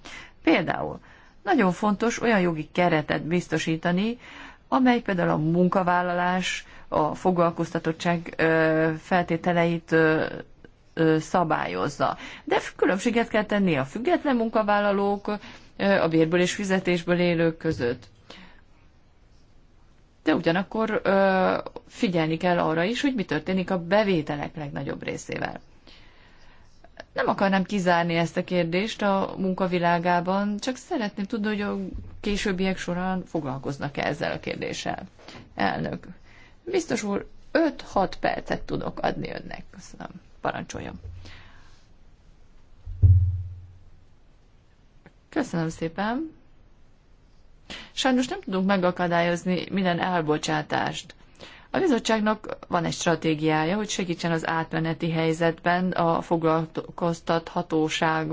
Például nagyon fontos olyan jogi keretet biztosítani, amely például a munkavállalás, a foglalkoztatottság feltételeit szabályozza. De különbséget kell tenni a független munkavállalók, a bérből és fizetésből élők között de ugyanakkor ö, figyelni kell arra is, hogy mi történik a bevételek legnagyobb részével. Nem akarnám kizárni ezt a kérdést a munkavilágában, csak szeretném tudni, hogy a későbbiek során foglalkoznak-e ezzel a kérdéssel. Elnök, biztos úr, 5-6 percet tudok adni önnek. Köszönöm. Parancsoljon. Köszönöm szépen. Sajnos nem tudunk megakadályozni minden elbocsátást. A bizottságnak van egy stratégiája, hogy segítsen az átmeneti helyzetben a foglalkoztathatóság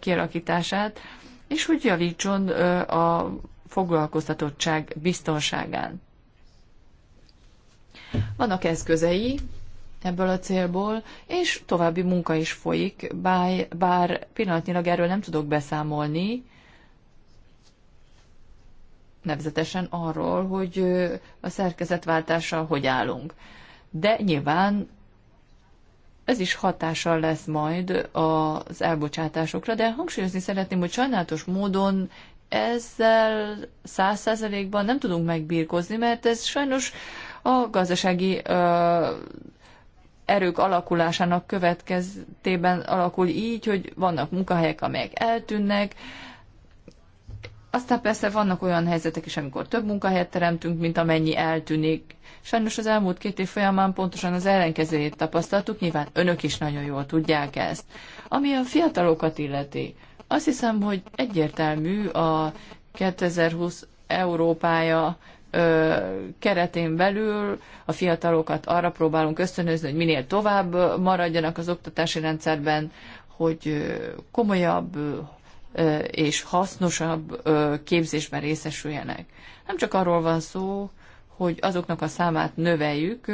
kialakítását, és hogy javítson a foglalkoztatottság biztonságán. Vannak eszközei ebből a célból, és további munka is folyik, bár, pillanatnyilag erről nem tudok beszámolni, nevezetesen arról, hogy a szerkezetváltással hogy állunk. De nyilván ez is hatással lesz majd az elbocsátásokra, de hangsúlyozni szeretném, hogy sajnálatos módon ezzel száz százalékban nem tudunk megbírkozni, mert ez sajnos a gazdasági ö, erők alakulásának következtében alakul így, hogy vannak munkahelyek, amelyek eltűnnek, ö, aztán persze vannak olyan helyzetek is, amikor több munkahelyet teremtünk, mint amennyi eltűnik. Sajnos az elmúlt két év folyamán pontosan az ellenkezőjét tapasztaltuk, nyilván önök is nagyon jól tudják ezt. Ami a fiatalokat illeti, azt hiszem, hogy egyértelmű a 2020 Európája ö, keretén belül a fiatalokat arra próbálunk ösztönözni, hogy minél tovább maradjanak az oktatási rendszerben, hogy komolyabb, és hasznosabb képzésben részesüljenek. Nem csak arról van szó, hogy azoknak a számát növeljük,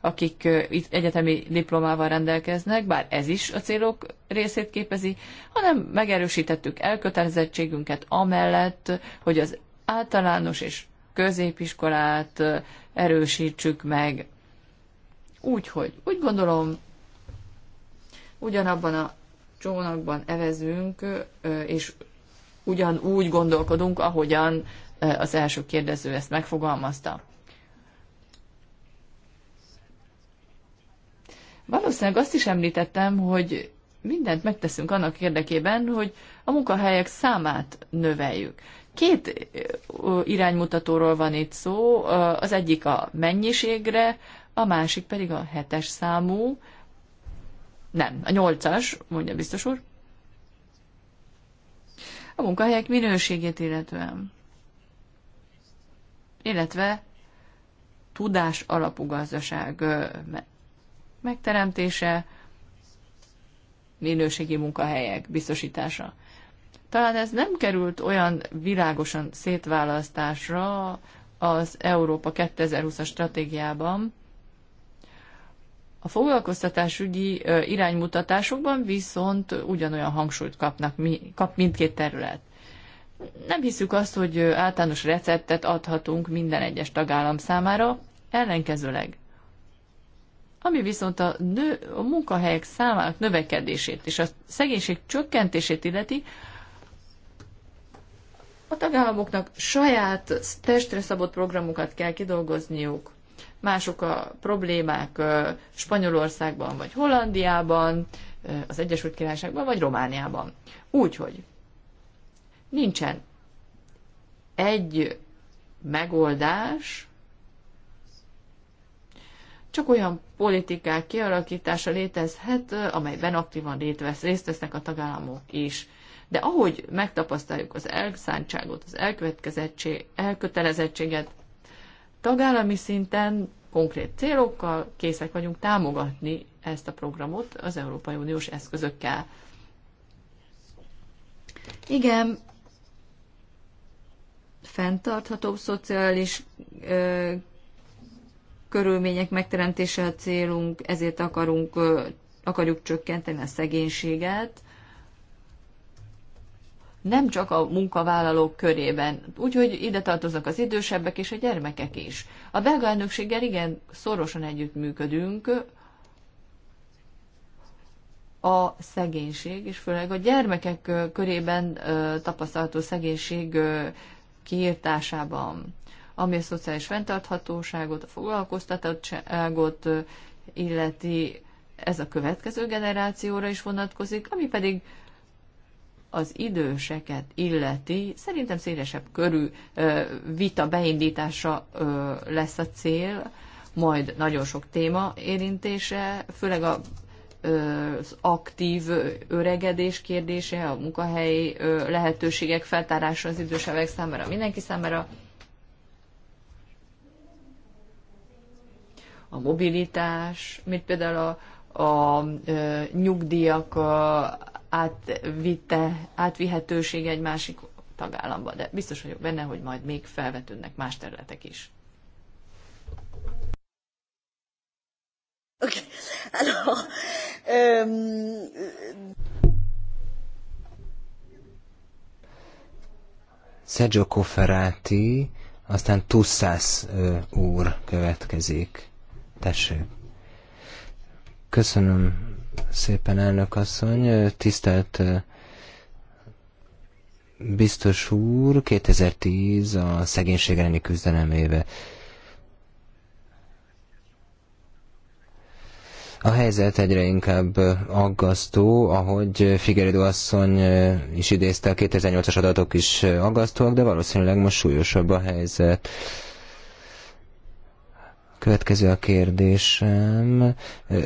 akik egyetemi diplomával rendelkeznek, bár ez is a célok részét képezi, hanem megerősítettük elkötelezettségünket amellett, hogy az általános és középiskolát erősítsük meg. Úgyhogy úgy gondolom, ugyanabban a csónakban evezünk, és ugyanúgy gondolkodunk, ahogyan az első kérdező ezt megfogalmazta. Valószínűleg azt is említettem, hogy mindent megteszünk annak érdekében, hogy a munkahelyek számát növeljük. Két iránymutatóról van itt szó, az egyik a mennyiségre, a másik pedig a hetes számú, nem, a nyolcas, mondja biztos úr. A munkahelyek minőségét illetően. Illetve tudás alapú gazdaság megteremtése, minőségi munkahelyek biztosítása. Talán ez nem került olyan világosan szétválasztásra az Európa 2020-as stratégiában, a foglalkoztatásügyi iránymutatásokban viszont ugyanolyan hangsúlyt kapnak, kap mindkét terület. Nem hiszük azt, hogy általános receptet adhatunk minden egyes tagállam számára, ellenkezőleg. Ami viszont a, nő, a munkahelyek számának növekedését és a szegénység csökkentését illeti, a tagállamoknak saját testre szabott programokat kell kidolgozniuk mások a problémák Spanyolországban, vagy Hollandiában, az Egyesült Királyságban, vagy Romániában. Úgyhogy nincsen egy megoldás, csak olyan politikák kialakítása létezhet, amelyben aktívan létvesz, részt vesznek a tagállamok is. De ahogy megtapasztaljuk az elszántságot, az elkötelezettséget, tagállami szinten konkrét célokkal készek vagyunk támogatni ezt a programot az Európai Uniós eszközökkel. Igen, fenntarthatóbb szociális ö, körülmények megteremtése a célunk, ezért akarunk, ö, akarjuk csökkenteni a szegénységet, nem csak a munkavállalók körében, úgyhogy ide tartoznak az idősebbek és a gyermekek is. A belga elnökséggel igen szorosan együttműködünk a szegénység, és főleg a gyermekek körében tapasztalható szegénység kiirtásában, ami a szociális fenntarthatóságot, a foglalkoztatottságot illeti, ez a következő generációra is vonatkozik, ami pedig az időseket illeti, szerintem szélesebb körű vita beindítása lesz a cél, majd nagyon sok téma érintése, főleg a az aktív öregedés kérdése, a munkahelyi lehetőségek feltárása az idősebbek számára, mindenki számára, a mobilitás, mint például a, a, a nyugdíjak a átvitte, átvihetőség egy másik tagállamba, de biztos vagyok benne, hogy majd még felvetődnek más területek is. Okay. Alors, euh, Sergio Cofferati, aztán Tussas úr következik. Tessék. Köszönöm, szépen, elnök asszony. Tisztelt biztos úr, 2010 a szegénység elleni küzdelem éve. A helyzet egyre inkább aggasztó, ahogy Figueredo asszony is idézte, a 2008-as adatok is aggasztóak, de valószínűleg most súlyosabb a helyzet. Következő a kérdésem.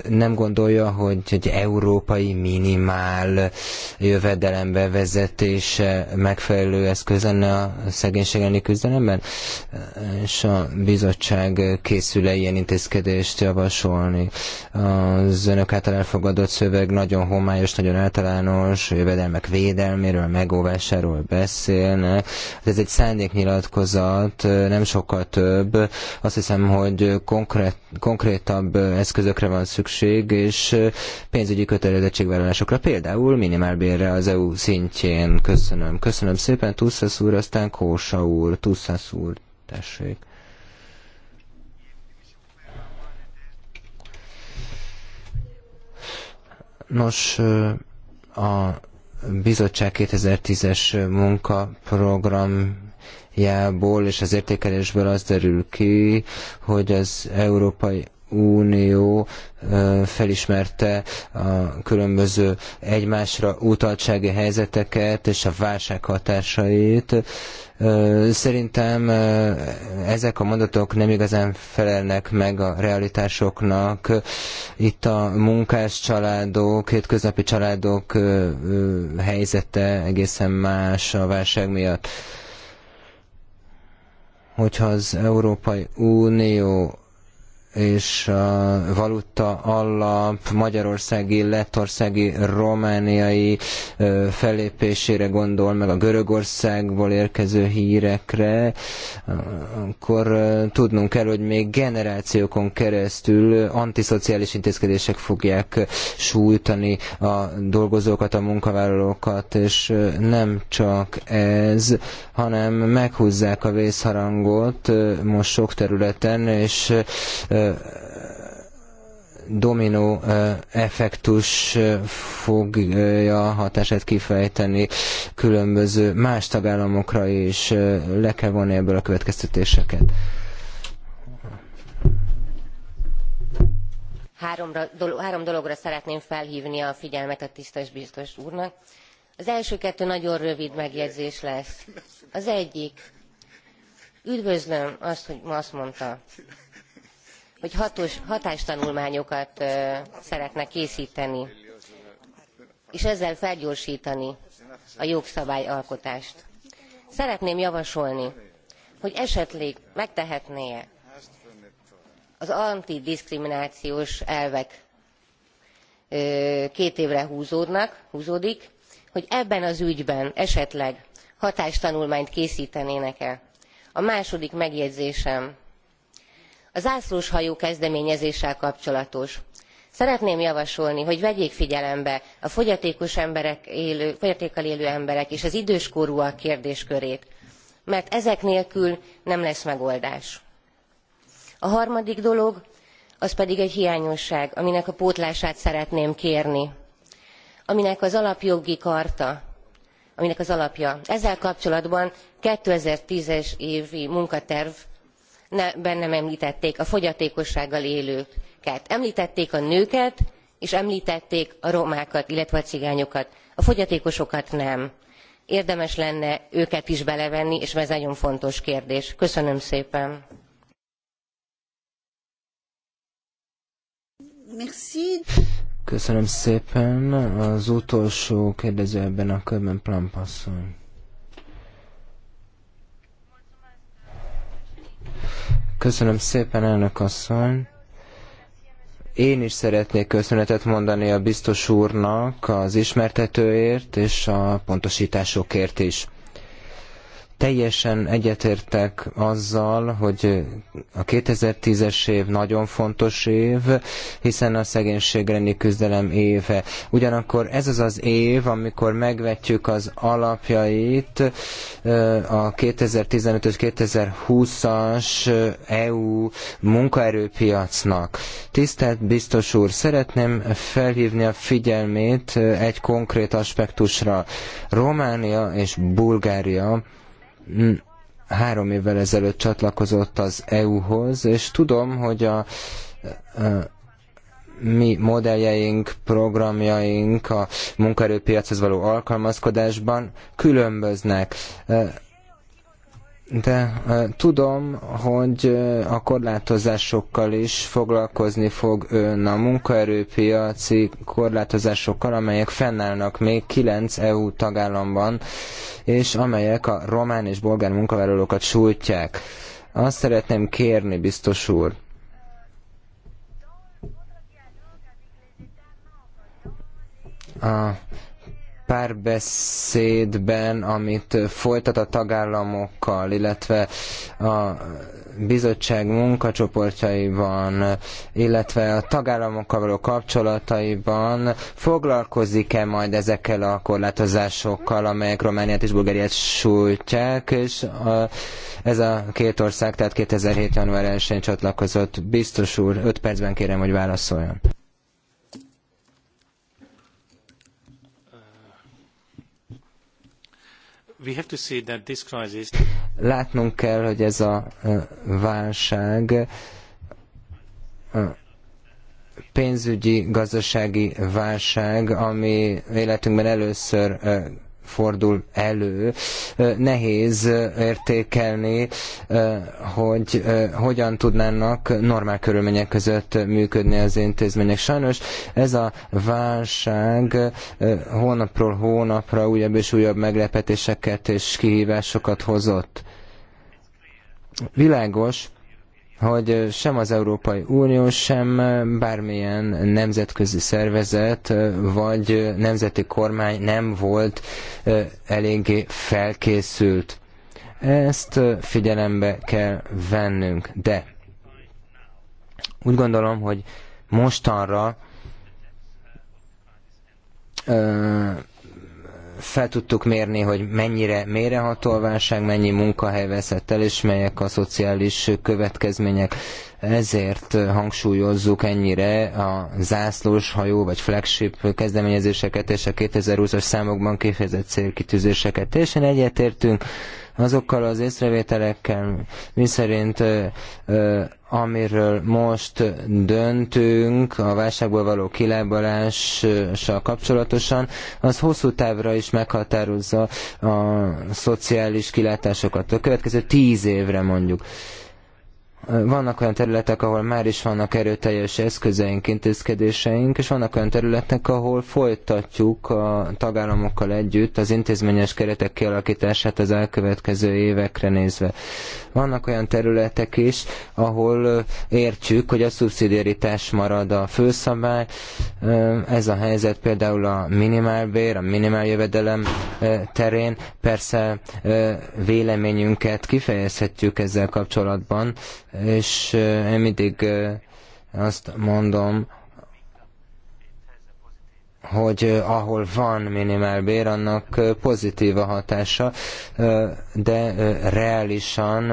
Nem gondolja, hogy egy európai minimál jövedelembe vezetése megfelelő eszköz lenne a szegénység elleni küzdelemben? És a bizottság készül-e ilyen intézkedést javasolni? Az önök által elfogadott szöveg nagyon homályos, nagyon általános, jövedelmek védelméről, megóvásáról beszélne. Ez egy szándéknyilatkozat, nem sokkal több. Azt hiszem, hogy konkrét, konkrétabb eszközökre van szükség, és pénzügyi kötelezettségvállalásokra, például minimálbérre az EU szintjén. Köszönöm. Köszönöm szépen, Tuszasz úr, aztán Kósa úr, Tuszasz úr, tessék. Nos, a bizottság 2010-es munkaprogram jából és az értékelésből az derül ki, hogy az Európai Unió felismerte a különböző egymásra utaltsági helyzeteket és a válság hatásait. Szerintem ezek a mondatok nem igazán felelnek meg a realitásoknak. Itt a munkás családok, hétköznapi családok helyzete egészen más a válság miatt hogyha az Európai Unió és a valuta alap magyarországi, lettországi, romániai felépésére gondol, meg a Görögországból érkező hírekre, akkor tudnunk kell, hogy még generációkon keresztül antiszociális intézkedések fogják sújtani a dolgozókat, a munkavállalókat, és nem csak ez, hanem meghúzzák a vészharangot most sok területen, és dominó effektus fogja hatását kifejteni különböző más tagállamokra, és le kell vonni ebből a következtetéseket. Három, három dologra szeretném felhívni a figyelmet a tisztes biztos úrnak. Az első kettő nagyon rövid megjegyzés lesz. Az egyik. Üdvözlöm azt, hogy ma azt mondta, hogy hatástanulmányokat szeretne készíteni, és ezzel felgyorsítani a jogszabályalkotást. Szeretném javasolni, hogy esetleg megtehetné-e az antidiszkriminációs elvek két évre húzódnak, húzódik, hogy ebben az ügyben esetleg hatástanulmányt késztenének e A második megjegyzésem a zászlóshajó kezdeményezéssel kapcsolatos szeretném javasolni hogy vegyék figyelembe a fogyatékkal élő emberek és az időskorúak kérdéskörét mert ezek nélkül nem lesz megoldás. a harmadik dolog az pedig egy hiányosság aminek a pótlását szeretném kérni aminek az alapjogi charta aminek az alapja ezzel kapcsolatban two thousand and ten es évi munkaterv ben nem emltették a fogyatékossággal élőket. emltették a nőket és emltették a romákat illetve a cigányokat a fogyatékosokat nem. érdemes lenne őket is belevenni és ez nagyon fontos kérdés. köszönöm szépen! Köszönöm szépen. Az utolsó kérdező ebben a körben Köszönöm szépen, elnök asszony. Én is szeretnék köszönetet mondani a biztos úrnak az ismertetőért és a pontosításokért is. Teljesen egyetértek azzal, hogy a 2010-es év nagyon fontos év, hiszen a szegénység elleni küzdelem éve. Ugyanakkor ez az az év, amikor megvetjük az alapjait a 2015 2020-as EU munkaerőpiacnak. Tisztelt biztos úr, szeretném felhívni a figyelmét egy konkrét aspektusra. Románia és Bulgária Hm, három évvel ezelőtt csatlakozott az EU-hoz, és tudom, hogy a, a mi modelljeink, programjaink a munkaerőpiachoz való alkalmazkodásban különböznek de tudom, hogy a korlátozásokkal is foglalkozni fog ön a munkaerőpiaci korlátozásokkal, amelyek fennállnak még kilenc EU tagállamban, és amelyek a román és bolgár munkavállalókat sújtják. Azt szeretném kérni, biztos úr, a párbeszédben, amit folytat a tagállamokkal, illetve a bizottság munkacsoportjaiban, illetve a tagállamokkal való kapcsolataiban foglalkozik-e majd ezekkel a korlátozásokkal, amelyek Romániát és Bulgáriát sújtják, és a, ez a két ország, tehát 2007. január 1 csatlakozott. Biztos úr, 5 percben kérem, hogy válaszoljon. Látnunk kell, hogy ez a válság pénzügyi, gazdasági válság, ami életünkben először fordul elő, nehéz értékelni, hogy hogyan tudnának normál körülmények között működni az intézmények. Sajnos ez a válság hónapról hónapra újabb és újabb meglepetéseket és kihívásokat hozott. Világos, hogy sem az Európai Unió, sem bármilyen nemzetközi szervezet vagy nemzeti kormány nem volt eléggé felkészült. Ezt figyelembe kell vennünk, de úgy gondolom, hogy mostanra fel tudtuk mérni, hogy mennyire méreható a válság, mennyi munkahely veszett el, és melyek a szociális következmények. Ezért hangsúlyozzuk ennyire a zászlós hajó vagy flagship kezdeményezéseket és a 2020-as számokban kifejezett célkitűzéseket. Teljesen egyetértünk, azokkal az észrevételekkel, miszerint amiről most döntünk a válságból való kilábalással kapcsolatosan, az hosszú távra is meghatározza a szociális kilátásokat. A következő tíz évre mondjuk vannak olyan területek, ahol már is vannak erőteljes eszközeink, intézkedéseink, és vannak olyan területek, ahol folytatjuk a tagállamokkal együtt az intézményes keretek kialakítását az elkövetkező évekre nézve. Vannak olyan területek is, ahol értjük, hogy a szubszidiaritás marad a főszabály. Ez a helyzet például a minimálbér, a minimáljövedelem terén. Persze véleményünket kifejezhetjük ezzel kapcsolatban, és én mindig azt mondom, hogy ahol van bér, annak pozitív a hatása, de reálisan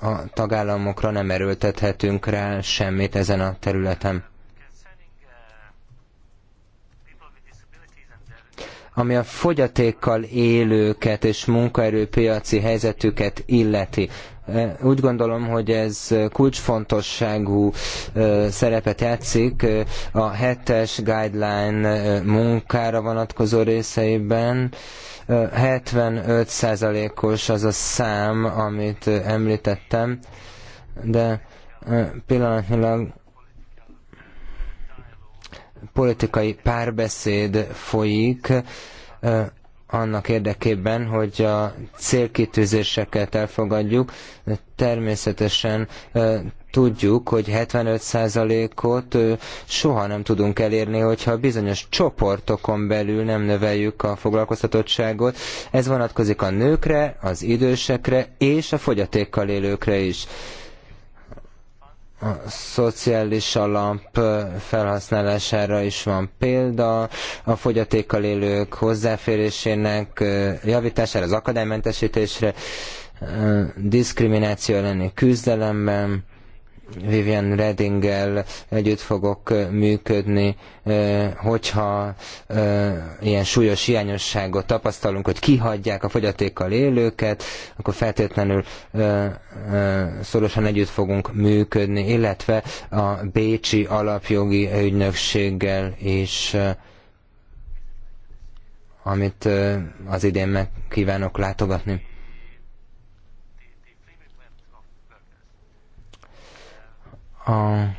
a tagállamokra nem erőltethetünk rá semmit ezen a területen. ami a fogyatékkal élőket és munkaerőpiaci helyzetüket illeti. Úgy gondolom, hogy ez kulcsfontosságú szerepet játszik a hetes guideline munkára vonatkozó részeiben. 75%-os az a szám, amit említettem, de pillanatnyilag politikai párbeszéd folyik annak érdekében, hogy a célkitűzéseket elfogadjuk. Természetesen tudjuk, hogy 75%-ot soha nem tudunk elérni, hogyha bizonyos csoportokon belül nem növeljük a foglalkoztatottságot. Ez vonatkozik a nőkre, az idősekre és a fogyatékkal élőkre is a szociális alap felhasználására is van példa, a fogyatékkal élők hozzáférésének javítására, az akadálymentesítésre, diszkrimináció elleni küzdelemben, Vivian redinggel, együtt fogok eh, működni, eh, hogyha eh, ilyen súlyos hiányosságot tapasztalunk, hogy kihagyják a fogyatékkal élőket, akkor feltétlenül szorosan együtt fogunk működni, illetve a Bécsi Alapjogi Ügynökséggel is amit az idén meg kívánok látogatni. a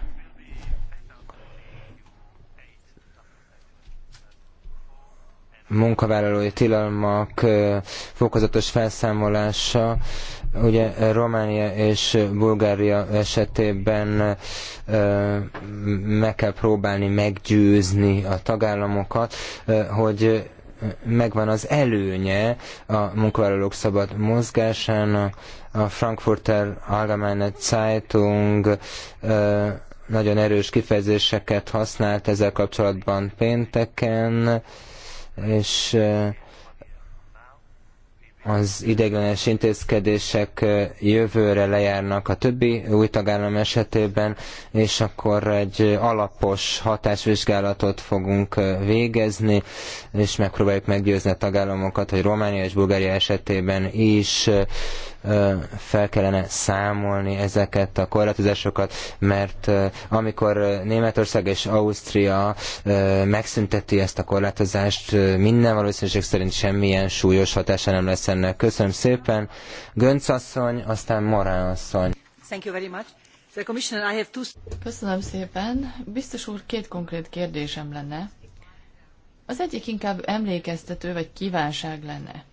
munkavállalói tilalmak fokozatos felszámolása. Ugye Románia és Bulgária esetében meg kell próbálni meggyőzni a tagállamokat, hogy megvan az előnye a munkavállalók szabad mozgásának. A Frankfurter Allgemeine Zeitung nagyon erős kifejezéseket használt ezzel kapcsolatban pénteken, és az ideiglenes intézkedések jövőre lejárnak a többi új tagállam esetében, és akkor egy alapos hatásvizsgálatot fogunk végezni, és megpróbáljuk meggyőzni a tagállamokat, hogy Románia és Bulgária esetében is fel kellene számolni ezeket a korlátozásokat, mert amikor Németország és Ausztria megszünteti ezt a korlátozást, minden valószínűség szerint semmilyen súlyos hatása nem lesz ennek. Köszönöm szépen. Gönc asszony, aztán Morán asszony. Thank you very much. Köszönöm szépen. Biztos úr, két konkrét kérdésem lenne. Az egyik inkább emlékeztető vagy kívánság lenne.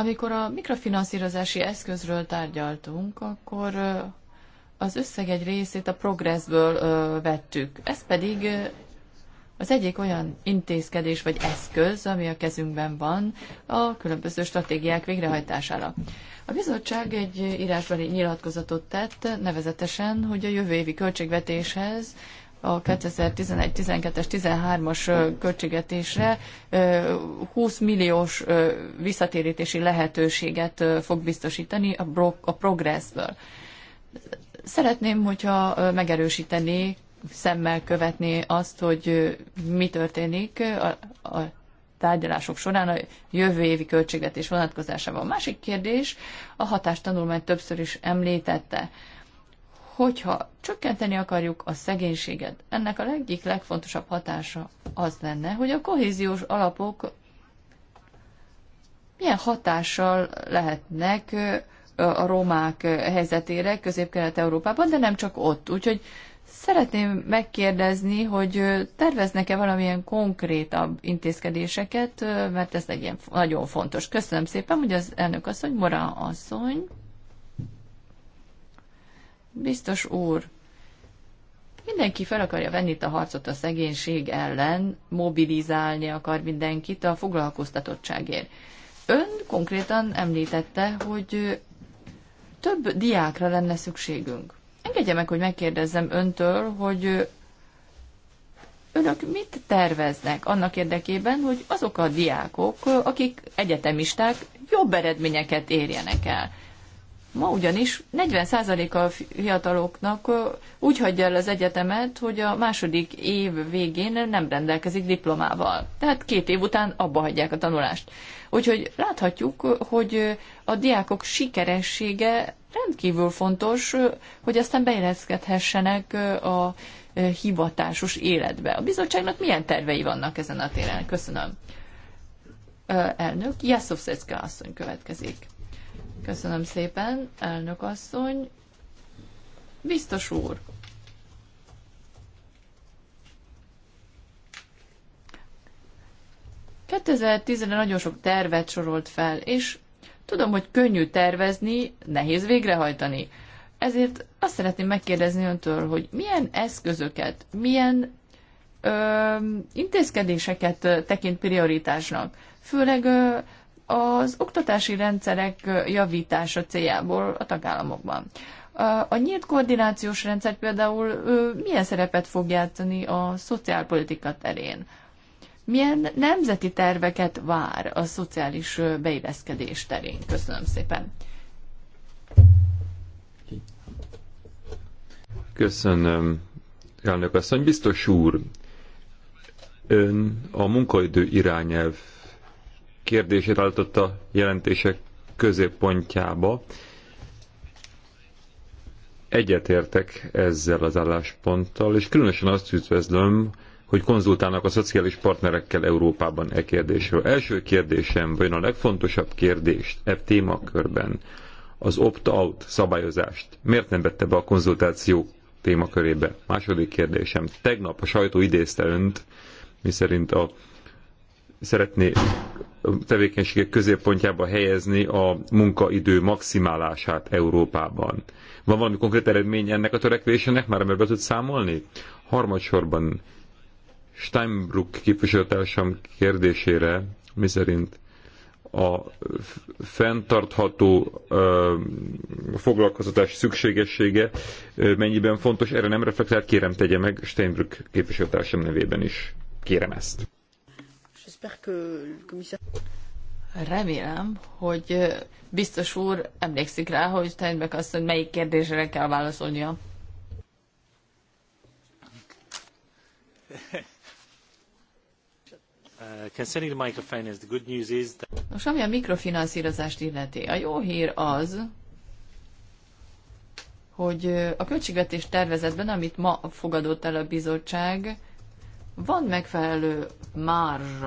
Amikor a mikrofinanszírozási eszközről tárgyaltunk, akkor az összeg egy részét a progressből vettük. Ez pedig az egyik olyan intézkedés vagy eszköz, ami a kezünkben van a különböző stratégiák végrehajtására. A bizottság egy írásbeli nyilatkozatot tett, nevezetesen, hogy a jövő évi költségvetéshez a 2011-12-es, 13-as költségetésre 20 milliós visszatérítési lehetőséget fog biztosítani a, bro- a progresszből. Szeretném, hogyha megerősíteni, szemmel követni azt, hogy mi történik a, a tárgyalások során a jövő évi költségvetés vonatkozásában. A másik kérdés, a hatástanulmány többször is említette hogyha csökkenteni akarjuk a szegénységet, ennek a egyik legfontosabb hatása az lenne, hogy a kohéziós alapok milyen hatással lehetnek a romák helyzetére Közép-Kelet-Európában, de nem csak ott. Úgyhogy szeretném megkérdezni, hogy terveznek-e valamilyen konkrétabb intézkedéseket, mert ez egy ilyen nagyon fontos. Köszönöm szépen, hogy az elnök asszony, Mora asszony. Biztos úr, mindenki fel akarja venni itt a harcot a szegénység ellen, mobilizálni akar mindenkit a foglalkoztatottságért. Ön konkrétan említette, hogy több diákra lenne szükségünk. Engedje meg, hogy megkérdezzem öntől, hogy önök mit terveznek annak érdekében, hogy azok a diákok, akik egyetemisták, jobb eredményeket érjenek el. Ma ugyanis 40%-a a fiataloknak úgy hagyja el az egyetemet, hogy a második év végén nem rendelkezik diplomával. Tehát két év után abba hagyják a tanulást. Úgyhogy láthatjuk, hogy a diákok sikeressége rendkívül fontos, hogy aztán beilleszkedhessenek a hivatásos életbe. A bizottságnak milyen tervei vannak ezen a téren? Köszönöm. Elnök, Jászov Szecka asszony következik. Köszönöm szépen, elnök asszony. Biztos úr. re nagyon sok tervet sorolt fel, és tudom, hogy könnyű tervezni, nehéz végrehajtani. Ezért azt szeretném megkérdezni öntől, hogy milyen eszközöket, milyen ö, intézkedéseket tekint prioritásnak, főleg ö, az oktatási rendszerek javítása céljából a tagállamokban. A nyílt koordinációs rendszer például milyen szerepet fog játszani a szociálpolitika terén? Milyen nemzeti terveket vár a szociális beilleszkedés terén? Köszönöm szépen. Köszönöm, elnök asszony. Biztos úr, ön a munkaidő irányelv kérdését állított a jelentések középpontjába. Egyetértek ezzel az állásponttal, és különösen azt üdvözlöm, hogy konzultálnak a szociális partnerekkel Európában e kérdésről. Első kérdésem, vagy a legfontosabb kérdést e témakörben, az opt-out szabályozást miért nem vette be a konzultáció témakörébe? Második kérdésem, tegnap a sajtó idézte önt, miszerint a szeretné tevékenységek középpontjába helyezni a munkaidő maximálását Európában. Van valami konkrét eredmény ennek a törekvésének, már be tud számolni? Harmadsorban Steinbrück képviselőtársam kérdésére, miszerint a fenntartható ö, szükségessége ö, mennyiben fontos, erre nem reflektált, kérem tegye meg Steinbrück képviselőtársam nevében is. Kérem ezt. Remélem, hogy biztos úr emlékszik rá, hogy Steinbeck azt, hogy melyik kérdésre kell válaszolnia. Uh, Nos, ami a mikrofinanszírozást illeti, a jó hír az, hogy a költségvetés tervezetben, amit ma fogadott el a bizottság, van megfelelő márzs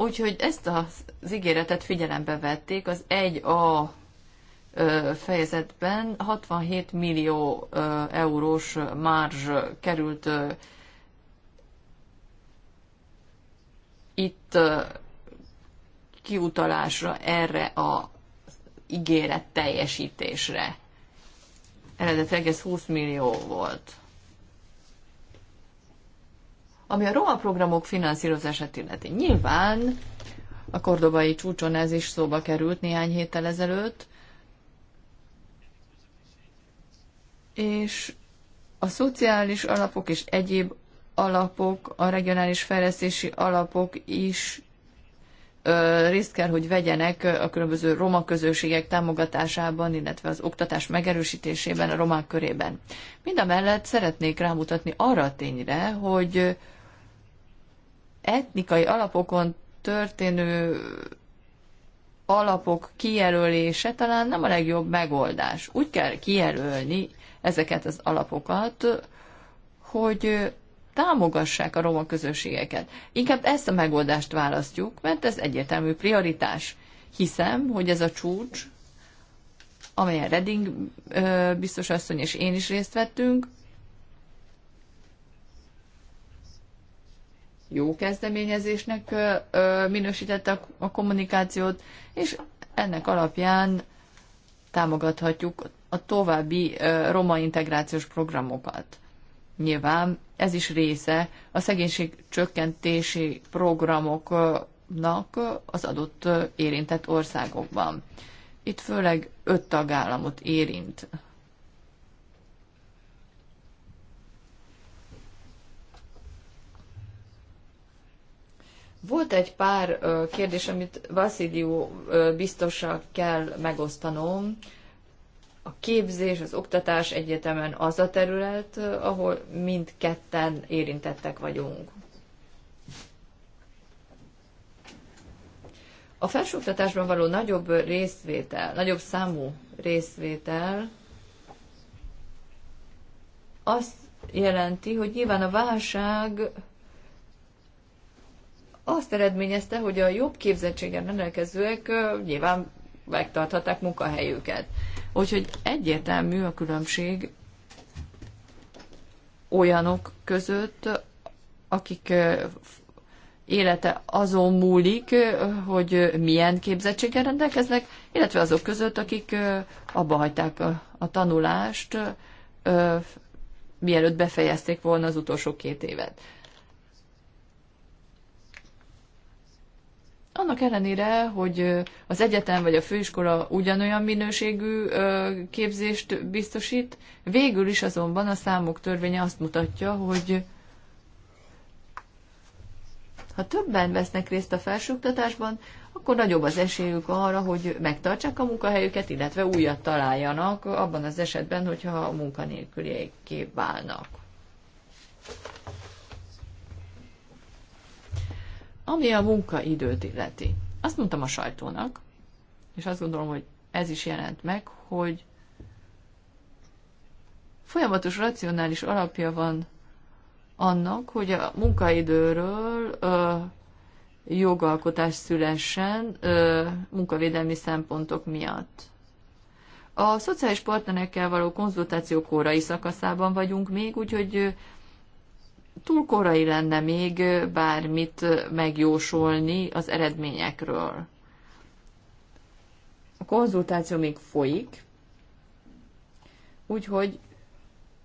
Úgyhogy ezt az ígéretet figyelembe vették az 1A fejezetben 67 millió eurós márzs került itt kiutalásra erre a ígéret teljesítésre. Eredetileg ez 20 millió volt. Ami a roma programok finanszírozását illeti, nyilván a kordobai csúcson ez is szóba került néhány héttel ezelőtt, és a szociális alapok és egyéb alapok, a regionális fejlesztési alapok is ö, részt kell, hogy vegyenek a különböző roma közösségek támogatásában, illetve az oktatás megerősítésében a romák körében. Mind a mellett szeretnék rámutatni arra a tényre, hogy etnikai alapokon történő alapok kijelölése talán nem a legjobb megoldás. Úgy kell kijelölni ezeket az alapokat, hogy támogassák a roma közösségeket. Inkább ezt a megoldást választjuk, mert ez egyértelmű prioritás. Hiszem, hogy ez a csúcs, amelyen Redding biztos asszony és én is részt vettünk, jó kezdeményezésnek minősítette a kommunikációt, és ennek alapján támogathatjuk a további roma integrációs programokat. Nyilván ez is része a szegénység csökkentési programoknak az adott érintett országokban. Itt főleg öt tagállamot érint Volt egy pár kérdés, amit Vasziliu biztosan kell megosztanom. A képzés, az oktatás egyetemen az a terület, ahol mindketten érintettek vagyunk. A felsőoktatásban való nagyobb részvétel, nagyobb számú részvétel azt jelenti, hogy nyilván a válság azt eredményezte, hogy a jobb képzettséggel rendelkezőek nyilván megtarthatták munkahelyüket. Úgyhogy egyértelmű a különbség olyanok között, akik élete azon múlik, hogy milyen képzettséggel rendelkeznek, illetve azok között, akik abba hagyták a tanulást, mielőtt befejezték volna az utolsó két évet. annak ellenére, hogy az egyetem vagy a főiskola ugyanolyan minőségű képzést biztosít, végül is azonban a számok törvénye azt mutatja, hogy ha többen vesznek részt a felsőoktatásban, akkor nagyobb az esélyük arra, hogy megtartsák a munkahelyüket, illetve újat találjanak abban az esetben, hogyha a munkanélküliek válnak. Ami a munkaidőt illeti. Azt mondtam a sajtónak, és azt gondolom, hogy ez is jelent meg, hogy folyamatos racionális alapja van annak, hogy a munkaidőről ö, jogalkotás szülessen ö, munkavédelmi szempontok miatt. A szociális partnerekkel való konzultáció korai szakaszában vagyunk még, úgyhogy túl korai lenne még bármit megjósolni az eredményekről. A konzultáció még folyik, úgyhogy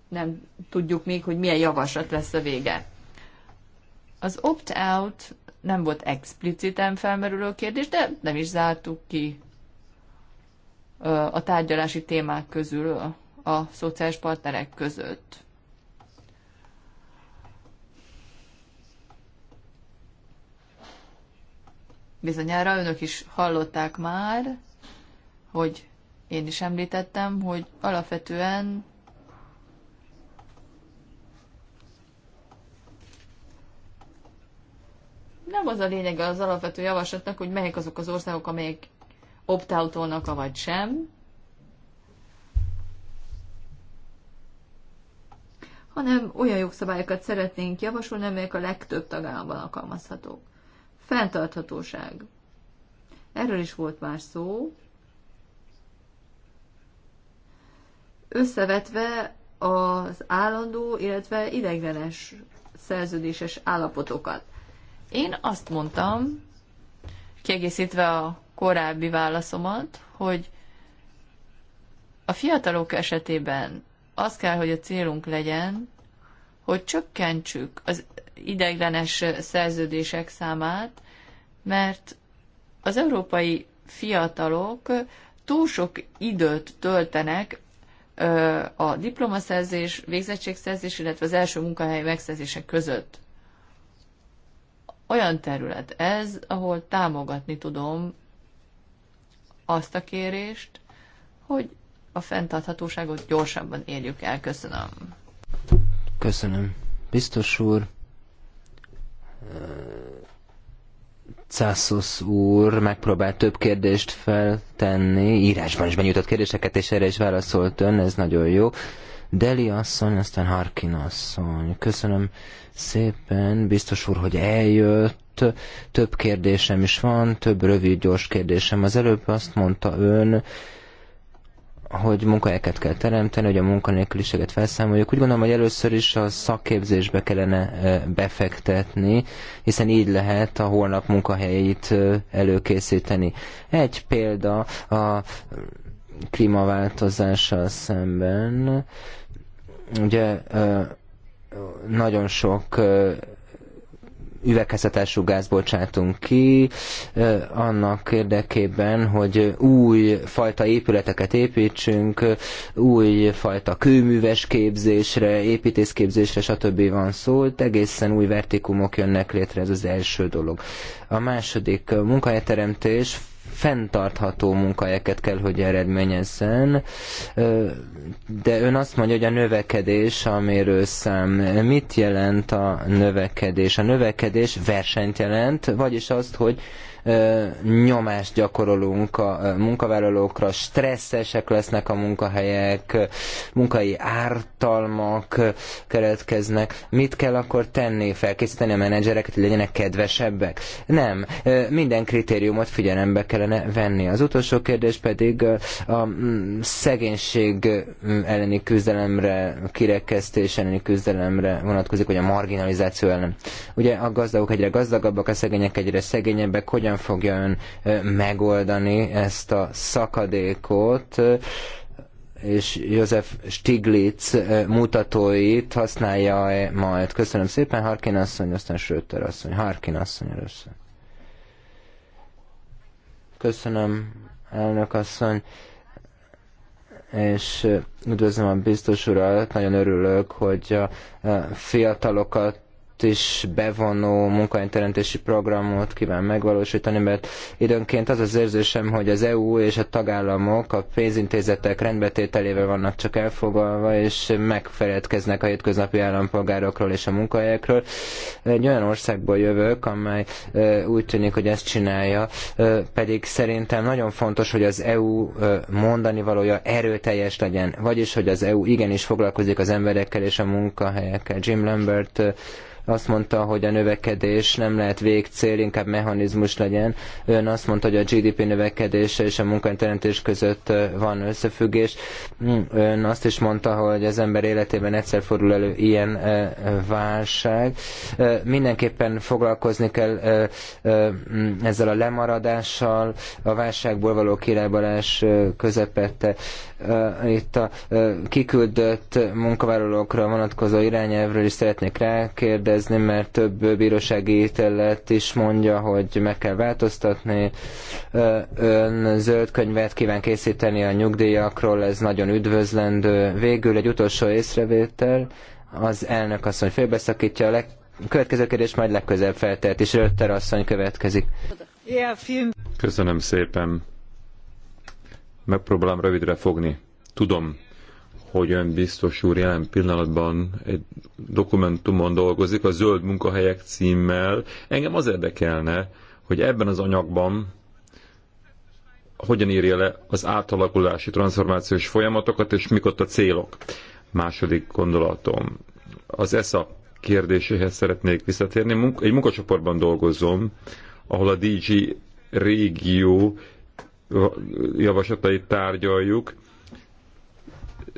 nem tudjuk még, hogy milyen javaslat lesz a vége. Az opt-out nem volt expliciten felmerülő kérdés, de nem is zártuk ki a tárgyalási témák közül a szociális partnerek között. Bizonyára önök is hallották már, hogy én is említettem, hogy alapvetően nem az a lényeg, az alapvető javaslatnak, hogy melyik azok az országok, amelyek opt a vagy sem, hanem olyan jogszabályokat szeretnénk javasolni, amelyek a legtöbb tagállamban alkalmazhatók. Fentarthatóság. Erről is volt már szó. Összevetve az állandó, illetve ideiglenes szerződéses állapotokat. Én azt mondtam, kiegészítve a korábbi válaszomat, hogy a fiatalok esetében az kell, hogy a célunk legyen, hogy csökkentsük az ideiglenes szerződések számát, mert az európai fiatalok túl sok időt töltenek a diplomaszerzés, végzettségszerzés, illetve az első munkahely megszerzése között. Olyan terület ez, ahol támogatni tudom azt a kérést, hogy a fenntarthatóságot gyorsabban érjük el. Köszönöm. Köszönöm. Biztos úr, Cassus úr megpróbált több kérdést feltenni, írásban is benyújtott kérdéseket, és erre is válaszolt ön, ez nagyon jó. Deli asszony, aztán Harkin asszony. Köszönöm szépen, biztos úr, hogy eljött. Több kérdésem is van, több rövid, gyors kérdésem. Az előbb azt mondta ön, hogy munkahelyeket kell teremteni, hogy a munkanélküliséget felszámoljuk. Úgy gondolom, hogy először is a szakképzésbe kellene befektetni, hiszen így lehet a holnap munkahelyeit előkészíteni. Egy példa a klímaváltozással szemben, ugye nagyon sok üvegházhatású gáz bocsátunk ki, annak érdekében, hogy új fajta épületeket építsünk, új fajta kőműves képzésre, építészképzésre, stb. van szó, egészen új vertikumok jönnek létre, ez az első dolog. A második munkahelyteremtés fenntartható munkahelyeket kell, hogy eredményezzen, de ön azt mondja, hogy a növekedés, amiről szám, mit jelent a növekedés? A növekedés versenyt jelent, vagyis azt, hogy nyomást gyakorolunk a munkavállalókra, stresszesek lesznek a munkahelyek, munkai ártalmak keletkeznek. Mit kell akkor tenni, felkészíteni a menedzsereket, hogy legyenek kedvesebbek? Nem, minden kritériumot figyelembe kellene venni. Az utolsó kérdés pedig a szegénység elleni küzdelemre, kirekesztés elleni küzdelemre vonatkozik, vagy a marginalizáció ellen. Ugye a gazdagok egyre gazdagabbak, a szegények egyre szegényebbek, hogyan hogyan fogja ön megoldani ezt a szakadékot, és József Stiglitz mutatóit használja -e majd. Köszönöm szépen, Harkin asszony, aztán Schröter asszony. Harkin asszony először. Köszönöm, elnök asszony és üdvözlöm a biztos urat, nagyon örülök, hogy a fiatalokat is bevonó munkahelyteremtési programot kíván megvalósítani, mert időnként az az érzésem, hogy az EU és a tagállamok a pénzintézetek rendbetételével vannak csak elfogalva, és megfeledkeznek a hétköznapi állampolgárokról és a munkahelyekről. Egy olyan országból jövök, amely úgy tűnik, hogy ezt csinálja, pedig szerintem nagyon fontos, hogy az EU mondani valója erőteljes legyen, vagyis, hogy az EU igenis foglalkozik az emberekkel és a munkahelyekkel. Jim Lambert azt mondta, hogy a növekedés nem lehet végcél, inkább mechanizmus legyen. Ön azt mondta, hogy a GDP növekedése és a munkahelyteremtés között van összefüggés. Hm, ön azt is mondta, hogy az ember életében egyszer fordul elő ilyen válság. Mindenképpen foglalkozni kell hm, ezzel a lemaradással, a válságból való kilábalás közepette itt a kiküldött munkavállalókra vonatkozó irányelvről is szeretnék rákérdezni, mert több bírósági ítélet is mondja, hogy meg kell változtatni. Ön zöld könyvet kíván készíteni a nyugdíjakról, ez nagyon üdvözlendő. Végül egy utolsó észrevétel, az elnök asszony félbeszakítja a leg... következő kérdés majd legközelebb feltelt, és Rötter asszony következik. Köszönöm szépen. Megpróbálom rövidre fogni. Tudom, hogy ön biztos úr jelen pillanatban egy dokumentumon dolgozik, a Zöld Munkahelyek címmel. Engem az érdekelne, hogy ebben az anyagban hogyan írja le az átalakulási transformációs folyamatokat, és mik ott a célok. Második gondolatom. Az ESA kérdéséhez szeretnék visszatérni. Egy munkacsoportban dolgozom, ahol a DG régió javaslatait tárgyaljuk,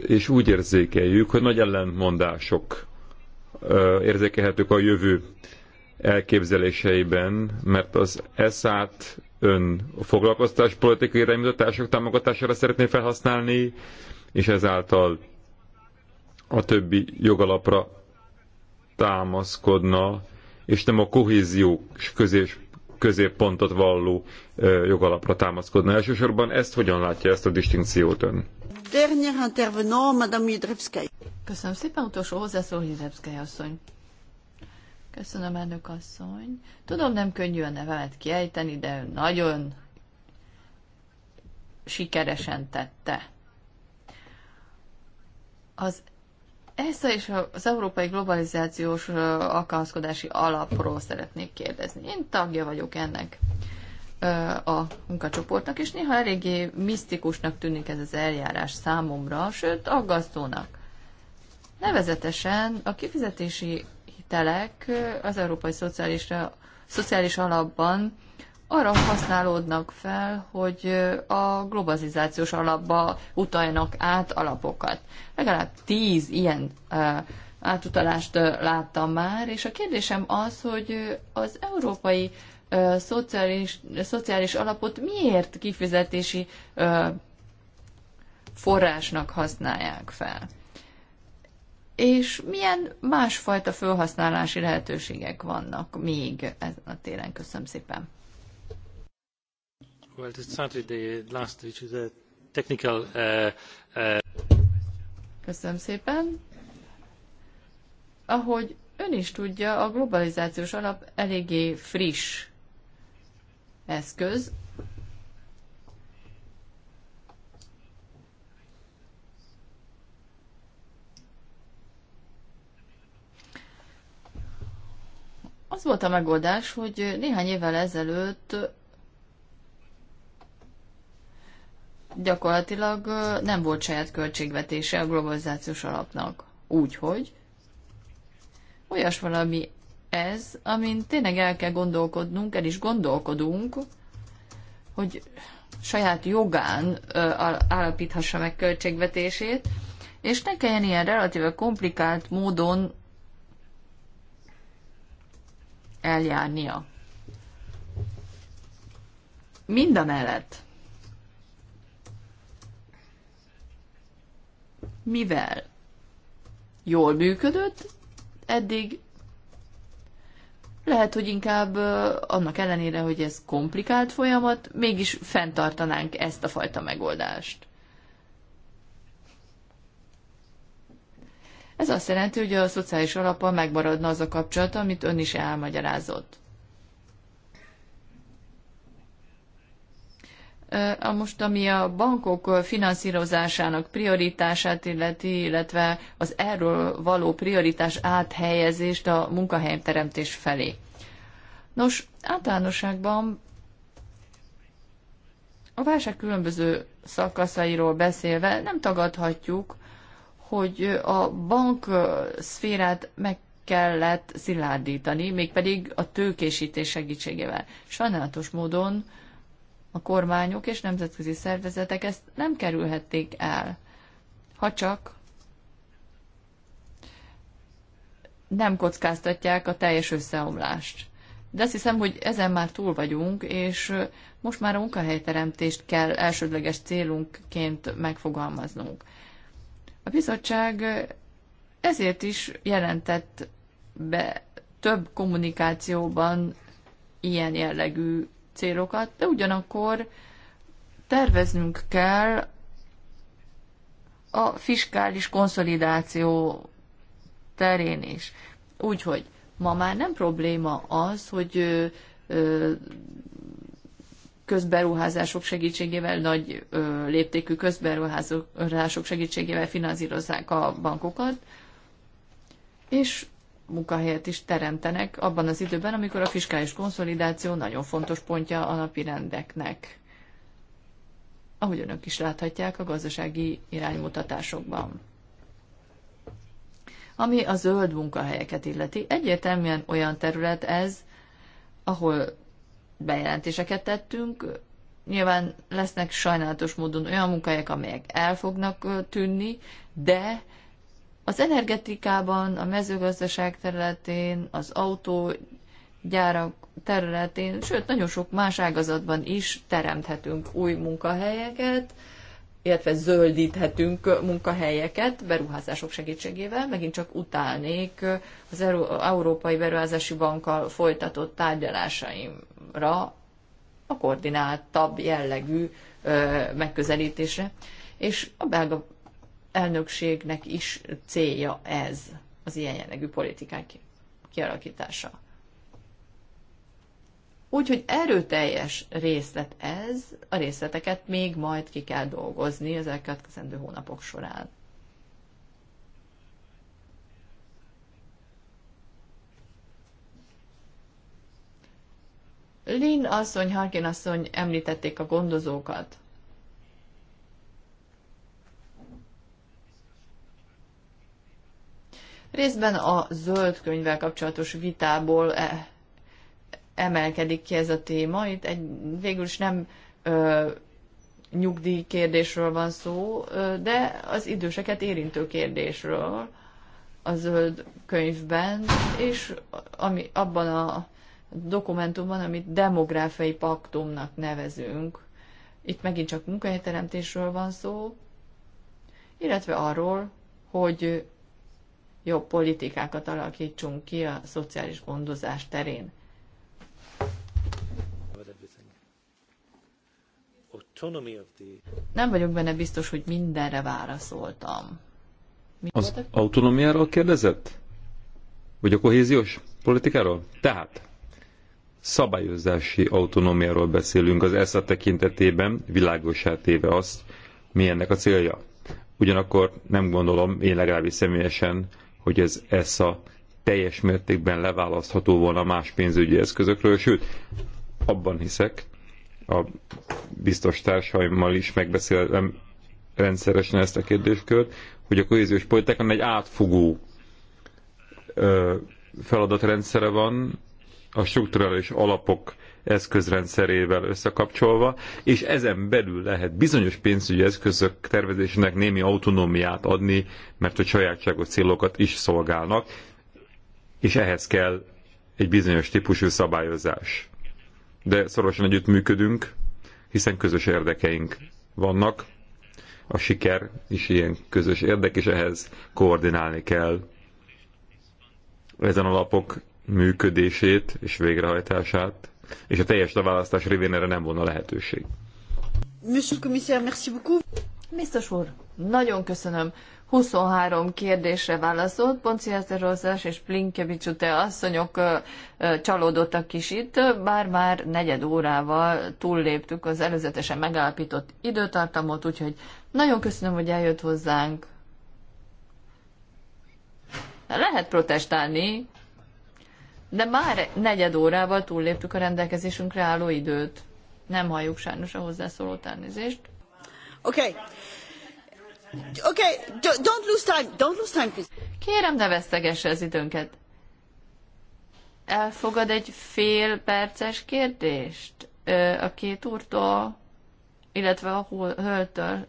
és úgy érzékeljük, hogy nagy ellentmondások érzékelhetők a jövő elképzeléseiben, mert az eszát ön a foglalkoztás politikai irányítások támogatására szeretné felhasználni, és ezáltal a többi jogalapra támaszkodna, és nem a kohéziós közés középpontot valló jogalapra támaszkodna. Elsősorban ezt hogyan látja ezt a distinkciót ön? Köszönöm szépen, utolsó hozzászól Hidrevszkály asszony. Köszönöm, elnök asszony. Tudom, nem könnyű a nevemet kiejteni, de ő nagyon sikeresen tette. Az ESZA és az Európai Globalizációs Alkalmazkodási Alapról szeretnék kérdezni. Én tagja vagyok ennek a munkacsoportnak, és néha eléggé misztikusnak tűnik ez az eljárás számomra, sőt aggasztónak. Nevezetesen a kifizetési hitelek az Európai szociális, Szociális Alapban arra használódnak fel, hogy a globalizációs alapba utaljanak át alapokat. Legalább tíz ilyen átutalást láttam már, és a kérdésem az, hogy az európai szociális, szociális alapot miért kifizetési forrásnak használják fel? És milyen másfajta felhasználási lehetőségek vannak még ezen a téren? Köszönöm szépen. Well, the last, which is a technical... Uh, uh... Köszönöm szépen. Ahogy ön is tudja, a globalizációs alap eléggé friss eszköz. Az volt a megoldás, hogy néhány évvel ezelőtt gyakorlatilag nem volt saját költségvetése a globalizációs alapnak. Úgyhogy olyas valami ez, amin tényleg el kell gondolkodnunk, el is gondolkodunk, hogy saját jogán állapíthassa meg költségvetését, és ne kelljen ilyen relatíve komplikált módon eljárnia. Mind a mellett mivel jól működött, eddig lehet, hogy inkább annak ellenére, hogy ez komplikált folyamat, mégis fenntartanánk ezt a fajta megoldást. Ez azt jelenti, hogy a szociális alappal megmaradna az a kapcsolat, amit ön is elmagyarázott. A Most, ami a bankok finanszírozásának prioritását illeti, illetve az erről való prioritás áthelyezést a munkahelyteremtés felé. Nos, általánosságban a válság különböző szakaszairól beszélve nem tagadhatjuk, hogy a bank szférát meg kellett szilárdítani, mégpedig a tőkésítés segítségével. Sajnálatos módon a kormányok és nemzetközi szervezetek ezt nem kerülhették el, ha csak nem kockáztatják a teljes összeomlást. De azt hiszem, hogy ezen már túl vagyunk, és most már a munkahelyteremtést kell elsődleges célunkként megfogalmaznunk. A bizottság ezért is jelentett be több kommunikációban ilyen jellegű célokat, de ugyanakkor terveznünk kell a fiskális konszolidáció terén is. Úgyhogy ma már nem probléma az, hogy közberuházások segítségével, nagy léptékű közberuházások segítségével finanszírozzák a bankokat, és munkahelyet is teremtenek abban az időben, amikor a fiskális konszolidáció nagyon fontos pontja a napi rendeknek. Ahogy önök is láthatják a gazdasági iránymutatásokban. Ami a zöld munkahelyeket illeti, egyértelműen olyan terület ez, ahol bejelentéseket tettünk, nyilván lesznek sajnálatos módon olyan munkahelyek, amelyek el fognak tűnni, de az energetikában, a mezőgazdaság területén, az autógyárak területén, sőt, nagyon sok más ágazatban is teremthetünk új munkahelyeket, illetve zöldíthetünk munkahelyeket beruházások segítségével. Megint csak utálnék az Európai Beruházási Bankkal folytatott tárgyalásaimra a koordináltabb jellegű megközelítésre. És a belga elnökségnek is célja ez, az ilyen jellegű politikák kialakítása. Úgyhogy erőteljes részlet ez, a részleteket még majd ki kell dolgozni az elkövetkezendő hónapok során. Lin asszony, Harkin asszony említették a gondozókat. Részben a zöld könyvvel kapcsolatos vitából e, emelkedik ki ez a téma. Itt egy, végül is nem ö, nyugdíj kérdésről van szó, ö, de az időseket érintő kérdésről a zöld könyvben, és ami abban a dokumentumban, amit demográfiai paktumnak nevezünk. Itt megint csak munkahelyteremtésről van szó, illetve arról, hogy jobb politikákat alakítsunk ki a szociális gondozás terén. Nem vagyok benne biztos, hogy mindenre válaszoltam. Mi az autonomiáról kérdezett? Vagy a kohéziós politikáról? Tehát szabályozási autonómiáról beszélünk az ESZA tekintetében, világosá téve azt, mi ennek a célja. Ugyanakkor nem gondolom, én legalábbis személyesen, hogy ez ESZA teljes mértékben leválasztható volna más pénzügyi eszközökről, sőt, abban hiszek, a biztos társaimmal is megbeszélem rendszeresen ezt a kérdéskört, hogy a kohéziós politikán egy átfogó feladatrendszere van, a strukturális alapok eszközrendszerével összekapcsolva, és ezen belül lehet bizonyos pénzügyi eszközök tervezésének némi autonómiát adni, mert a sajátságos célokat is szolgálnak, és ehhez kell egy bizonyos típusú szabályozás. De szorosan együtt működünk, hiszen közös érdekeink vannak, a siker is ilyen közös érdek, és ehhez koordinálni kell ezen alapok működését és végrehajtását és a teljes leválasztás révén erre nem volna lehetőség. Monsieur le commissaire, merci beaucoup. Biztos úr, nagyon köszönöm. 23 kérdésre válaszolt, Ponciáterozás és te asszonyok csalódottak is itt, bár már negyed órával túlléptük az előzetesen megállapított időtartamot, úgyhogy nagyon köszönöm, hogy eljött hozzánk. Lehet protestálni, de már negyed órával túlléptük a rendelkezésünkre álló időt. Nem halljuk sajnos a hozzászóló elnézést. Oké. Okay. Oké, okay. don't lose time, don't lose time, please. Kérem, ne vesztegesse az időnket. Elfogad egy fél perces kérdést a két úrtól, illetve a höltől.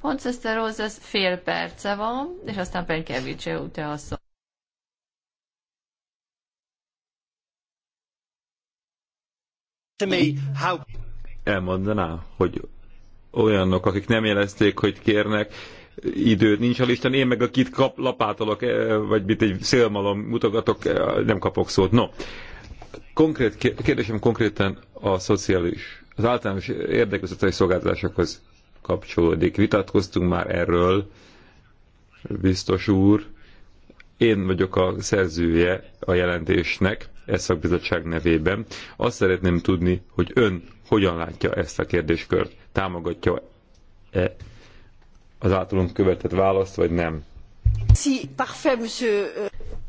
Poncester Rose fél perce van, és aztán Penkevics, te asszony. Elmondaná, hogy olyanok, akik nem jelezték, hogy kérnek, időt nincs a listán, én meg akit kap, lapátolok, eh, vagy mit egy szélmalom mutogatok, eh, nem kapok szót. No, konkrét, kérdésem konkrétan a szociális, az általános érdekvezetői szolgáltatásokhoz kapcsolódik. Vitatkoztunk már erről, biztos úr. Én vagyok a szerzője a jelentésnek, e szakbizottság nevében. Azt szeretném tudni, hogy ön hogyan látja ezt a kérdéskört. Támogatja-e az általunk követett választ, vagy nem? Si,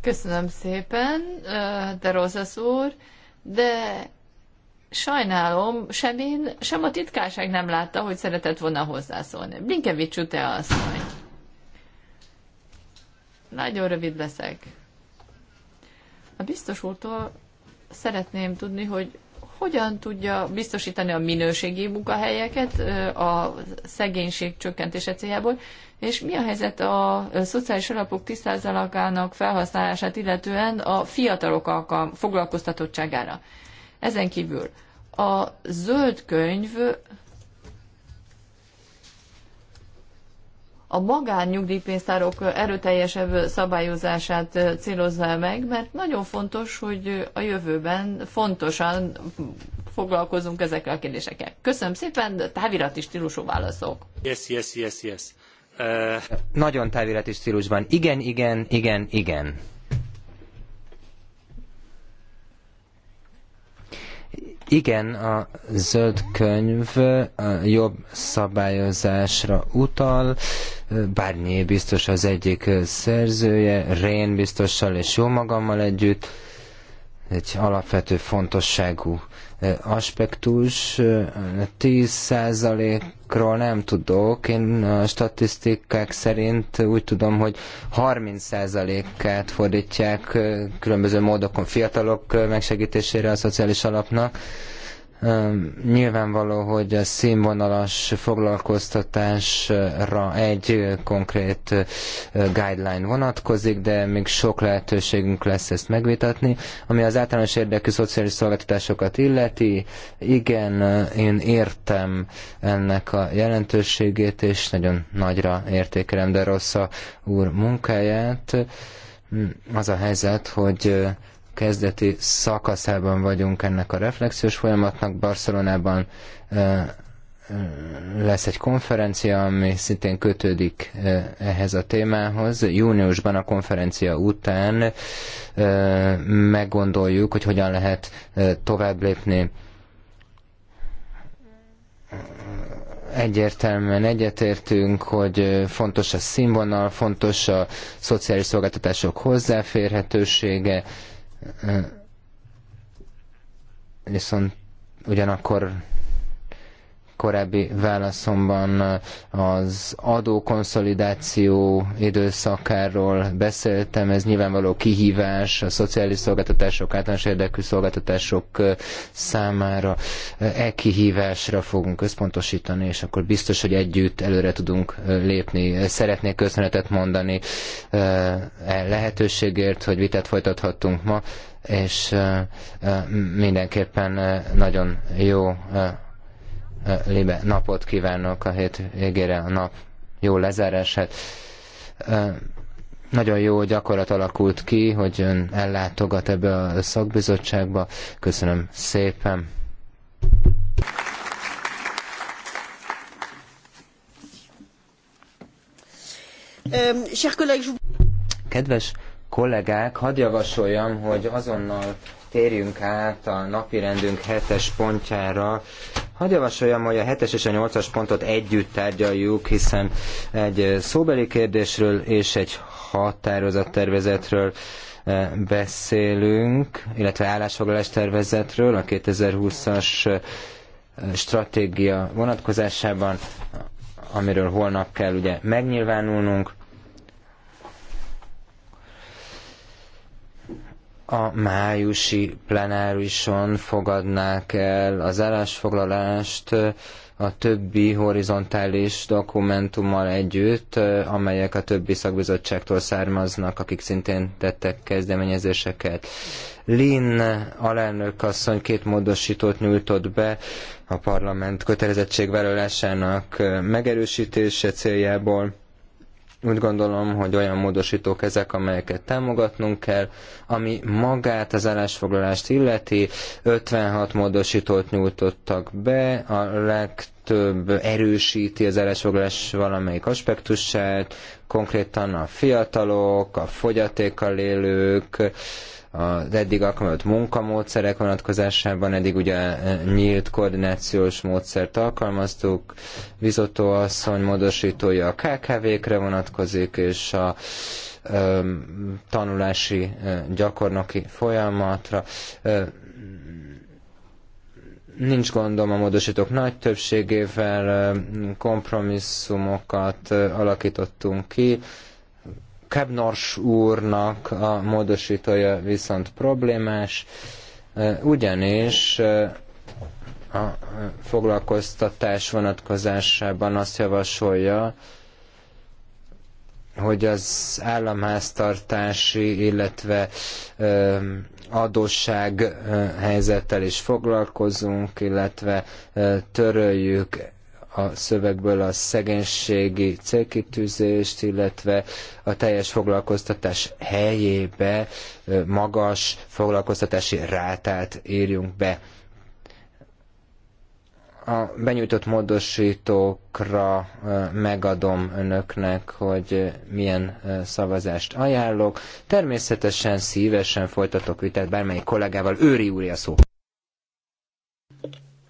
Köszönöm szépen, de Rozasz úr, de sajnálom, sem én, sem a titkárság nem látta, hogy szeretett volna hozzászólni. Blinkevics te asszony. Nagyon rövid leszek. A biztos úrtól szeretném tudni, hogy hogyan tudja biztosítani a minőségi munkahelyeket a szegénység csökkentése céljából, és mi a helyzet a szociális alapok tisztázalakának felhasználását, illetően a fiatalok alkalm foglalkoztatottságára. Ezen kívül a zöld könyv a magán nyugdíjpénztárok erőteljesebb szabályozását célozza meg, mert nagyon fontos, hogy a jövőben fontosan foglalkozunk ezekkel a kérdésekkel. Köszönöm szépen, távirati stílusú válaszok. Yes, yes, yes, yes. Uh... Nagyon távirati stílusban. Igen, igen, igen, igen. Igen, a zöld könyv a jobb szabályozásra utal, Barnier biztos az egyik szerzője, Rén biztossal és jó magammal együtt. Egy alapvető fontosságú aspektus. 10%-ról nem tudok. Én a statisztikák szerint úgy tudom, hogy 30%-át fordítják különböző módokon fiatalok megsegítésére a szociális alapnak Nyilvánvaló, hogy a színvonalas foglalkoztatásra egy konkrét guideline vonatkozik, de még sok lehetőségünk lesz ezt megvitatni. Ami az általános érdekű szociális szolgáltatásokat illeti, igen, én értem ennek a jelentőségét, és nagyon nagyra értékelem de rossz a úr munkáját. Hm, az a helyzet, hogy kezdeti szakaszában vagyunk ennek a reflexiós folyamatnak. Barcelonában lesz egy konferencia, ami szintén kötődik ehhez a témához. Júniusban a konferencia után meggondoljuk, hogy hogyan lehet tovább lépni. Egyértelműen egyetértünk, hogy fontos a színvonal, fontos a szociális szolgáltatások hozzáférhetősége, viszont ugyanakkor korábbi válaszomban az adókonszolidáció időszakáról beszéltem, ez nyilvánvaló kihívás a szociális szolgáltatások, általános érdekű szolgáltatások számára. E kihívásra fogunk összpontosítani, és akkor biztos, hogy együtt előre tudunk lépni. Szeretnék köszönetet mondani eh, e lehetőségért, hogy vitát folytathattunk ma és eh, eh, mindenképpen nagyon jó libe napot kívánok a hét végére, a nap jó lezárását. Nagyon jó gyakorlat alakult ki, hogy ön ellátogat ebbe a szakbizottságba. Köszönöm szépen. Kedves kollégák, hadd javasoljam, hogy azonnal térjünk át a napirendünk hetes pontjára, Hadd javasoljam, hogy a 7-es és a 8-as pontot együtt tárgyaljuk, hiszen egy eh, szóbeli kérdésről és egy határozattervezetről eh, beszélünk, illetve állásfoglalás tervezetről a 2020-as eh, stratégia vonatkozásában, amiről holnap kell ugye megnyilvánulnunk. a májusi plenárison fogadnák el az állásfoglalást a többi horizontális dokumentummal együtt, amelyek a többi szakbizottságtól származnak, akik szintén tettek kezdeményezéseket. Lin alelnök asszony két módosítót nyújtott be a parlament kötelezettségvállalásának megerősítése céljából úgy gondolom, hogy olyan módosítók ezek, amelyeket támogatnunk kell, ami magát az állásfoglalást illeti. 56 módosítót nyújtottak be, a legtöbb erősíti az állásfoglalás valamelyik aspektusát, konkrétan a fiatalok, a fogyatékkal élők, az eddig alkalmazott munkamódszerek vonatkozásában, eddig ugye e, nyílt koordinációs módszert alkalmaztuk, Vizotó asszony módosítója a KKV-kre vonatkozik, és a ö, e, tanulási ö, e, gyakornoki folyamatra. Ö, nincs gondom a módosítók nagy többségével, kompromisszumokat alakítottunk ki, Kebnors úrnak a módosítója viszont problémás, ugyanis a foglalkoztatás vonatkozásában azt javasolja, hogy az államháztartási, illetve ö, adósság helyzettel is foglalkozunk, illetve töröljük a szövegből a szegénységi célkitűzést, illetve a teljes foglalkoztatás helyébe magas foglalkoztatási rátát írjunk be. A benyújtott módosítókra megadom önöknek, hogy milyen szavazást ajánlok. Természetesen szívesen folytatok vitát bármelyik kollégával. Őri úri a szó.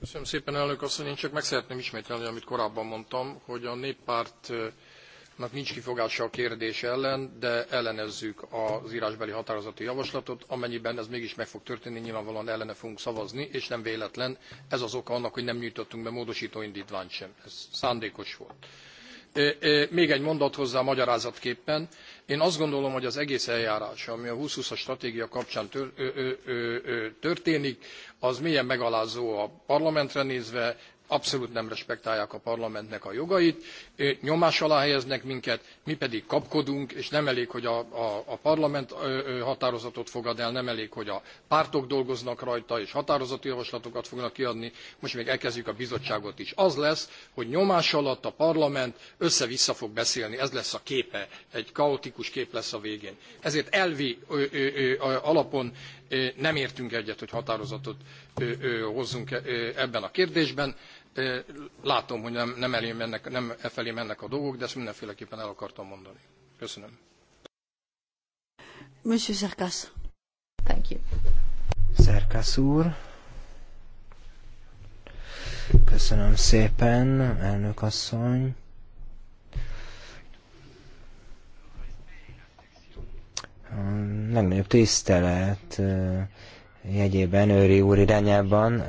Köszönöm szépen, elnök asszony. Én csak meg szeretném ismételni, amit korábban mondtam, hogy a néppártnak nincs kifogása a kérdés ellen, de ellenezzük az írásbeli határozati javaslatot. Amennyiben ez mégis meg fog történni, nyilvánvalóan ellene fogunk szavazni, és nem véletlen. Ez az oka annak, hogy nem nyújtottunk be módosító indítványt sem. Ez szándékos volt. Még egy mondat hozzá magyarázatképpen én azt gondolom, hogy az egész eljárás, ami a 2020-as stratégia kapcsán történik, az mélyen megalázó a parlamentre nézve, abszolút nem respektálják a parlamentnek a jogait, nyomás alá helyeznek minket, mi pedig kapkodunk, és nem elég, hogy a, a, a parlament határozatot fogad el, nem elég, hogy a pártok dolgoznak rajta, és határozati javaslatokat fognak kiadni, most még elkezdjük a bizottságot is. Az lesz, hogy nyomás alatt a parlament össze-vissza fog beszélni, ez lesz a képe, egy kaotikus kép lesz a végén. Ezért elvi ö, ö, ö, alapon nem értünk egyet, hogy határozatot hozzunk e, ebben a kérdésben. Látom, hogy nem, nem, elé mennek, nem e felé mennek a dolgok, de ezt mindenféleképpen el akartam mondani. Köszönöm. Monsieur Szerkász. Thank you. Szerkász úr. Köszönöm szépen, elnök asszony. a legnagyobb tisztelet jegyében, Őri úr irányában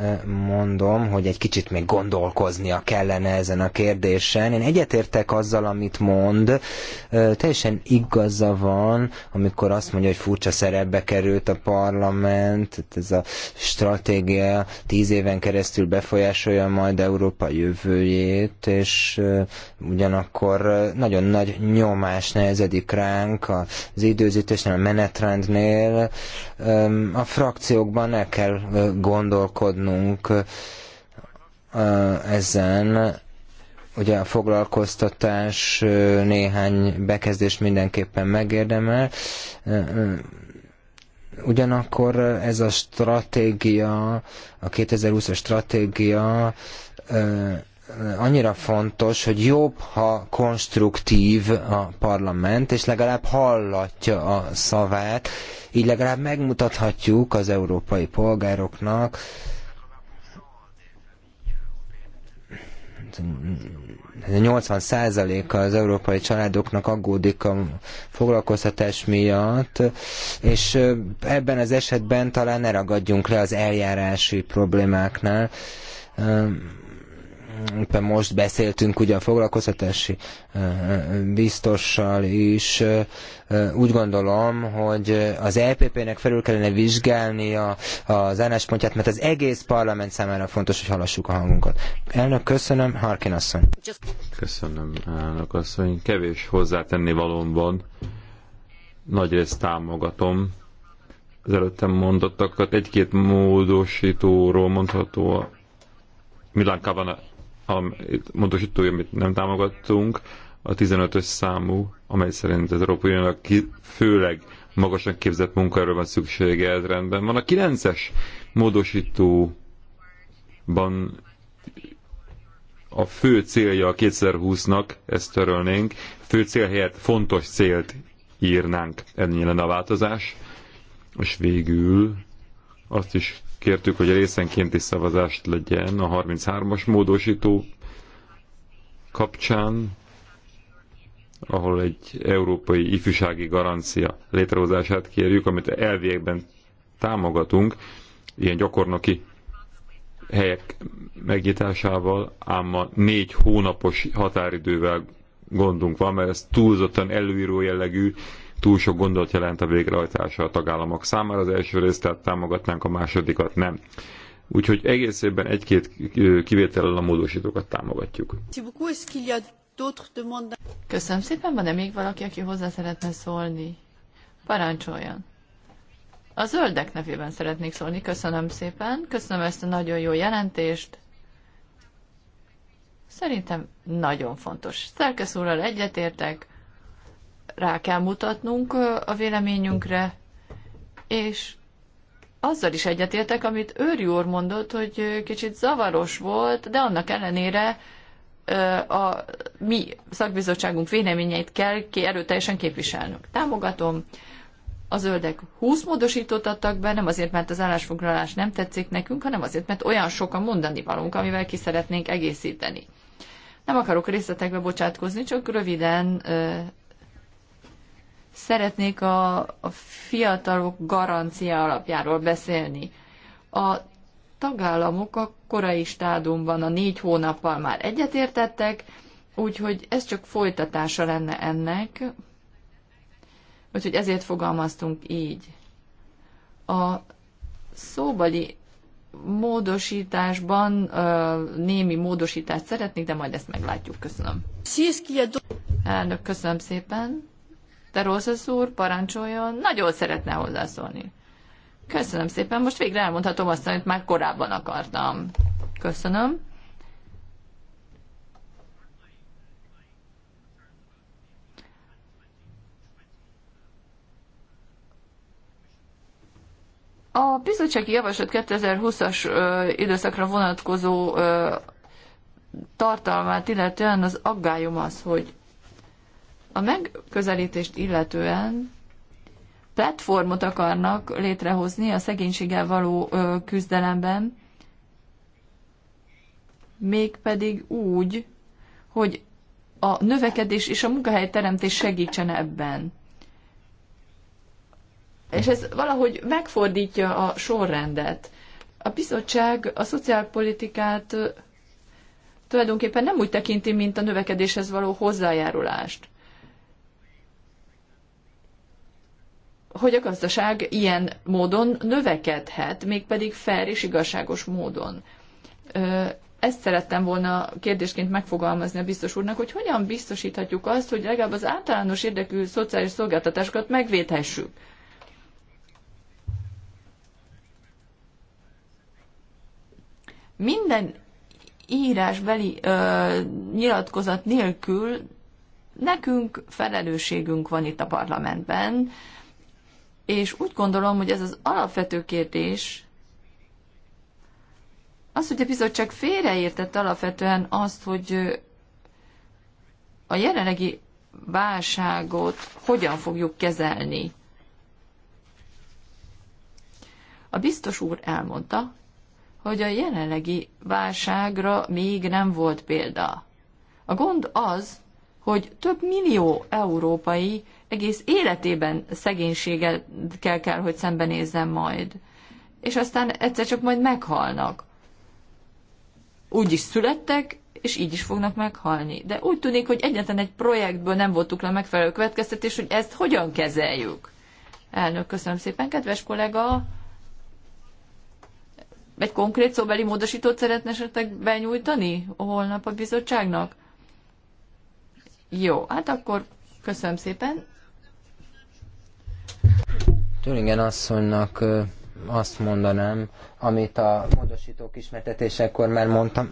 mondom, hogy egy kicsit még gondolkoznia kellene ezen a kérdésen. Én egyetértek azzal, amit mond. Teljesen igaza van, amikor azt mondja, hogy furcsa szerepbe került a parlament, ez a stratégia tíz éven keresztül befolyásolja majd Európa jövőjét, és ugyanakkor nagyon nagy nyomás nehezedik ránk az időzítésnél, a menetrendnél. A frakció dolgokban el kell gondolkodnunk ezen. Ugye a foglalkoztatás néhány bekezdést mindenképpen megérdemel. Ugyanakkor ez a stratégia, a 2020-as stratégia annyira fontos, hogy jobb, ha konstruktív a parlament, és legalább hallatja a szavát, így legalább megmutathatjuk az európai polgároknak, hogy 80%-a az európai családoknak aggódik a foglalkoztatás miatt, és ebben az esetben talán ne ragadjunk le az eljárási problémáknál éppen most beszéltünk a foglalkoztatási biztossal is, úgy gondolom, hogy az EPP-nek felül kellene vizsgálni a, az álláspontját, mert az egész parlament számára fontos, hogy hallassuk a hangunkat. Elnök, köszönöm, Harkin asszony. Köszönöm, elnök asszony. Kevés hozzátenni valóban. Nagyrészt támogatom az előttem mondottakat. Egy-két módosítóról mondható a Milán Kavana a módosítója, amit nem támogattunk, a 15-ös számú, amely szerint az Európai Uniónak főleg magasan képzett munkaerőben van szüksége, ez rendben van. A 9-es módosítóban a fő célja a 2020-nak, ezt törölnénk, fő cél helyett fontos célt írnánk, ennyi lenne a változás. És végül azt is kértük, hogy részenkénti szavazást legyen a 33-as módosító kapcsán, ahol egy európai ifjúsági garancia létrehozását kérjük, amit elviekben támogatunk, ilyen gyakornoki helyek megnyitásával, ám a négy hónapos határidővel gondunk van, mert ez túlzottan előíró jellegű, túl sok gondot jelent a végrehajtása a tagállamok számára. Az első részt tehát támogatnánk, a másodikat nem. Úgyhogy egész évben egy-két kivétellel a módosítókat támogatjuk. Köszönöm szépen, van-e még valaki, aki hozzá szeretne szólni? Parancsoljon! A zöldek nevében szeretnék szólni. Köszönöm szépen. Köszönöm ezt a nagyon jó jelentést. Szerintem nagyon fontos. Szerkesz úrral egyetértek rá kell mutatnunk a véleményünkre, és azzal is egyetértek, amit Őri úr mondott, hogy kicsit zavaros volt, de annak ellenére a mi szakbizottságunk véleményeit kell erőteljesen képviselnünk. Támogatom. A zöldek 20 módosítót adtak be, nem azért, mert az állásfoglalás nem tetszik nekünk, hanem azért, mert olyan sok a mondani valunk, amivel ki szeretnénk egészíteni. Nem akarok részletekbe bocsátkozni, csak röviden szeretnék a, a fiatalok garancia alapjáról beszélni. A tagállamok a korai stádumban a négy hónappal már egyetértettek, úgyhogy ez csak folytatása lenne ennek, úgyhogy ezért fogalmaztunk így. A szóbali módosításban némi módosítást szeretnék, de majd ezt meglátjuk. Köszönöm. Elnök, köszönöm szépen. De Rózes úr, parancsoljon, nagyon szeretne hozzászólni. Köszönöm szépen, most végre elmondhatom azt, amit már korábban akartam. Köszönöm. A bizottsági javaslat 2020-as időszakra vonatkozó ö, tartalmát illetően az aggályom az, hogy a megközelítést illetően platformot akarnak létrehozni a szegénységgel való küzdelemben, mégpedig úgy, hogy a növekedés és a munkahelyteremtés segítsen ebben. És ez valahogy megfordítja a sorrendet. A bizottság a szociálpolitikát tulajdonképpen nem úgy tekinti, mint a növekedéshez való hozzájárulást. hogy a gazdaság ilyen módon növekedhet, mégpedig fair és igazságos módon. Ezt szerettem volna kérdésként megfogalmazni a biztos úrnak, hogy hogyan biztosíthatjuk azt, hogy legalább az általános érdekű szociális szolgáltatásokat megvédhessük. Minden írásbeli ö, nyilatkozat nélkül nekünk felelősségünk van itt a parlamentben, és úgy gondolom, hogy ez az alapvető kérdés, az, hogy a bizottság félreértett alapvetően azt, hogy a jelenlegi válságot hogyan fogjuk kezelni. A biztos úr elmondta, hogy a jelenlegi válságra még nem volt példa. A gond az, hogy több millió európai egész életében szegénységgel kell, kell, hogy szembenézzen majd. És aztán egyszer csak majd meghalnak. Úgy is születtek, és így is fognak meghalni. De úgy tűnik, hogy egyetlen egy projektből nem voltuk le megfelelő következtetés, hogy ezt hogyan kezeljük. Elnök, köszönöm szépen. Kedves kollega, egy konkrét szóbeli módosítót szeretne esetleg benyújtani holnap a bizottságnak? Jó, hát akkor köszönöm szépen. Türingen asszonynak azt mondanám, amit a módosítók ismertetésekor már mondtam.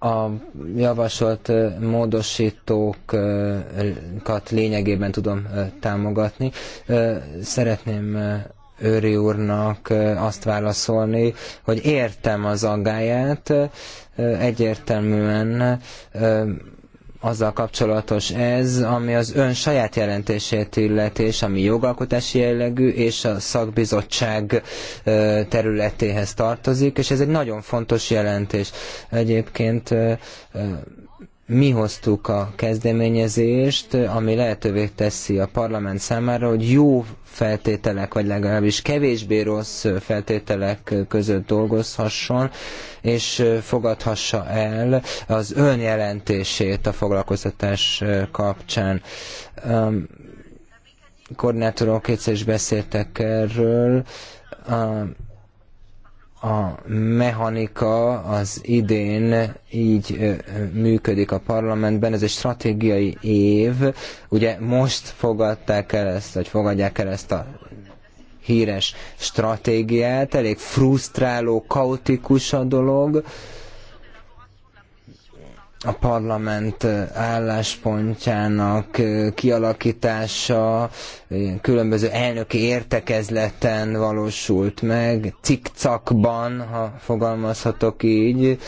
A javasolt módosítókat lényegében tudom támogatni. Szeretném Őri úrnak azt válaszolni, hogy értem az aggáját, egyértelműen azzal kapcsolatos ez, ami az ön saját jelentését illeti, és ami jogalkotási jellegű, és a szakbizottság területéhez tartozik, és ez egy nagyon fontos jelentés. Egyébként mi hoztuk a kezdeményezést, ami lehetővé teszi a parlament számára, hogy jó feltételek, vagy legalábbis kevésbé rossz feltételek között dolgozhasson, és fogadhassa el az önjelentését a foglalkoztatás kapcsán. Koordinátorok kétszer is beszéltek erről a mechanika az idén így működik a parlamentben, ez egy stratégiai év. Ugye most fogadták el ezt, vagy fogadják el ezt a híres stratégiát, elég frusztráló, kaotikus a dolog, a parlament álláspontjának kialakítása különböző elnöki értekezleten valósult meg, cikcakban, ha fogalmazhatok így.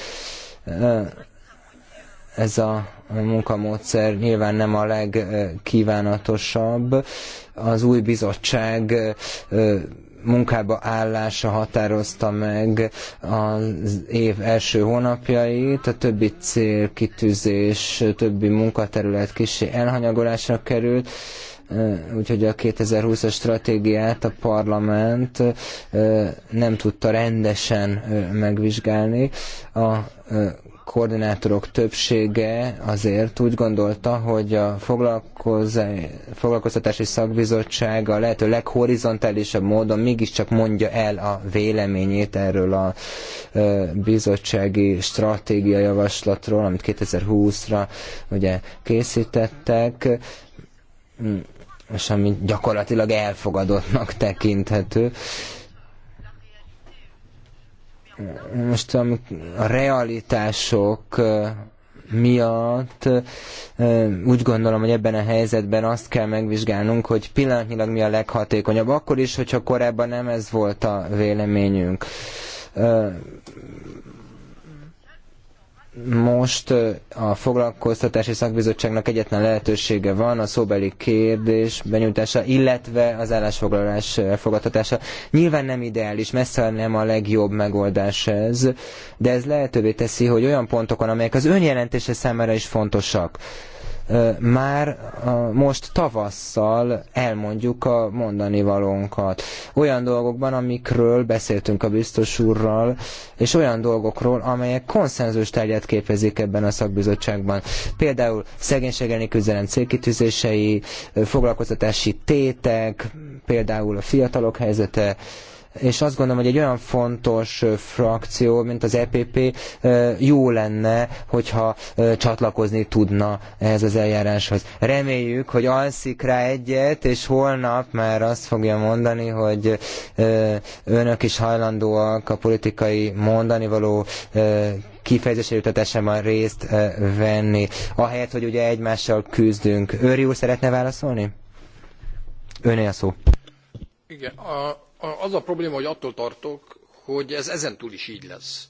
Ez a munkamódszer nyilván nem a legkívánatosabb. Az új bizottság munkába állása határozta meg az év első hónapjait, a többi célkitűzés, többi munkaterület kicsi elhanyagolásra került, úgyhogy a 2020-as stratégiát a parlament nem tudta rendesen megvizsgálni. A koordinátorok többsége azért úgy gondolta, hogy a foglalkoztatási szakbizottság a lehető leghorizontálisabb módon mégiscsak mondja el a véleményét erről a bizottsági stratégia javaslatról, amit 2020-ra ugye készítettek és ami gyakorlatilag elfogadottnak tekinthető most a realitások miatt úgy gondolom, hogy ebben a helyzetben azt kell megvizsgálnunk, hogy pillanatnyilag mi a leghatékonyabb. Akkor is, hogyha korábban nem ez volt a véleményünk most a foglalkoztatási szakbizottságnak egyetlen lehetősége van a szóbeli kérdés benyújtása, illetve az állásfoglalás elfogadhatása. Nyilván nem ideális, messze nem a legjobb megoldás ez, de ez lehetővé teszi, hogy olyan pontokon, amelyek az önjelentése számára is fontosak, már most tavasszal elmondjuk a mondani valónkat. Olyan dolgokban, amikről beszéltünk a biztos úrral, és olyan dolgokról, amelyek konszenzus tárgyát képezik ebben a szakbizottságban. Például szegénységelni küzdelem célkitűzései, foglalkoztatási tétek, például a fiatalok helyzete, és azt gondolom, hogy egy olyan fontos frakció, mint az EPP, jó lenne, hogyha csatlakozni tudna ehhez az eljáráshoz. Reméljük, hogy alszik rá egyet, és holnap már azt fogja mondani, hogy önök is hajlandóak a politikai mondani való kifejezésre jutatásában részt venni, ahelyett, hogy ugye egymással küzdünk. Őri úr szeretne válaszolni? Öné a szó. Igen, a az a probléma, hogy attól tartok, hogy ez ezentúl is így lesz.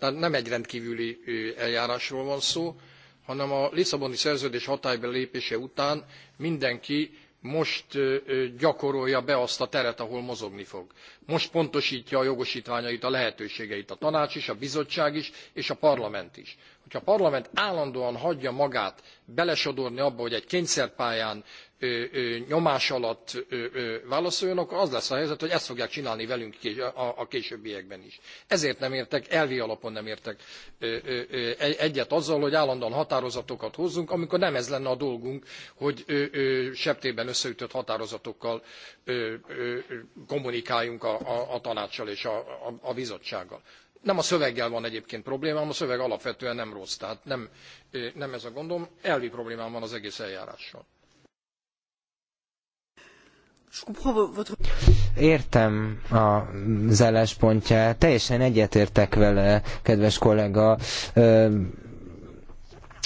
Nem egy rendkívüli eljárásról van szó, hanem a Lisszaboni szerződés hatályba lépése után mindenki most gyakorolja be azt a teret, ahol mozogni fog. Most pontosítja a jogosítványait, a lehetőségeit a tanács is, a bizottság is, és a parlament is. Hogyha a parlament állandóan hagyja magát belesodorni abba, hogy egy kényszerpályán nyomás alatt válaszoljon, akkor az lesz a helyzet, hogy ezt fogják csinálni velünk a későbbiekben is. Ezért nem értek, elvi alapon nem értek e, egyet azzal, hogy állandóan határozatokat hozzunk, amikor nem ez lenne a dolgunk, hogy septében összeütött határozatokkal kommunikáljunk a tanácssal és a bizottsággal. Nem a szöveggel van egyébként problémám, a szöveg alapvetően nem rossz, tehát nem, nem ez a gondom, elvi problémám van az egész eljárással. Értem az álláspontját, teljesen egyetértek vele, kedves kollega.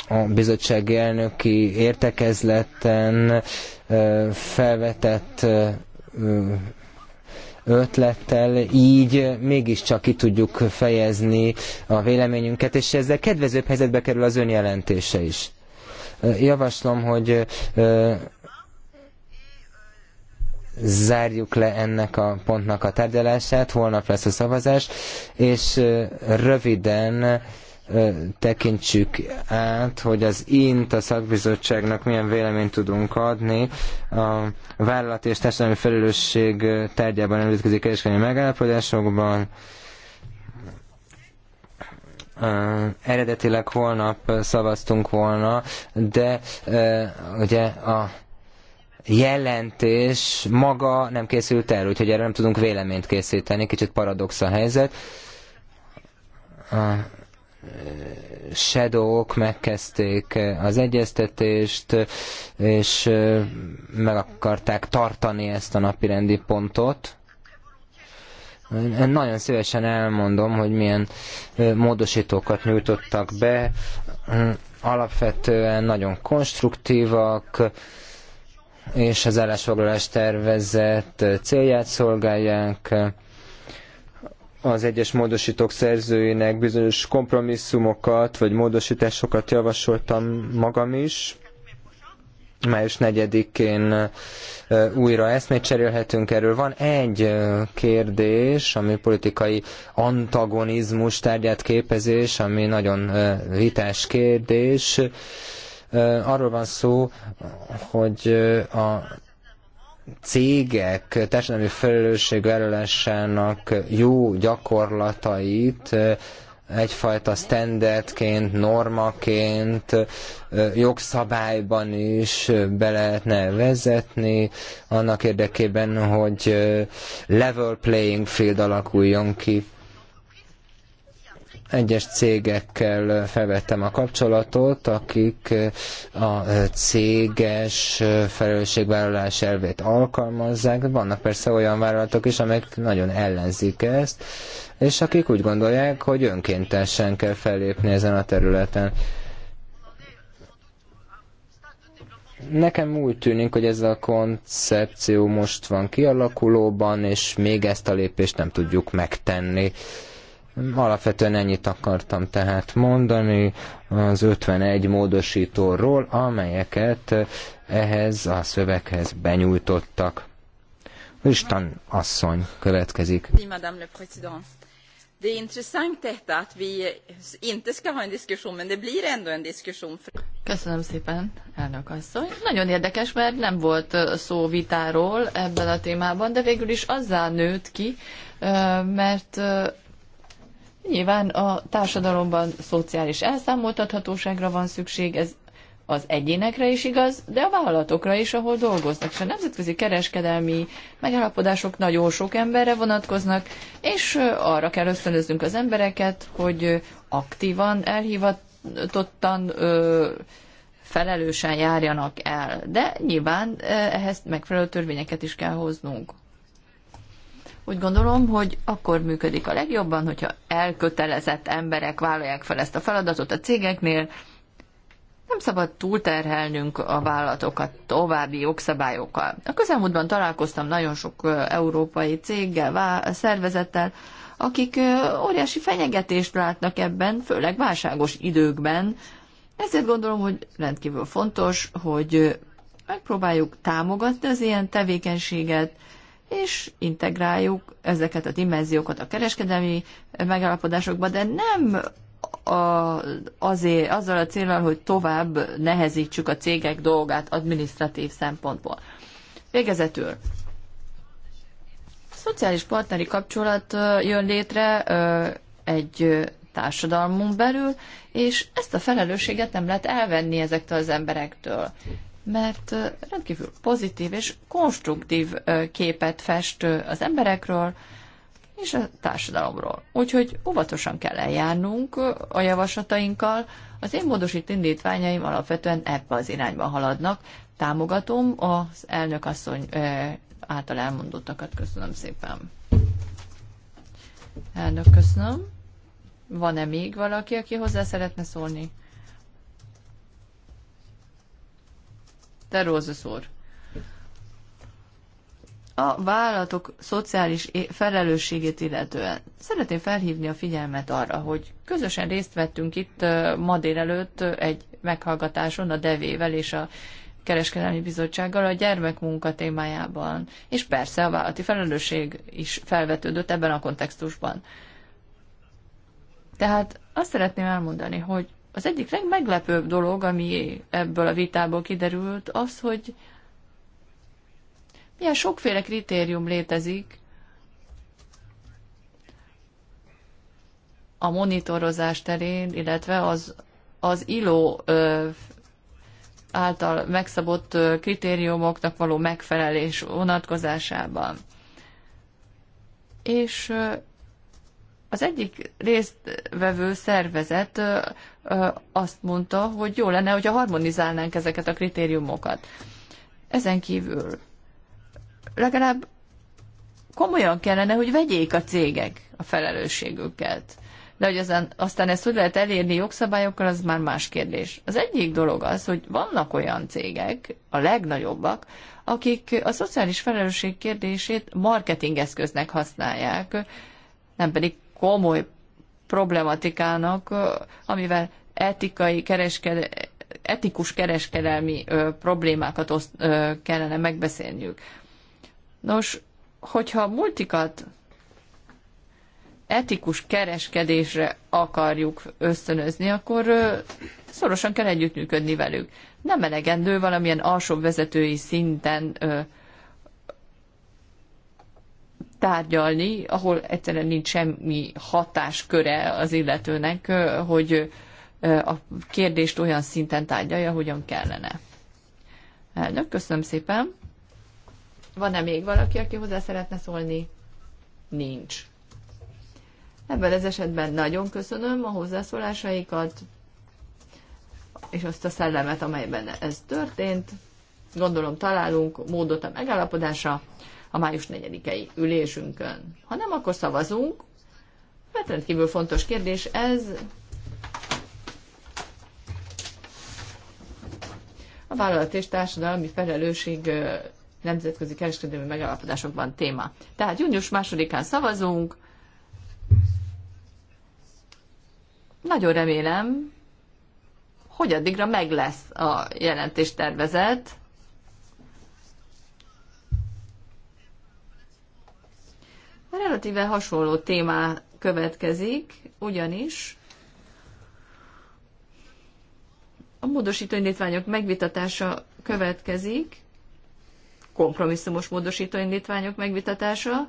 A bizottsági elnöki értekezleten felvetett ötlettel, így mégiscsak ki tudjuk fejezni a véleményünket, és ezzel kedvezőbb helyzetbe kerül az önjelentése is. Javaslom, hogy zárjuk le ennek a pontnak a tárgyalását, holnap lesz a szavazás, és röviden tekintsük át, hogy az INT a szakbizottságnak milyen véleményt tudunk adni a vállalati és társadalmi felelősség tárgyában előtközi kereskedelmi megállapodásokban. Eredetileg holnap szavaztunk volna, de ugye a jelentés maga nem készült el, úgyhogy erre nem tudunk véleményt készíteni, kicsit paradox a helyzet. A e, shadow megkezdték az egyeztetést, és e, meg akarták tartani ezt a napirendi pontot. Én nagyon szívesen elmondom, hogy milyen e, módosítókat nyújtottak be. Alapvetően nagyon konstruktívak, és az állásfoglalás tervezett célját szolgálják. Az egyes módosítók szerzőinek bizonyos kompromisszumokat vagy módosításokat javasoltam magam is. Május 4-én újra eszmét cserélhetünk erről. Van egy kérdés, ami politikai antagonizmus tárgyát képezés, ami nagyon vitás kérdés Arról van szó, hogy a cégek társadalmi felelősségvállalásának jó gyakorlatait egyfajta standardként, normaként, jogszabályban is be lehetne vezetni, annak érdekében, hogy level playing field alakuljon ki egyes cégekkel felvettem a kapcsolatot, akik a céges felelősségvállalás elvét alkalmazzák. Vannak persze olyan vállalatok is, amelyek nagyon ellenzik ezt, és akik úgy gondolják, hogy önkéntesen kell fellépni ezen a területen. Nekem úgy tűnik, hogy ez a koncepció most van kialakulóban, és még ezt a lépést nem tudjuk megtenni. Uh, Alapvetően ennyit akartam tehát mondani az 51 módosítóról, amelyeket ehhez a szöveghez benyújtottak. Isten asszony következik. Madame le Président. Det är intressant detta att vi inte ska ha en diskussion, men det blir ändå en diskussion. Köszönöm szépen, elnök asszony. Nagyon érdekes, mert nem volt szó vitáról ebben a témában, de végül is azzá nőtt ki, mert Nyilván a társadalomban szociális elszámoltathatóságra van szükség, ez az egyénekre is igaz, de a vállalatokra is, ahol dolgoznak. És a nemzetközi kereskedelmi megállapodások nagyon sok emberre vonatkoznak, és arra kell ösztönöznünk az embereket, hogy aktívan, elhivatottan, felelősen járjanak el. De nyilván ehhez megfelelő törvényeket is kell hoznunk. Úgy gondolom, hogy akkor működik a legjobban, hogyha elkötelezett emberek vállalják fel ezt a feladatot a cégeknél. Nem szabad túlterhelnünk a vállalatokat további jogszabályokkal. A közelmúltban találkoztam nagyon sok európai céggel, szervezettel, akik óriási fenyegetést látnak ebben, főleg válságos időkben. Ezért gondolom, hogy rendkívül fontos, hogy megpróbáljuk támogatni az ilyen tevékenységet, és integráljuk ezeket a dimenziókat a kereskedelmi megállapodásokba, de nem a, azért, azzal a célral, hogy tovább nehezítsük a cégek dolgát adminisztratív szempontból. Végezetül. Szociális partneri kapcsolat jön létre egy társadalmunk belül, és ezt a felelősséget nem lehet elvenni ezektől az emberektől mert rendkívül pozitív és konstruktív képet fest az emberekről és a társadalomról. Úgyhogy óvatosan kell eljárnunk a javaslatainkkal. Az én módosít indítványaim alapvetően ebbe az irányba haladnak. Támogatom az elnök asszony által elmondottakat. Köszönöm szépen. Elnök, köszönöm. Van-e még valaki, aki hozzá szeretne szólni? te Rózes úr, a vállalatok szociális felelősségét illetően szeretném felhívni a figyelmet arra, hogy közösen részt vettünk itt ma délelőtt egy meghallgatáson a Devével és a Kereskedelmi Bizottsággal a gyermekmunka témájában, és persze a vállalati felelősség is felvetődött ebben a kontextusban. Tehát azt szeretném elmondani, hogy az egyik legmeglepőbb dolog, ami ebből a vitából kiderült, az, hogy milyen sokféle kritérium létezik a monitorozás terén, illetve az, az ILO által megszabott kritériumoknak való megfelelés vonatkozásában. És az egyik résztvevő szervezet azt mondta, hogy jó lenne, hogyha harmonizálnánk ezeket a kritériumokat. Ezen kívül legalább komolyan kellene, hogy vegyék a cégek a felelősségüket. De hogy aztán, aztán ezt hogy lehet elérni jogszabályokkal, az már más kérdés. Az egyik dolog az, hogy vannak olyan cégek, a legnagyobbak, akik a szociális felelősség kérdését marketingeszköznek használják, nem pedig komoly problematikának, amivel etikai kereskede, etikus kereskedelmi problémákat oszt, kellene megbeszélniük. Nos, hogyha a multikat etikus kereskedésre akarjuk ösztönözni, akkor szorosan kell együttműködni velük. Nem elegendő valamilyen alsóbb vezetői szinten tárgyalni, ahol egyszerűen nincs semmi hatásköre az illetőnek, hogy a kérdést olyan szinten tárgyalja, hogyan kellene. Elnök, köszönöm szépen. Van-e még valaki, aki hozzá szeretne szólni? Nincs. Ebben az esetben nagyon köszönöm a hozzászólásaikat, és azt a szellemet, amelyben ez történt. Gondolom találunk módot a megállapodásra a május 4-i ülésünkön. Ha nem, akkor szavazunk, mert rendkívül fontos kérdés ez. A vállalat és társadalmi felelősség nemzetközi kereskedelmi megállapodásokban téma. Tehát június másodikán szavazunk. Nagyon remélem, hogy addigra meg lesz a jelentéstervezet, relatíve hasonló témá következik, ugyanis a módosító indítványok megvitatása következik, kompromisszumos módosító indítványok megvitatása.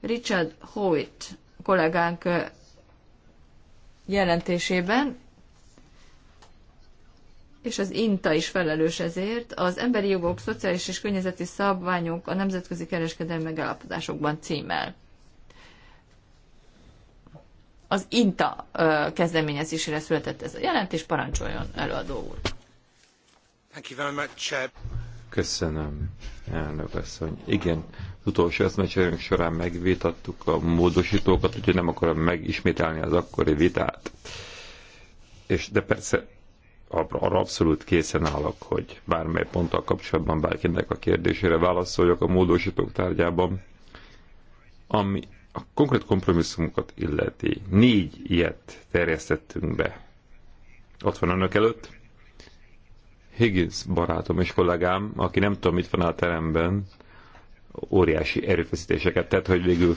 Richard Hoyt kollégánk jelentésében, és az INTA is felelős ezért, az Emberi Jogok, Szociális és Környezeti Szabványok a Nemzetközi Kereskedelmi Megállapodásokban címmel az INTA kezdeményezésére született ez a jelentés, parancsoljon előadó úr. Köszönöm, elnök asszony. Igen, az utolsó eszmecserünk során megvitattuk a módosítókat, úgyhogy nem akarom megismételni az akkori vitát. És de persze arra abszolút készen állok, hogy bármely ponttal kapcsolatban bárkinek a kérdésére válaszoljak a módosítók tárgyában, ami a konkrét kompromisszumokat illeti. Négy ilyet terjesztettünk be. Ott van önök előtt. Higgins barátom és kollégám, aki nem tudom, mit van a teremben, óriási erőfeszítéseket tett, hogy végül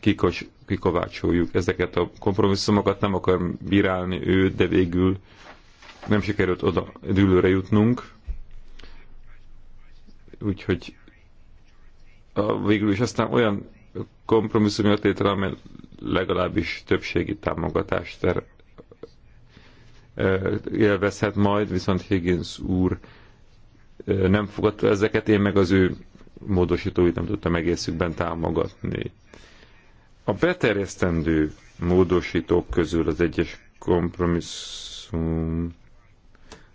kikos, kikovácsoljuk ezeket a kompromisszumokat. Nem akarom bírálni őt, de végül nem sikerült oda dűlőre jutnunk. Úgyhogy végül is aztán olyan kompromisszum jött létre, amely legalábbis többségi támogatást er, élvezhet majd, viszont Higgins úr nem fogadta ezeket, én meg az ő módosítóit nem tudtam egészükben támogatni. A beterjesztendő módosítók közül az egyes kompromisszum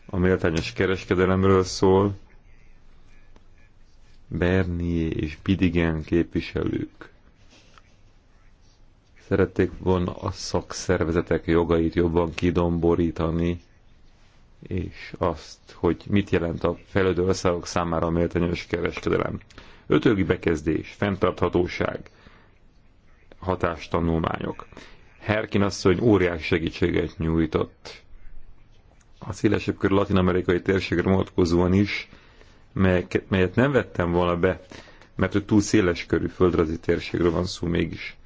a méltányos kereskedelemről szól, Bernie és Bidigen képviselők szerették volna a szakszervezetek jogait jobban kidomborítani, és azt, hogy mit jelent a fejlődő országok számára a méltányos kereskedelem. Ötögi bekezdés, fenntarthatóság, hatástanulmányok. Herkin asszony óriási segítséget nyújtott. A szélesebb körű latin-amerikai térségre vonatkozóan is melyeket, melyet nem vettem volna be, mert hogy túl széles körű földrajzi térségről van szó mégis.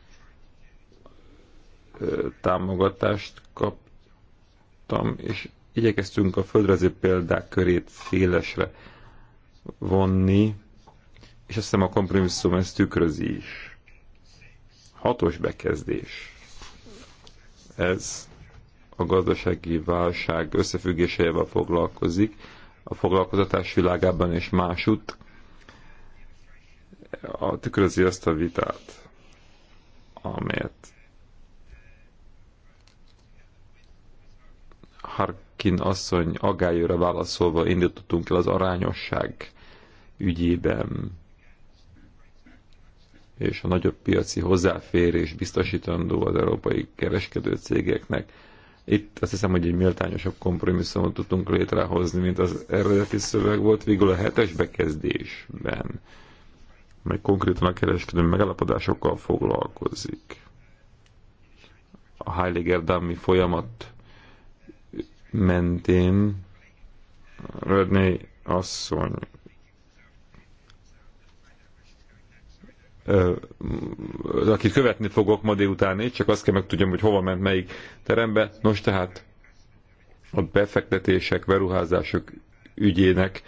Támogatást kaptam, és igyekeztünk a földrajzi példák körét szélesre vonni, és azt hiszem a kompromisszum ezt tükrözi is. Hatos bekezdés. Ez a gazdasági válság összefüggéseivel foglalkozik a foglalkozatás világában és másutt a, tükrözi ezt a vitát, amelyet Harkin asszony agályőre válaszolva indítottunk el az arányosság ügyében és a nagyobb piaci hozzáférés biztosítandó az európai kereskedő cégeknek itt azt hiszem, hogy egy méltányosabb kompromisszumot tudtunk létrehozni, mint az eredeti szöveg volt, végül a hetes bekezdésben, mely konkrétan a kereskedő megállapodásokkal foglalkozik. A heiliger Dami folyamat mentén Rödné asszony akit követni fogok ma délután is, csak azt kell megtudjam, hogy hova ment melyik terembe. Nos, tehát a befektetések, beruházások ügyének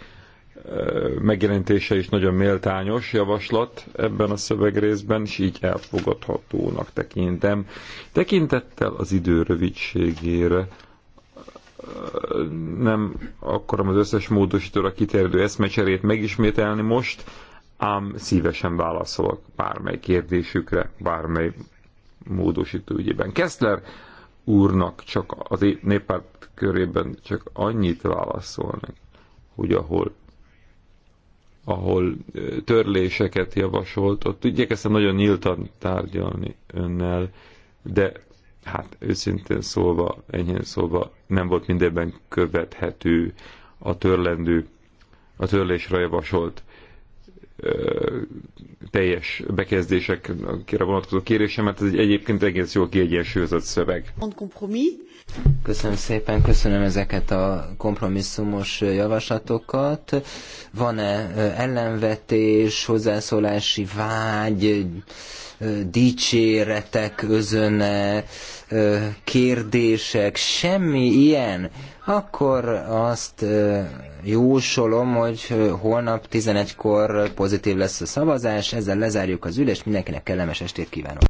megjelentése is nagyon méltányos javaslat ebben a szövegrészben, és így elfogadhatónak tekintem. Tekintettel az idő rövidségére nem akarom az összes módosítóra kiterjedő eszmecserét megismételni most, ám szívesen válaszolok bármely kérdésükre, bármely módosító ügyében. Kessler úrnak csak az néppárt körében csak annyit válaszolnak, hogy ahol ahol törléseket javasolt, ott igyekeztem nagyon nyíltan tárgyalni önnel, de hát őszintén szólva, enyhén szólva nem volt mindenben követhető a törlendő, a törlésre javasolt teljes bekezdésekre vonatkozó mert ez egy egyébként egész jól kiegyensúlyozott szöveg. Köszönöm szépen, köszönöm ezeket a kompromisszumos javaslatokat. Van-e ellenvetés, hozzászólási vágy, dicséretek, özöne, kérdések, semmi ilyen? akkor azt jósolom, hogy holnap 11-kor pozitív lesz a szavazás, ezzel lezárjuk az ülést, mindenkinek kellemes estét kívánok.